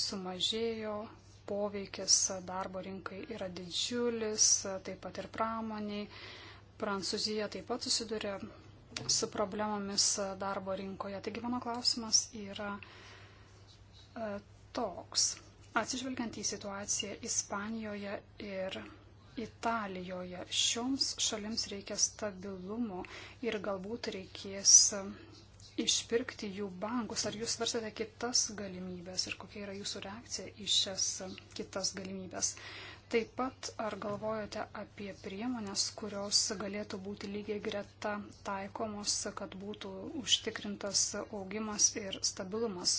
sumažėjo, poveikis darbo rinkai yra didžiulis, taip pat ir pramoniai. Prancūzija taip pat susiduria su problemomis darbo rinkoje. Taigi mano klausimas yra e, toks. Atsižvelgiant į situaciją Ispanijoje ir Italijoje, šioms šalims reikia stabilumo ir galbūt reikės išpirkti jų bankus. Ar jūs svarstate kitas galimybės ir kokia yra jūsų reakcija į šias kitas galimybės? Taip pat ar galvojate apie priemonės, kurios galėtų būti lygiai greta taikomos, kad būtų užtikrintas augimas ir stabilumas?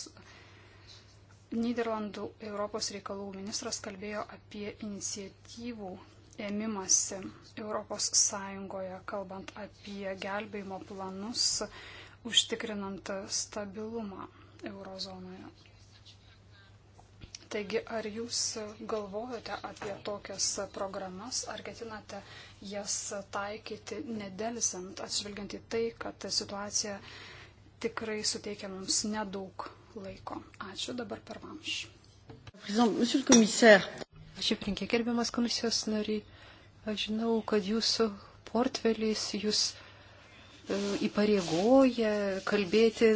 Niderlandų Europos reikalų ministras kalbėjo apie iniciatyvų ėmimasi ES, kalbant apie gelbėjimo planus užtikrinant stabilumą eurozonoje. Taigi, ar jūs galvojate apie tokias programas, ar ketinate jas taikyti nedelsiant, atsižvelgiant į tai, kad situacija tikrai suteikia mums nedaug laiko. Ačiū dabar per vamš. Aš įprinkė gerbiamas komisijos nariai. Aš žinau, kad jūsų portfelis jūs. Portfelis, jūs įpareigoja kalbėti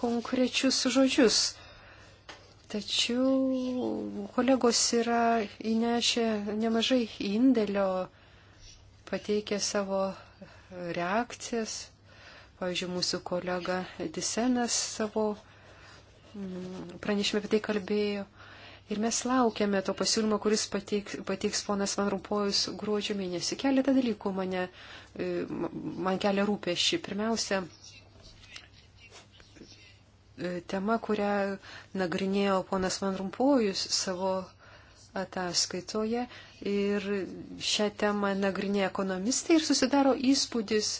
konkrečius žodžius. Tačiau kolegos yra įnešę nemažai indėlio, pateikė savo reakcijas. Pavyzdžiui, mūsų kolega Disenas savo mm, pranešime apie tai kalbėjo. Ir mes laukiame to pasiūlymo, kuris pateiks, pateiks ponas Van Rumpojus gruodžio mėnesį. Keletą dalykų mane, e, man kelia rūpešį. Pirmiausia, e, tema, kurią nagrinėjo ponas Van Rumpojus savo ataskaitoje. Ir šią temą nagrinėja ekonomistai ir susidaro įspūdis,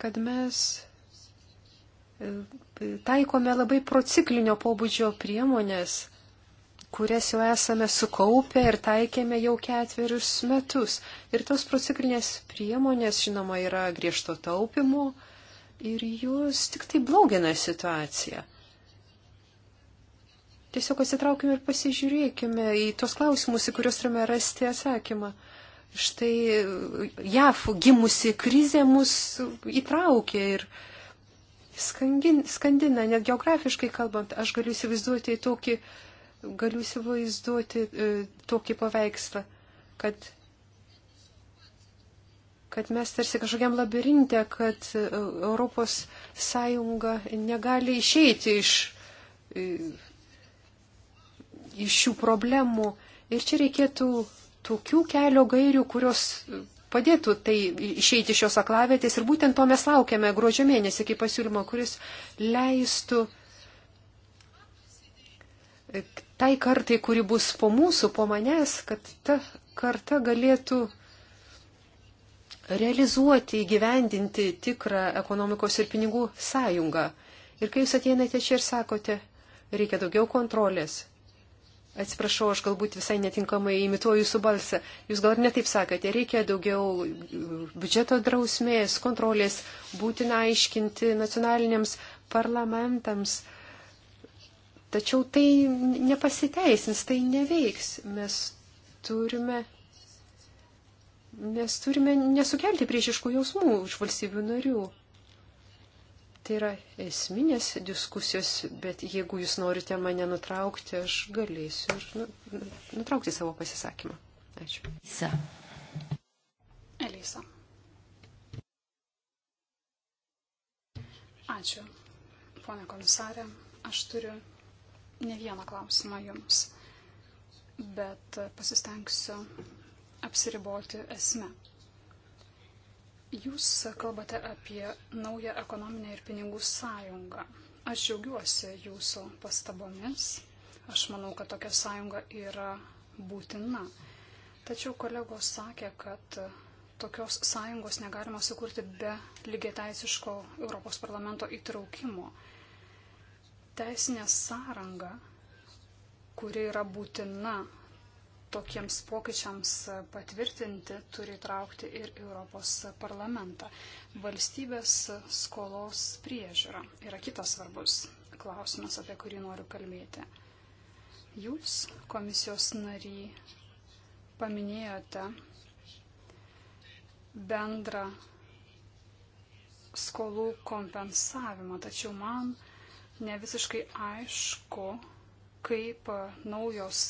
kad mes taikome labai prociklinio pobūdžio priemonės, kurias jau esame sukaupę ir taikėme jau ketverius metus. Ir tos prociklinės priemonės, žinoma, yra griežto taupimo ir jūs tik tai blogina situaciją. Tiesiog atsitraukime ir pasižiūrėkime į tos klausimus, į kuriuos turime rasti atsakymą. Štai e, JAF gimusi krizė mus įtraukė ir, uh, skangin, skandina, net geografiškai kalbant, aš galiu įsivaizduoti tokį, galiu įsivaizduoti e, tokį paveikslą, kad, kad mes tarsi kažkokiam labirinte, kad e, Europos Sąjunga negali išeiti iš, e, iš šių problemų. Ir čia reikėtų tokių kelio gairių, kurios padėtų tai išeiti šios aklavėtės ir būtent to mes laukiame gruodžio mėnesį kaip pasiūlymo, kuris leistų tai kartai, kuri bus po mūsų, po manęs, kad ta karta galėtų realizuoti, įgyvendinti tikrą ekonomikos ir pinigų sąjungą. Ir kai jūs ateinate čia ir sakote, reikia daugiau kontrolės, Atsiprašau, aš galbūt visai netinkamai imituoju jūsų balsą. Jūs gal ir netaip sakėte, reikia daugiau biudžeto drausmės, kontrolės, būtina aiškinti nacionaliniams parlamentams. Tačiau tai nepasiteisins, tai neveiks. Mes turime, mes turime nesukelti priešiškų jausmų iš valstybių narių. Tai yra esminės diskusijos, bet jeigu jūs norite mane nutraukti, aš galėsiu ir nu, nu, nutraukti savo pasisakymą. Ačiū. Elisa. Elisa. Ačiū, ponė komisarė. Aš turiu ne vieną klausimą jums, bet pasistengsiu apsiriboti esme. Jūs kalbate apie naują ekonominę ir pinigų sąjungą. Aš džiaugiuosi jūsų pastabomis. Aš manau, kad tokia sąjunga yra būtina. Tačiau kolegos sakė, kad tokios sąjungos negalima sukurti be lygiateisiško Europos parlamento įtraukimo. Teisinė sąranga, kuri yra būtina tokiems pokyčiams patvirtinti turi traukti ir Europos parlamentą. Valstybės skolos priežiūra yra kitas svarbus klausimas, apie kurį noriu kalbėti. Jūs, komisijos nariai, paminėjote bendrą skolų kompensavimą, tačiau man ne visiškai aišku, kaip naujos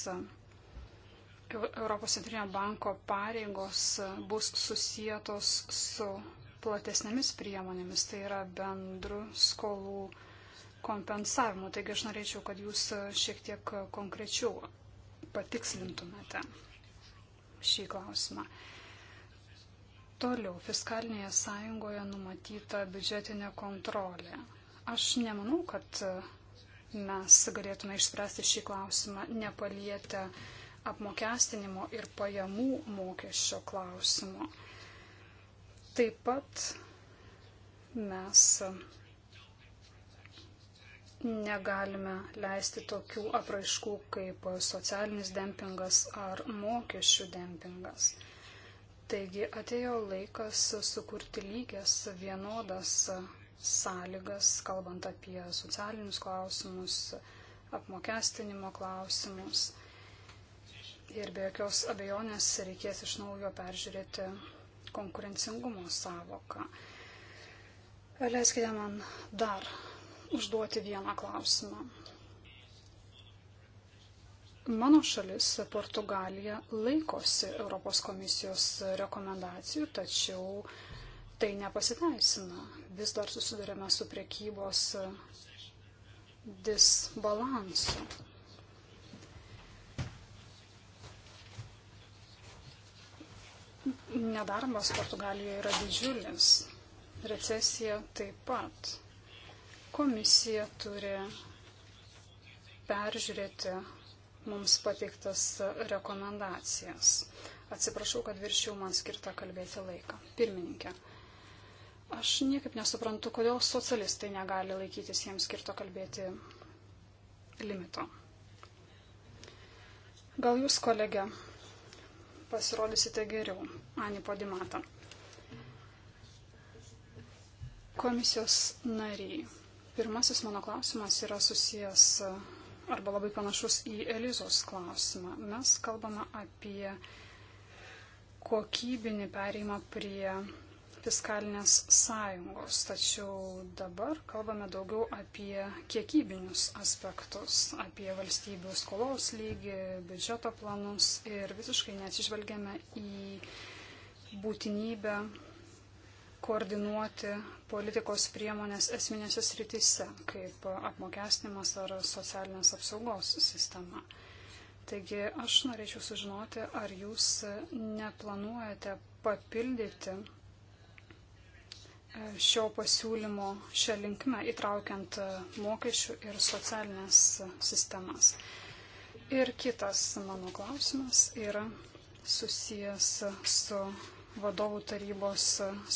Europos centrinio banko pareigos bus susijėtos su platesnėmis priemonėmis, tai yra bendru skolų kompensavimu. Taigi aš norėčiau, kad jūs šiek tiek konkrečiau patikslintumėte šį klausimą. Toliau, fiskalinėje sąjungoje numatyta biudžetinė kontrolė. Aš nemanau, kad mes galėtume išspręsti šį klausimą nepalietę uh, apmokestinimo ir pajamų mokesčio klausimo. Taip pat mes negalime leisti tokių apraiškų kaip socialinis dempingas ar mokesčių dempingas. Taigi atėjo laikas sukurti lygias vienodas sąlygas, kalbant apie socialinius klausimus, apmokestinimo klausimus ir be jokios abejonės reikės iš naujo peržiūrėti konkurencingumo savoką. Leiskite man dar užduoti vieną klausimą. Mano šalis, Portugalija, laikosi Europos komisijos rekomendacijų, tačiau tai nepasiteisina. Vis dar susidurėme su priekybos disbalansu. Nedarbas Portugalijoje yra didžiulis, recesija taip pat. Komisija turi peržiūrėti mums pateiktas rekomendacijas. Atsiprašau, kad viršiau man skirtą kalbėti laiką. Pirmininkė, aš niekaip nesuprantu, kodėl socialistai negali laikytis jiems skirto kalbėti limito. Gal jūs, kolegė, pasirodysite geriau. Ani Podimata. Komisijos nariai. Pirmasis mano klausimas yra susijęs arba labai panašus į Elizos klausimą. Mes kalbame apie kokybinį pereimą prie fiskalinės sąjungos, tačiau dabar kalbame daugiau apie kiekybinius aspektus, apie valstybių skolos lygį, biudžeto planus ir visiškai neatsižvelgiame į būtinybę koordinuoti politikos priemonės esminėse sritise, kaip apmokestinimas ar socialinės apsaugos sistema. Taigi aš norėčiau sužinoti, ar jūs neplanuojate papildyti šio pasiūlymo šią linkmę, įtraukiant e, mokesčių ir socialinės e, sistemas. Ir kitas mano klausimas yra susijęs e, su vadovų tarybos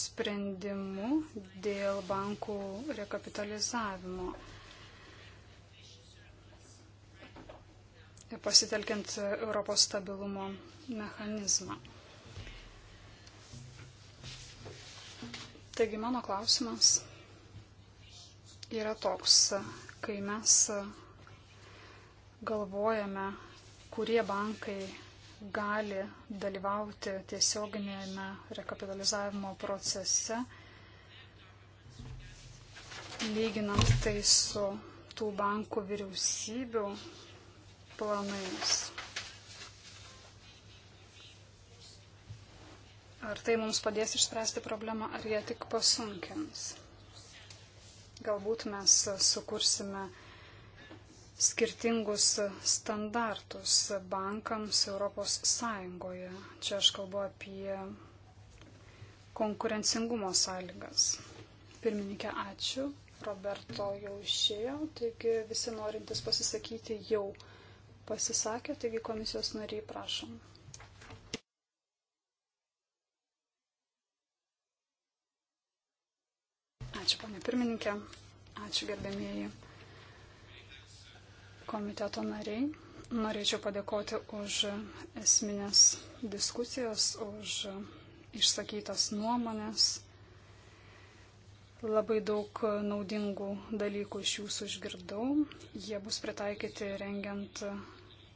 sprendimu dėl bankų rekapitalizavimo. pasitelkiant Europos stabilumo mechanizmą. Taigi mano klausimas yra toks, kai mes galvojame, kurie bankai gali dalyvauti tiesioginėme rekapitalizavimo procese, lyginant tai su tų bankų vyriausybių planais. Ar tai mums padės išspręsti problemą, ar jie tik pasunkins. Galbūt mes sukursime skirtingus standartus bankams Europos Sąjungoje. Čia aš kalbu apie konkurencingumo sąlygas. Pirmininkė, ačiū. Roberto jau išėjo, taigi visi norintys pasisakyti jau pasisakė, taigi komisijos nariai prašom. Ačiū, ponė pirmininkė. Ačiū, gerbėmieji komiteto nariai. Norėčiau padėkoti už esminės diskusijas, už išsakytas nuomonės. Labai daug naudingų dalykų iš jūsų išgirdau. Jie bus pritaikyti rengiant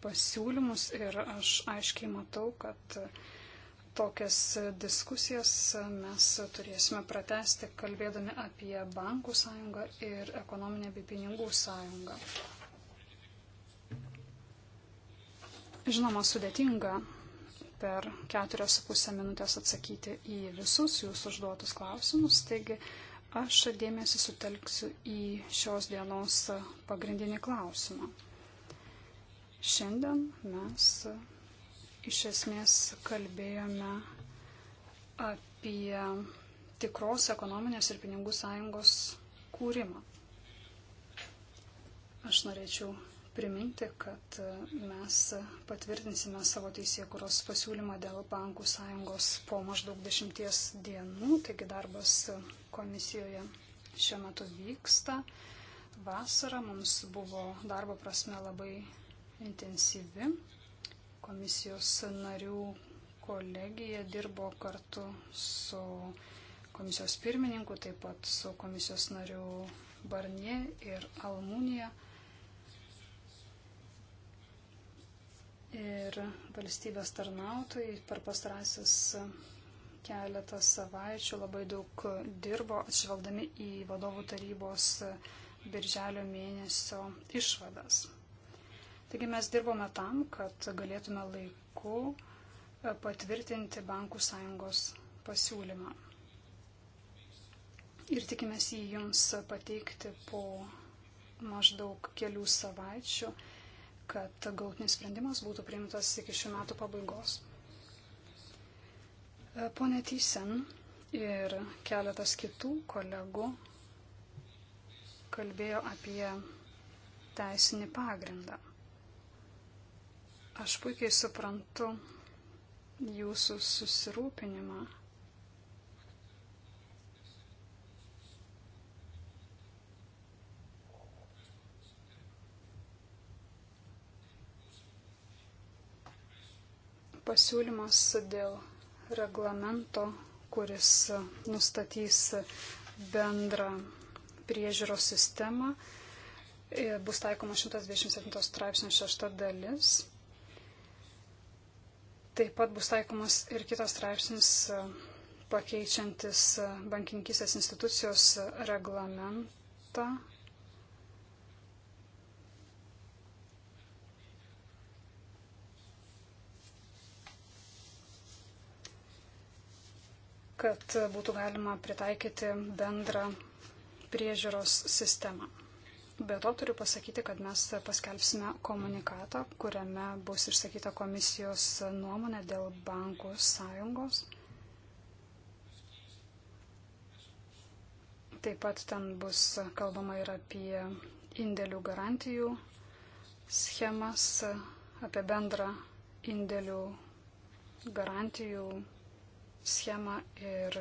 pasiūlymus ir aš aiškiai matau, kad Tokias diskusijas mes turėsime pratesti, kalbėdami apie bankų sąjungą ir ekonominę bei pinigų sąjungą. Žinoma, sudėtinga per keturias su pusę minutės atsakyti į visus jūsų užduotus klausimus, taigi aš dėmesį sutelksiu į šios dienos pagrindinį klausimą. Šiandien mes iš esmės kalbėjome apie tikros ekonominės ir pinigų sąjungos kūrimą. Aš norėčiau priminti, kad mes patvirtinsime savo teisėkuros pasiūlymą dėl bankų sąjungos po maždaug dešimties dienų, taigi darbas komisijoje šiuo metu vyksta. Vasara mums buvo darbo prasme labai intensyvi. Komisijos narių kolegija dirbo kartu su komisijos pirmininku, taip pat su komisijos nariu Barnie ir Almunija. Ir valstybės tarnautojai per pastarasis keletą savaičių labai daug dirbo atšvaldami į vadovų tarybos birželio mėnesio išvadas. Taigi mes dirbome tam, kad galėtume laiku e, patvirtinti bankų sąjungos pasiūlymą. Ir tikimės jį jums pateikti po maždaug kelių savaičių, kad gautinis sprendimas būtų priimtas iki šių metų pabaigos. E, pone Tysen ir keletas kitų kolegų kalbėjo apie teisinį pagrindą. Aš puikiai suprantu jūsų susirūpinimą. Pasiūlymas dėl reglamento, kuris nustatys bendrą priežiūros sistemą, bus taikoma 127 straipsnio šešta dalis. Taip pat bus taikomas ir kitas straipsnis e, pakeičiantis e, bankininkysės institucijos e, reglamentą. kad būtų galima pritaikyti bendrą priežiūros sistemą. Be to turiu pasakyti, kad mes paskelbsime komunikatą, kuriame bus išsakyta komisijos nuomonė dėl bankų sąjungos. Taip pat ten bus kalbama ir apie indėlių garantijų schemas, apie bendrą indėlių garantijų schemą ir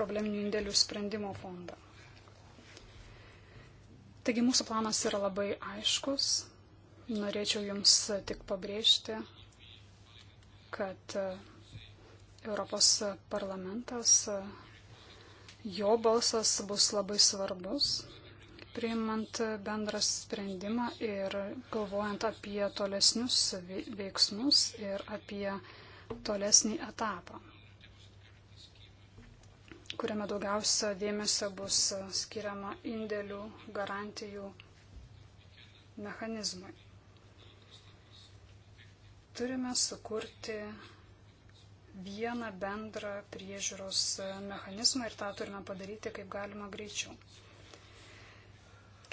probleminių indėlių sprendimo fondą. Taigi mūsų planas yra labai aiškus. Norėčiau Jums tik pabrėžti, kad e, Europos parlamentas, e, jo balsas bus labai svarbus, priimant bendrą sprendimą ir galvojant apie tolesnius veiksmus ir apie tolesnį etapą kuriame daugiausia dėmesio bus e, skiriama indėlių garantijų mechanizmui. Turime sukurti vieną bendrą priežiūros e, mechanizmą ir tą turime padaryti kaip galima greičiau.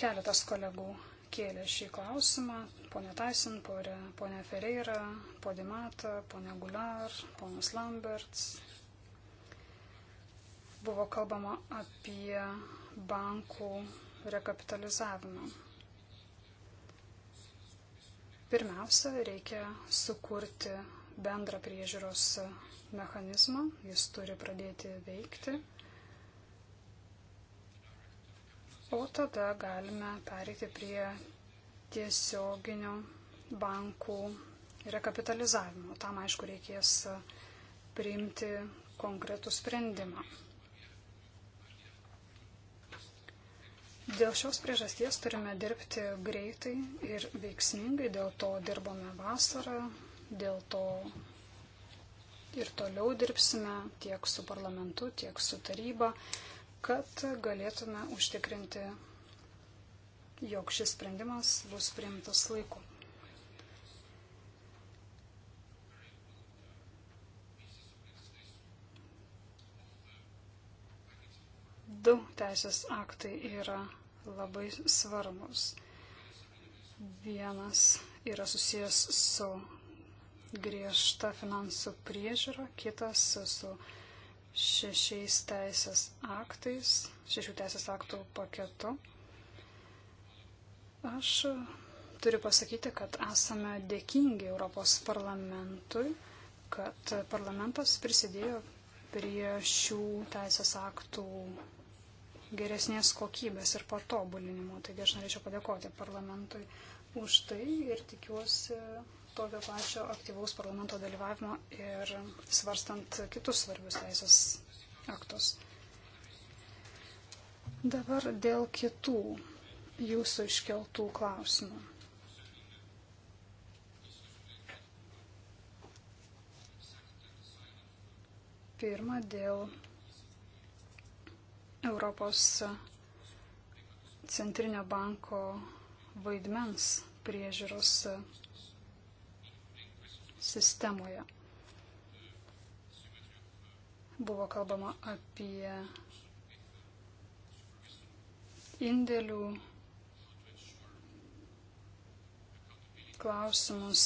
Keletas kolegų kėlė šį klausimą. Pone Tyson, pone Ferreira, pone Mata, pone Gular, ponas Lamberts, buvo kalbama apie bankų rekapitalizavimą. Pirmiausia, reikia sukurti bendrą priežiūros mechanizmą, jis turi pradėti veikti. O tada galime pereiti prie tiesioginio bankų rekapitalizavimo. Tam, aišku, reikės priimti konkretų sprendimą. Dėl šios priežasties turime dirbti greitai ir veiksmingai, dėl to dirbome vasarą, dėl to ir toliau dirbsime tiek su parlamentu, tiek su taryba, kad galėtume užtikrinti, jog šis sprendimas bus priimtas laiku. du teisės aktai yra labai svarbus. Vienas yra susijęs su griežta finansų priežiūra, kitas su šešiais teisės aktais, šešių teisės aktų paketu. Aš turiu pasakyti, kad esame dėkingi Europos parlamentui, kad parlamentas prisidėjo prie šių teisės aktų geresnės kokybės ir patobulinimo. Taigi aš norėčiau padėkoti parlamentui už tai ir tikiuosi tokio pačio aktyvaus parlamento dalyvavimo ir svarstant kitus svarbius teisės aktus. Dabar dėl kitų jūsų iškeltų klausimų. Pirma, dėl Europos centrinio banko vaidmens priežiūros sistemoje. Buvo kalbama apie indėlių klausimus,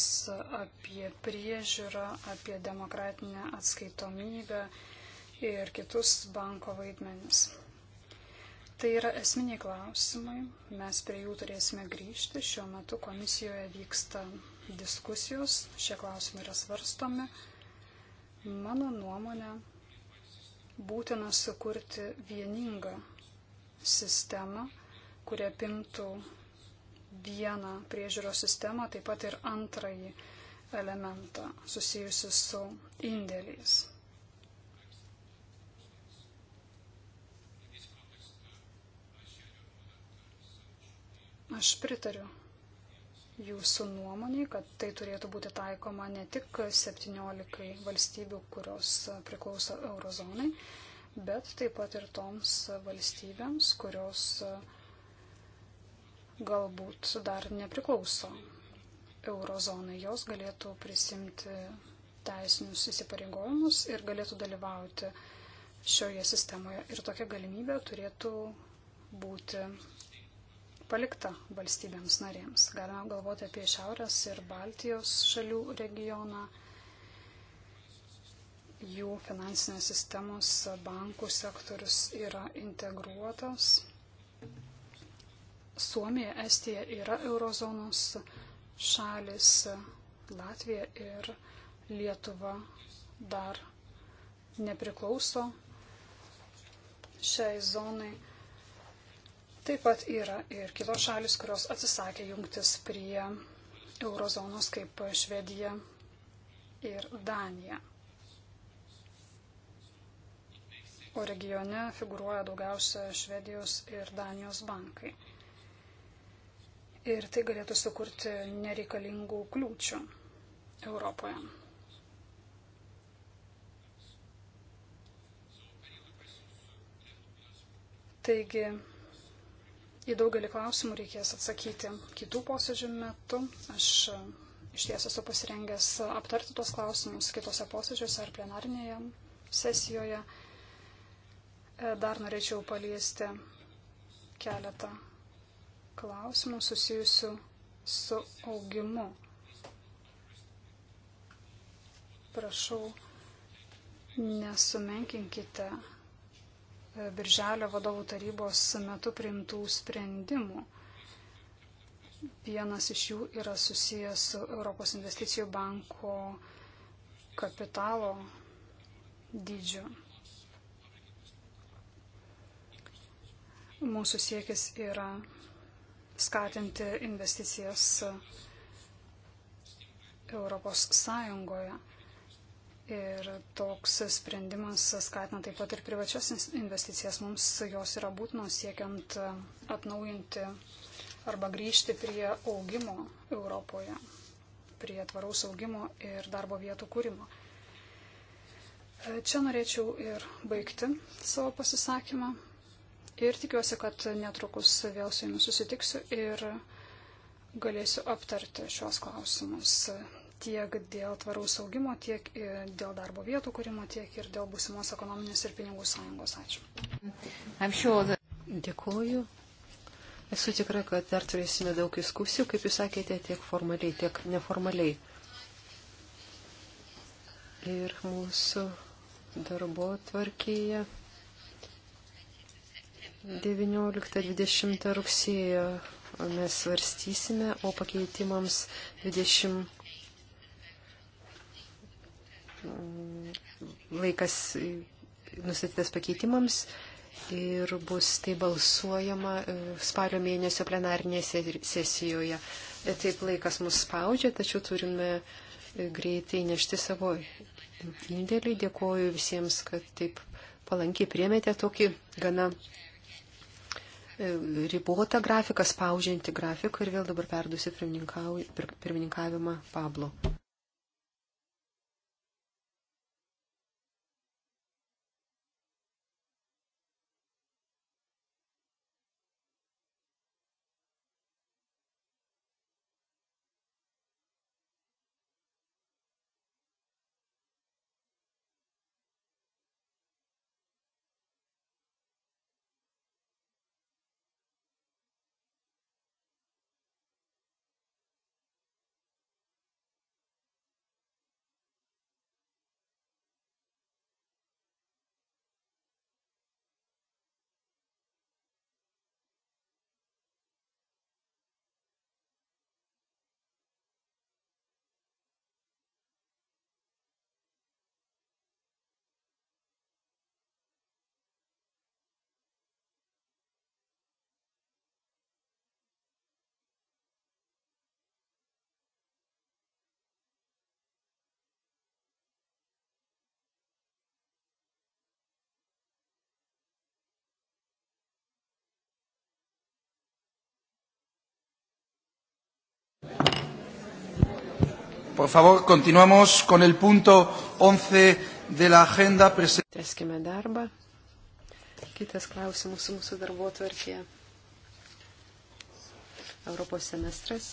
apie priežiūrą, apie demokratinę atskaitomybę ir kitus banko vaidmenis. Tai yra esminiai klausimai, mes prie jų turėsime grįžti. Šiuo metu komisijoje vyksta diskusijos, šie klausimai yra svarstomi. Mano nuomonė, būtina sukurti vieningą sistemą, kurie apimtų vieną priežiūros sistemą, taip pat ir antrąjį elementą susijusi su indėliais. Aš pritariu jūsų nuomonė, kad tai turėtų būti taikoma ne tik 17 valstybių, kurios priklauso eurozonai, bet taip pat ir toms valstybėms, kurios galbūt dar nepriklauso eurozonai. Jos galėtų prisimti teisinius įsipareigojimus ir galėtų dalyvauti šioje sistemoje. Ir tokia galimybė turėtų būti palikta valstybėms narėms. Galima galvoti apie Šiaurės ir Baltijos šalių regioną. Jų finansinės sistemos, bankų sektorius yra integruotas. Suomija, Estija yra eurozonos šalis, Latvija ir Lietuva dar nepriklauso šiai zonai. Taip pat yra ir kitos šalis, kurios atsisakė jungtis prie eurozonos kaip Švedija ir Danija. O regione figuruoja daugiausia Švedijos ir Danijos bankai. Ir tai galėtų sukurti nereikalingų kliūčių Europoje. Taigi, Į daugelį klausimų reikės atsakyti kitų posėdžių metu. Aš e, iš ties esu pasirengęs aptarti tuos klausimus kitose posėdžiuose ar plenarinėje sesijoje. E, dar norėčiau paliesti keletą klausimų susijusių su augimu. Prašau, nesumenkinkite Birželio vadovų tarybos metu priimtų sprendimų. Vienas iš jų yra susijęs su Europos investicijų banko kapitalo dydžiu. Mūsų siekis yra skatinti investicijas Europos Sąjungoje. Ir toks sprendimas skatina taip pat ir privačias investicijas. Mums jos yra būtinos siekiant e, atnaujinti arba grįžti prie augimo Europoje, prie tvaraus augimo ir darbo vietų kūrimo. E, čia norėčiau ir baigti savo pasisakymą. Ir tikiuosi, kad netrukus vėl su jumis susitiksiu ir galėsiu aptarti šios klausimus tiek dėl tvaraus augimo, tiek dėl darbo vietų kūrimo, tiek ir dėl būsimos ekonominės ir pinigų sąjungos. Ačiū. Dėkuoju. Esu tikra, kad dar turėsime daug diskusijų, kaip jūs sakėte, tiek formaliai, tiek neformaliai. Ir mūsų darbo tvarkėje 19-20 rugsėjo mes svarstysime, o pakeitimams 20 laikas nustatytas pakeitimams ir bus tai balsuojama e, spalio mėnesio plenarinėje sesijoje. E, taip laikas mus spaudžia, tačiau turime e, greitai nešti savo indėlį. Dėkuoju visiems, kad taip palankiai priemėte tokį gana ribotą grafiką, spaudžiantį grafiką ir vėl dabar perdusiu pirmininkavimą Pablo. Por favor, continuamos con el punto 11 de la agenda. Teskime darbą. Kitas klausimas mūsų darbo tvarkėje. Europos semestras,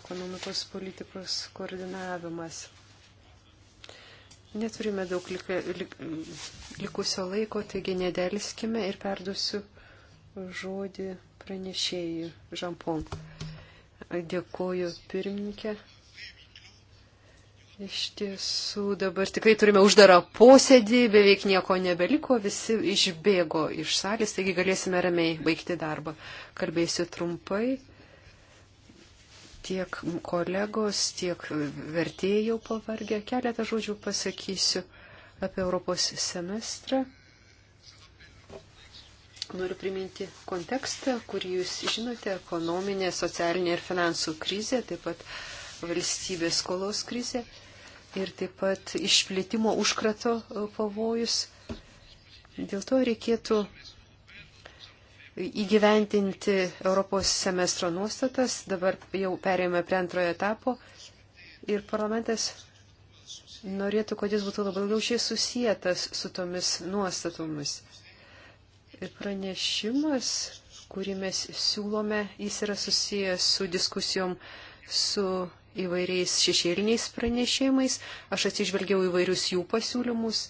ekonomikos politikos koordinavimas. Neturime daug lika, lik, likusio laiko, taigi nedelskime ir perdusiu žodį pranešėjui Žampon. Dėkuoju pirmininkė. Iš tiesų, dabar tikrai turime uždarą posėdį, beveik nieko nebeliko, visi išbėgo iš salės, taigi galėsime ramiai baigti darbą. Kalbėsiu trumpai. Tiek kolegos, tiek vertėjai jau pavargė. Keletą žodžių pasakysiu apie Europos semestrą. Noriu priminti kontekstą, kurį jūs žinote - ekonominė, socialinė ir finansų krizė, taip pat valstybės skolos krizė ir taip pat išplėtimo užkrato e, pavojus. Dėl to reikėtų įgyventinti Europos semestro nuostatas. Dabar jau perėjome prie antrojo etapo ir parlamentas norėtų, kad jis būtų labai daugiau šiai susijęs su tomis nuostatomis. Ir pranešimas, kurį mes siūlome, jis yra susijęs su diskusijom su įvairiais šešėliniais pranešimais. Aš atsižvelgiau įvairius jų pasiūlymus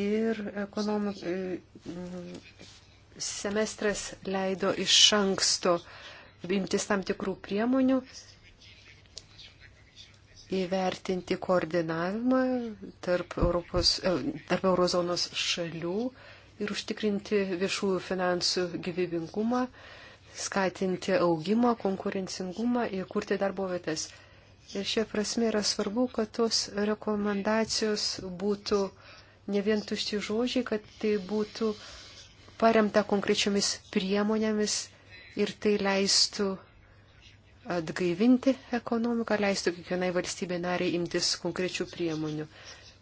ir ekonomik... E, semestras leido iš anksto imtis tam tikrų priemonių, įvertinti koordinavimą tarp, Europos, e, tarp eurozonos šalių ir užtikrinti viešųjų finansų gyvybingumą, skatinti augimą, konkurencingumą ir kurti darbo vietas. Ir šia prasme yra svarbu, kad tos rekomendacijos būtų ne vien tušti žodžiai, kad tai būtų paremta konkrečiomis priemonėmis ir tai leistų atgaivinti ekonomiką, leistų kiekvienai valstybė nariai imtis konkrečių priemonių.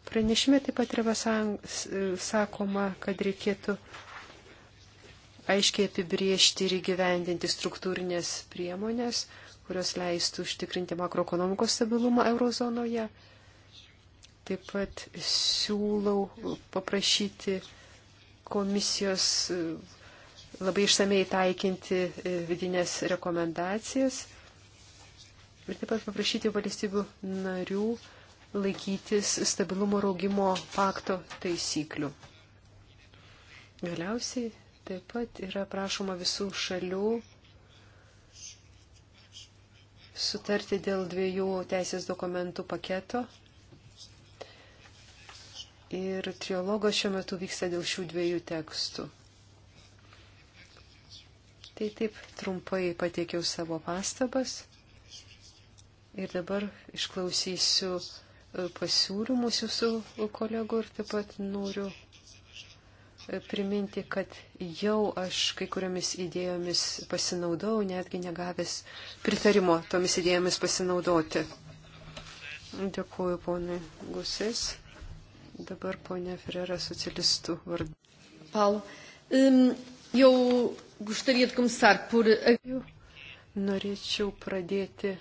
Pranešime taip pat yra sakoma, kad reikėtų aiškiai apibriežti ir įgyvendinti struktūrinės priemonės, kurios leistų užtikrinti makroekonomikos stabilumą eurozonoje. Taip pat siūlau paprašyti komisijos e, labai išsamei taikinti e, vidinės rekomendacijas ir taip pat paprašyti valstybių narių laikytis stabilumo raugimo pakto taisyklių. Galiausiai taip pat yra prašoma visų šalių sutarti dėl dviejų teisės dokumentų paketo. Ir triologas šiuo metu vyksta dėl šių dviejų tekstų. Tai taip trumpai pateikiau savo pastabas. Ir dabar išklausysiu pasiūlymus jūsų kolegų ir taip pat noriu e, priminti, kad jau aš kai kuriomis idėjomis pasinaudau, netgi negavęs pritarimo tomis idėjomis pasinaudoti. Dėkuoju ponui Gusės. Dabar ponia Ferrera socialistų vardu. Paulo, um, jau gustaria de começar por. Norėčiau pradėti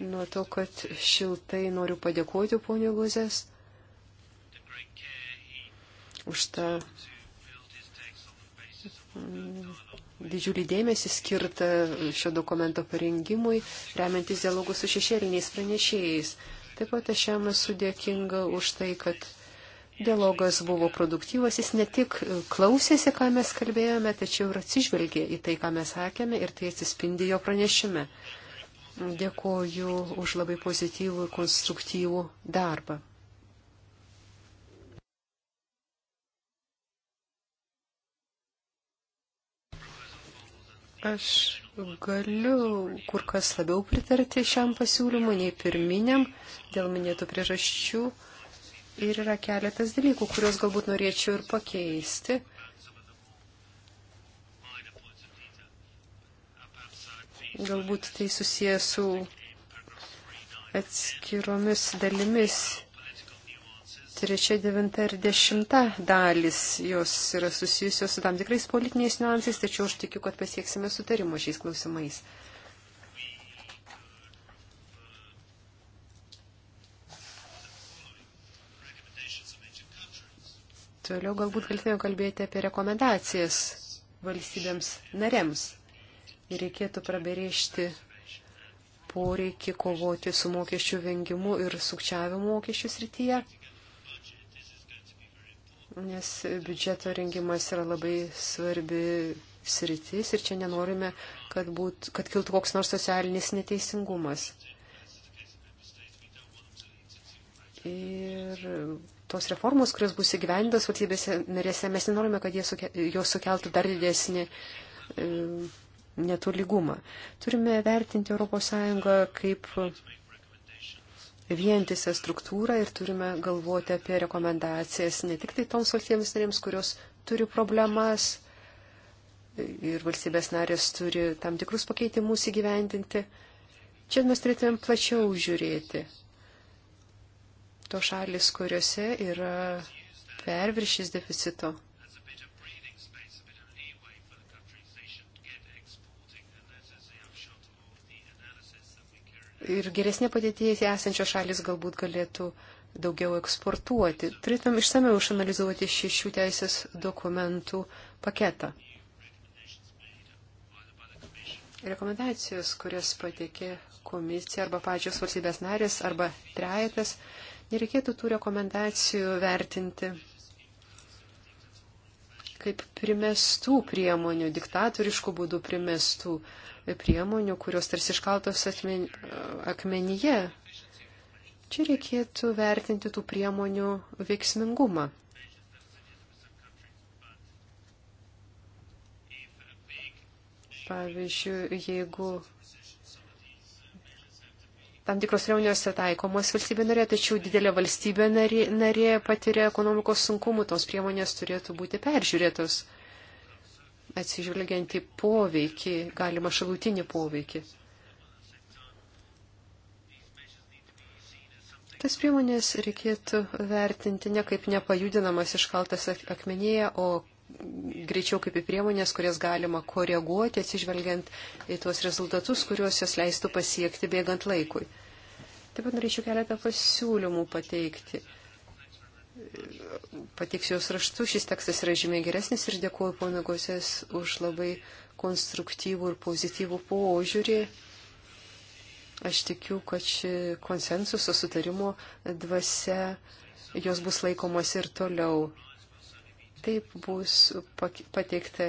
nuo to, kad šiltai noriu padėkoti ponio Gozės už tą mm, didžiulį dėmesį skirtą šio dokumento parengimui, remiantis dialogų su šešėliniais pranešėjais. Taip pat aš jam esu dėkinga už tai, kad dialogas buvo produktyvas, jis ne tik klausėsi, ką mes kalbėjome, tačiau ir atsižvelgė į tai, ką mes sakėme ir tai atsispindi jo pranešime. Dėkoju už labai pozityvų ir konstruktyvų darbą. Aš galiu kur kas labiau pritarti šiam pasiūlymui nei pirminiam dėl minėtų priežasčių. Ir yra keletas dalykų, kuriuos galbūt norėčiau ir pakeisti. Galbūt tai susijęs su atskiromis dalimis. Trečia, devinta ir dešimta dalis jos yra susijusios su tam tikrais politiniais niuansais, tačiau aš tikiu, kad pasieksime sutarimo šiais klausimais. Toliau galbūt galėtume kalbėti apie rekomendacijas valstybėms narėms reikėtų praberėžti poreikį kovoti su mokesčių vengimu ir sukčiavimu mokesčių srityje, nes biudžeto rengimas yra labai svarbi sritis ir čia nenorime, kad, būt, kad kiltų koks nors socialinis neteisingumas. Ir tos reformos, kurios bus įgyvendas valstybėse narėse, mes nenorime, kad suke, jos sukeltų dar didesnį e, netolygumą. Turime vertinti ES kaip vientisą struktūrą ir turime galvoti apie rekomendacijas ne tik tai toms valstybėms narėms, kurios turi problemas ir valstybės narės turi tam tikrus pakeitimus įgyvendinti. Čia mes turėtumėm plačiau žiūrėti. To šalis, kuriuose yra perviršis deficito. ir geresnė padėtėje esančios šalis galbūt galėtų daugiau eksportuoti. Turėtumėm išsameu išanalizuoti šešių teisės dokumentų paketą. Rekomendacijos, kurias pateikė komisija arba pačios valstybės narės arba trejetas, nereikėtų tų rekomendacijų vertinti kaip primestų priemonių, diktatoriškų būdų primestų priemonių, kurios tarsi iškaltos atmen, akmenyje. Čia reikėtų vertinti tų priemonių veiksmingumą. Pavyzdžiui, jeigu tam tikros reunijos yra taikomos valstybė narė, tačiau didelė valstybė narė, narė patiria ekonomikos sunkumų, tos priemonės turėtų būti peržiūrėtos, atsižvelgiant į poveikį, galima šalutinį poveikį. Tas priemonės reikėtų vertinti ne kaip nepajudinamas iškaltas akmenyje, o greičiau kaip į priemonės, kurias galima koreguoti, atsižvelgiant į tuos rezultatus, kuriuos jos leistų pasiekti bėgant laikui. Taip pat norėčiau keletą pasiūlymų pateikti. Pateiksiu jos raštu, šis tekstas yra žymiai geresnis ir dėkuoju ponui Gosės už labai konstruktyvų ir pozityvų požiūrį. Aš tikiu, kad ši konsensuso sutarimo dvasia jos bus laikomas ir toliau. Taip bus pateikta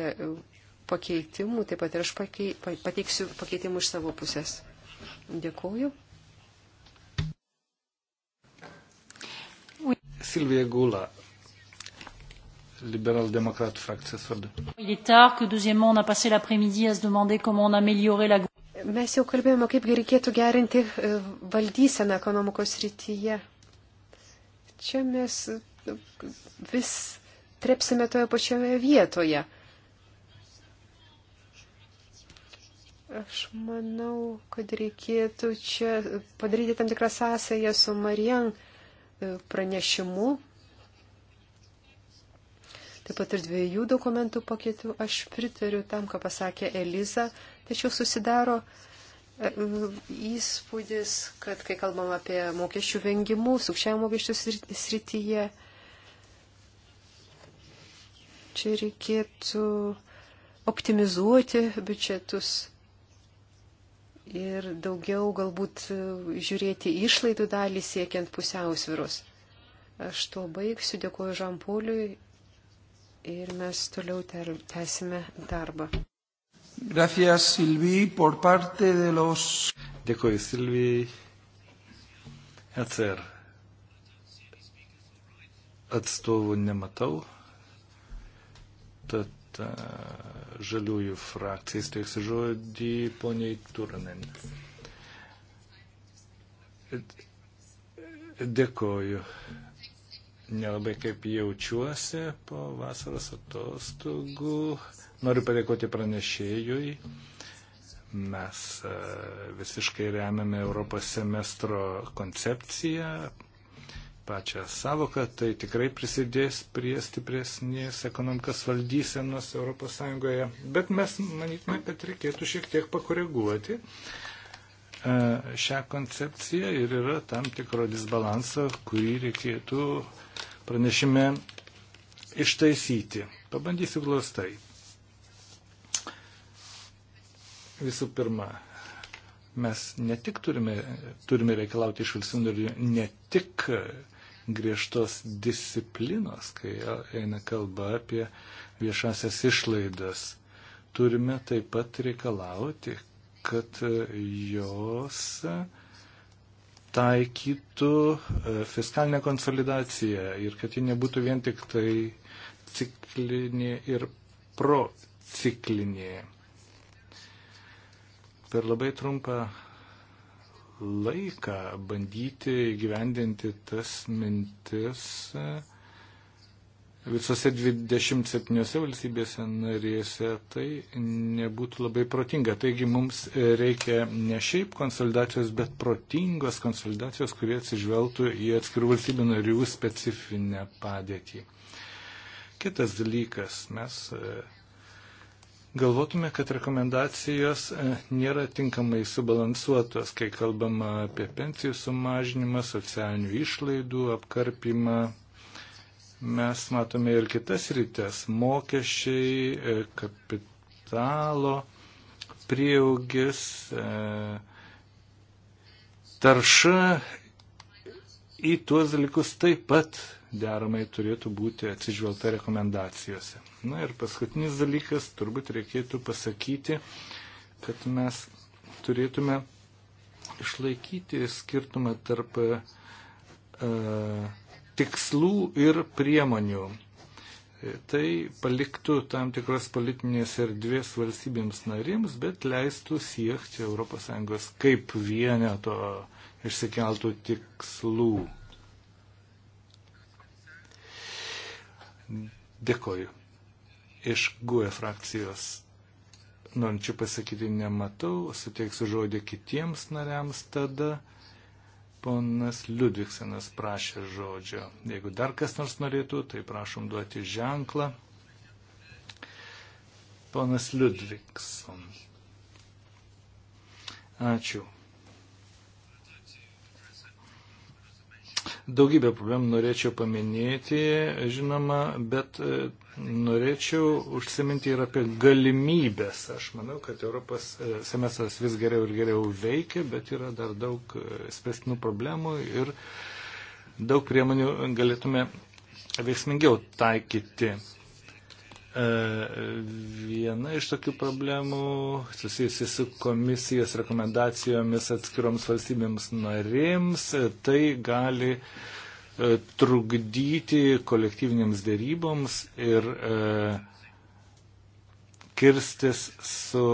pakeitimų, taip pat ir aš pakei, pateiksiu pakeitimų iš savo pusės. Dėkuoju. Silvija Gula, libéral-démocrate frakcijos vardu. Mes jau kalbėjome, kaip reikėtų gerinti e, valdyseną ekonomikos rytyje. Čia mes nu, vis trepsime toje pačioje vietoje. Aš manau, kad reikėtų čia padaryti tam tikrą sąsąją su Marijan e, pranešimu. Taip pat ir dviejų dokumentų pakėtų. Aš pritariu tam, ką pasakė Eliza, tačiau susidaro e, įspūdis, kad kai kalbam apie mokesčių vengimų, sukčiavimo mokesčių srityje, Čia reikėtų optimizuoti biudžetus ir daugiau galbūt žiūrėti išlaidų dalį siekiant pusiausviros. Aš tuo baigsiu, dėkuoju Žampuliui ir mes toliau tęsime darbą. Gracias, Silvi, por parte de los. Dėkuoju, Silvi. ECR. Atstovų nematau. Tad e, žaliųjų frakcijas teiks žodį poniai Turnen. Dėkoju. Nelabai kaip jaučiuosi po vasaros atostogų. Noriu padėkoti pranešėjui. Mes e, visiškai remiame Europos semestro koncepciją, pačią savoką, tai tikrai prisidės prie stipresnės ekonomikos valdysenos ES. Bet mes manytume, kad reikėtų šiek tiek pakoreguoti e, šią koncepciją ir yra tam tikro disbalanso, kurį reikėtų pranešime ištaisyti. Pabandysiu glaustai. Visų pirma, mes ne tik turime, turime reikalauti iš valstybinarių ne tik griežtos disciplinos, kai eina kalba apie viešasias išlaidas. Turime taip pat reikalauti, kad jos taikytų e, fiskalinę konsolidaciją ir kad ji nebūtų vien tik tai ciklinė ir prociklinė. Per labai trumpą laiką bandyti gyvendinti tas mintis e, visose 27 valstybėse narėse, tai nebūtų labai protinga. Taigi mums reikia ne šiaip konsolidacijos, bet protingos konsolidacijos, kurie atsižvelgtų į atskirų valstybių narių specifinę padėtį. Kitas dalykas, mes e, galvotume, kad rekomendacijos e, nėra tinkamai subalansuotos, kai kalbama apie pensijų sumažinimą, socialinių išlaidų apkarpimą. Mes matome ir kitas rytes - mokesčiai, e, kapitalo prieaugis, e, tarša į tuos dalykus taip pat deramai turėtų būti atsižvelgta rekomendacijose. Na ir paskutinis dalykas, turbūt reikėtų pasakyti, kad mes turėtume išlaikyti skirtumą tarp e, tikslų ir priemonių. E, tai paliktų tam tikros politinės erdvės valstybėms narims, bet leistų siekti ES kaip vieneto išsikeltų tikslų. Dėkoju. Iš GUE frakcijos norinčių pasakyti nematau, suteiksiu žodį kitiems nariams tada. Ponas Liudviksenas prašė žodžio. Jeigu dar kas nors norėtų, tai prašom duoti ženklą. Ponas Liudvikson. Ačiū. Daugybę problemų norėčiau paminėti, žinoma, bet e, norėčiau užsiminti ir apie galimybės. Aš manau, kad Europos e, semestras vis geriau ir geriau veikia, bet yra dar daug e, spręstinų problemų ir daug priemonių galėtume veiksmingiau taikyti. E, viena iš tokių problemų susijusi su komisijos rekomendacijomis atskiroms valstybėms narėms, e, tai gali e, trukdyti kolektyvinėms dėryboms ir kirstis su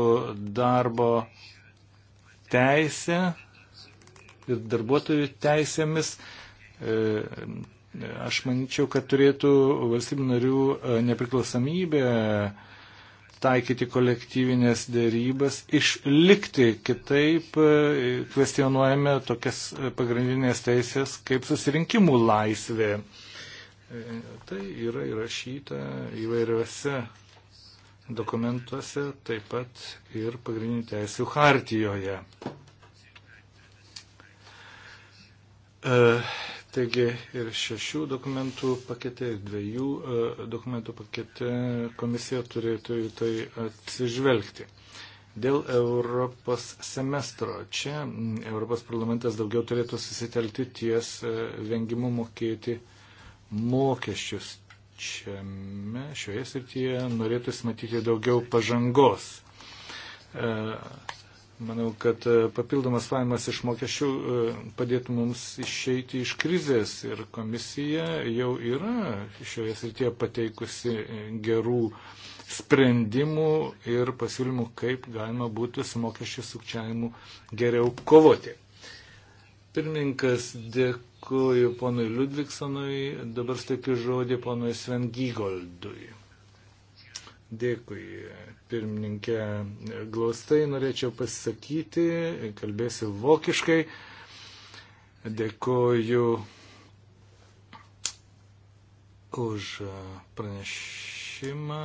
darbo teisė ir darbuotojų teisėmis Aš manyčiau, kad turėtų valstybių narių e, nepriklausomybė taikyti kolektyvinės dėrybas, išlikti kitaip e, kvestionuojame tokias pagrindinės teisės kaip susirinkimų laisvė. E, tai yra įrašyta įvairiuose dokumentuose, taip pat ir pagrindinių teisų hartijoje. Taigi ir šešių dokumentų pakete, ir dviejų e, dokumentų pakete komisija turėtų į tai atsižvelgti. Dėl Europos semestro. Čia Europos parlamentas daugiau turėtų susitelti ties e, vengimu mokėti mokesčius. Čiame, šioje srityje norėtųsi matyti daugiau pažangos. E, Manau, kad e, papildomas pajamas iš mokesčių e, padėtų mums išeiti iš krizės ir komisija jau yra šioje srityje pateikusi e, gerų sprendimų ir pasiūlymų, kaip galima būtų su mokesčių sukčiavimu geriau kovoti. Pirmininkas, dėkuoju ponui Ludviksonui, dabar steikiu žodį ponui Sven Gygoldui. Dėkui, pirmininkė Glaustai, norėčiau pasisakyti, kalbėsiu vokiškai. Dėkoju už pranešimą.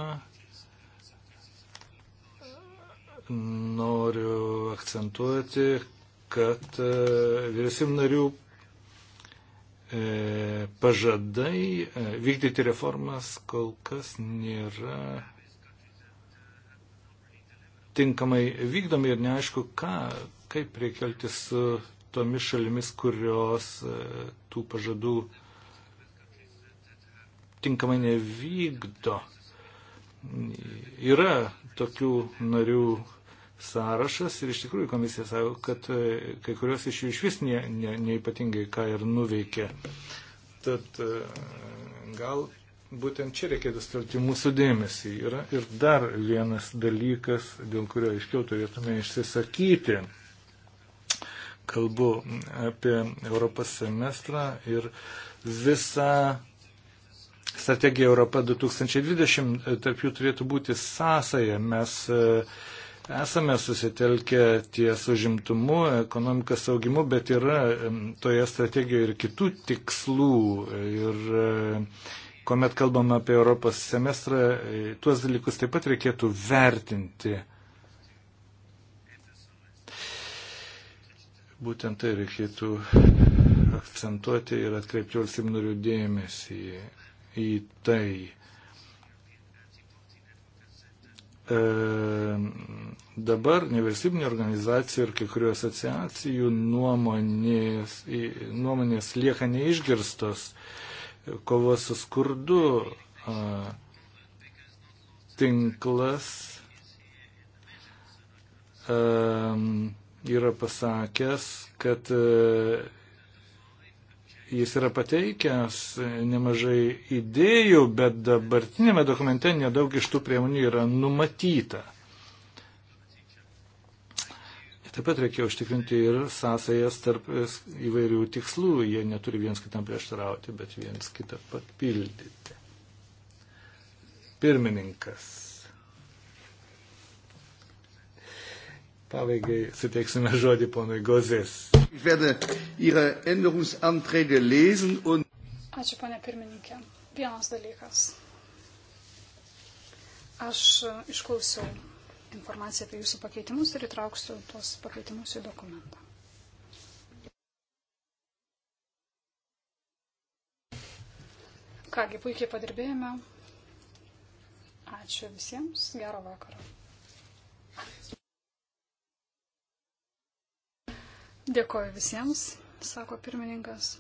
Noriu akcentuoti, kad e, vyriausybių narių e, pažadai e, vykdyti reformas kol kas nėra tinkamai vykdomi ir neaišku, ką, kaip reikia elgtis su tomis šalimis, kurios e, tų pažadų tinkamai nevykdo. Yra tokių narių sąrašas ir iš tikrųjų komisija sako, kad e, kai kurios iš jų iš vis neipatingai ne, ne, ne ką ir nuveikė. Tad e, gal būtent čia reikėtų stelti mūsų dėmesį. Yra ir dar vienas dalykas, dėl kurio aiškiau turėtume išsisakyti. Kalbu apie Europos semestrą ir visą strategiją Europa 2020, tarp jų turėtų būti sąsaja. Mes e, esame susitelkę ties užimtumu, ekonomikos augimu, bet yra e, toje strategijoje ir kitų tikslų. Ir e, kuomet kalbam apie Europos semestrą, e, tuos dalykus taip pat reikėtų vertinti. Būtent tai reikėtų akcentuoti ir atkreipti valstybinarių dėmesį į tai. E, dabar nevalstybinė organizacija ir kai kurių asociacijų nuomonės, nuomonės lieka neišgirstos. E, kovos su skurdu tinklas yra pasakęs, kad e, jis yra pateikęs nemažai idėjų, bet dabartinėme dokumente nedaug iš tų priemonių yra numatyta. Taip pat reikia užtikrinti ir sąsajas tarp įvairių tikslų. Jie neturi viens kitam prieštarauti, bet viens kitą papildyti. Pirmininkas. Pabaigai suteiksime žodį ponui Gozės. Ačiū, ponė pirmininkė. Vienas dalykas. Aš išklausiau informaciją apie jūsų pakeitimus ir įtrauksiu tuos pakeitimus į dokumentą. Kągi, puikiai padirbėjome. Ačiū visiems. Gero vakaro. Dėkoju visiems, sako pirmininkas.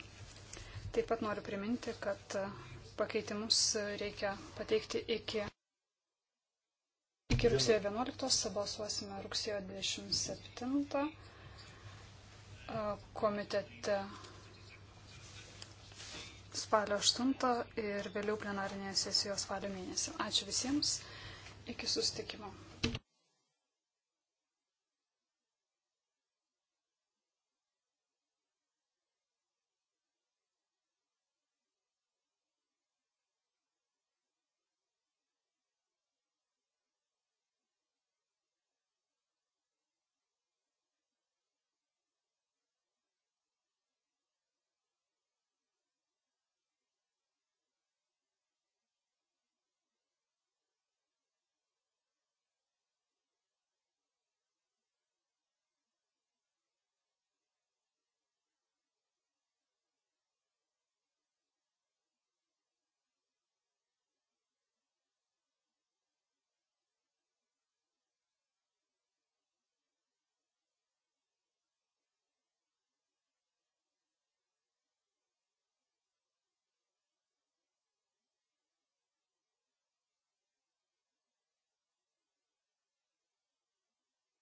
Taip pat noriu priminti, kad pakeitimus reikia pateikti iki iki rugsėjo 11, balsuosime rugsėjo 27 komitete spalio 8 ir vėliau plenarinėje sesijoje spalio mėnesį. Ačiū visiems, iki sustikimo.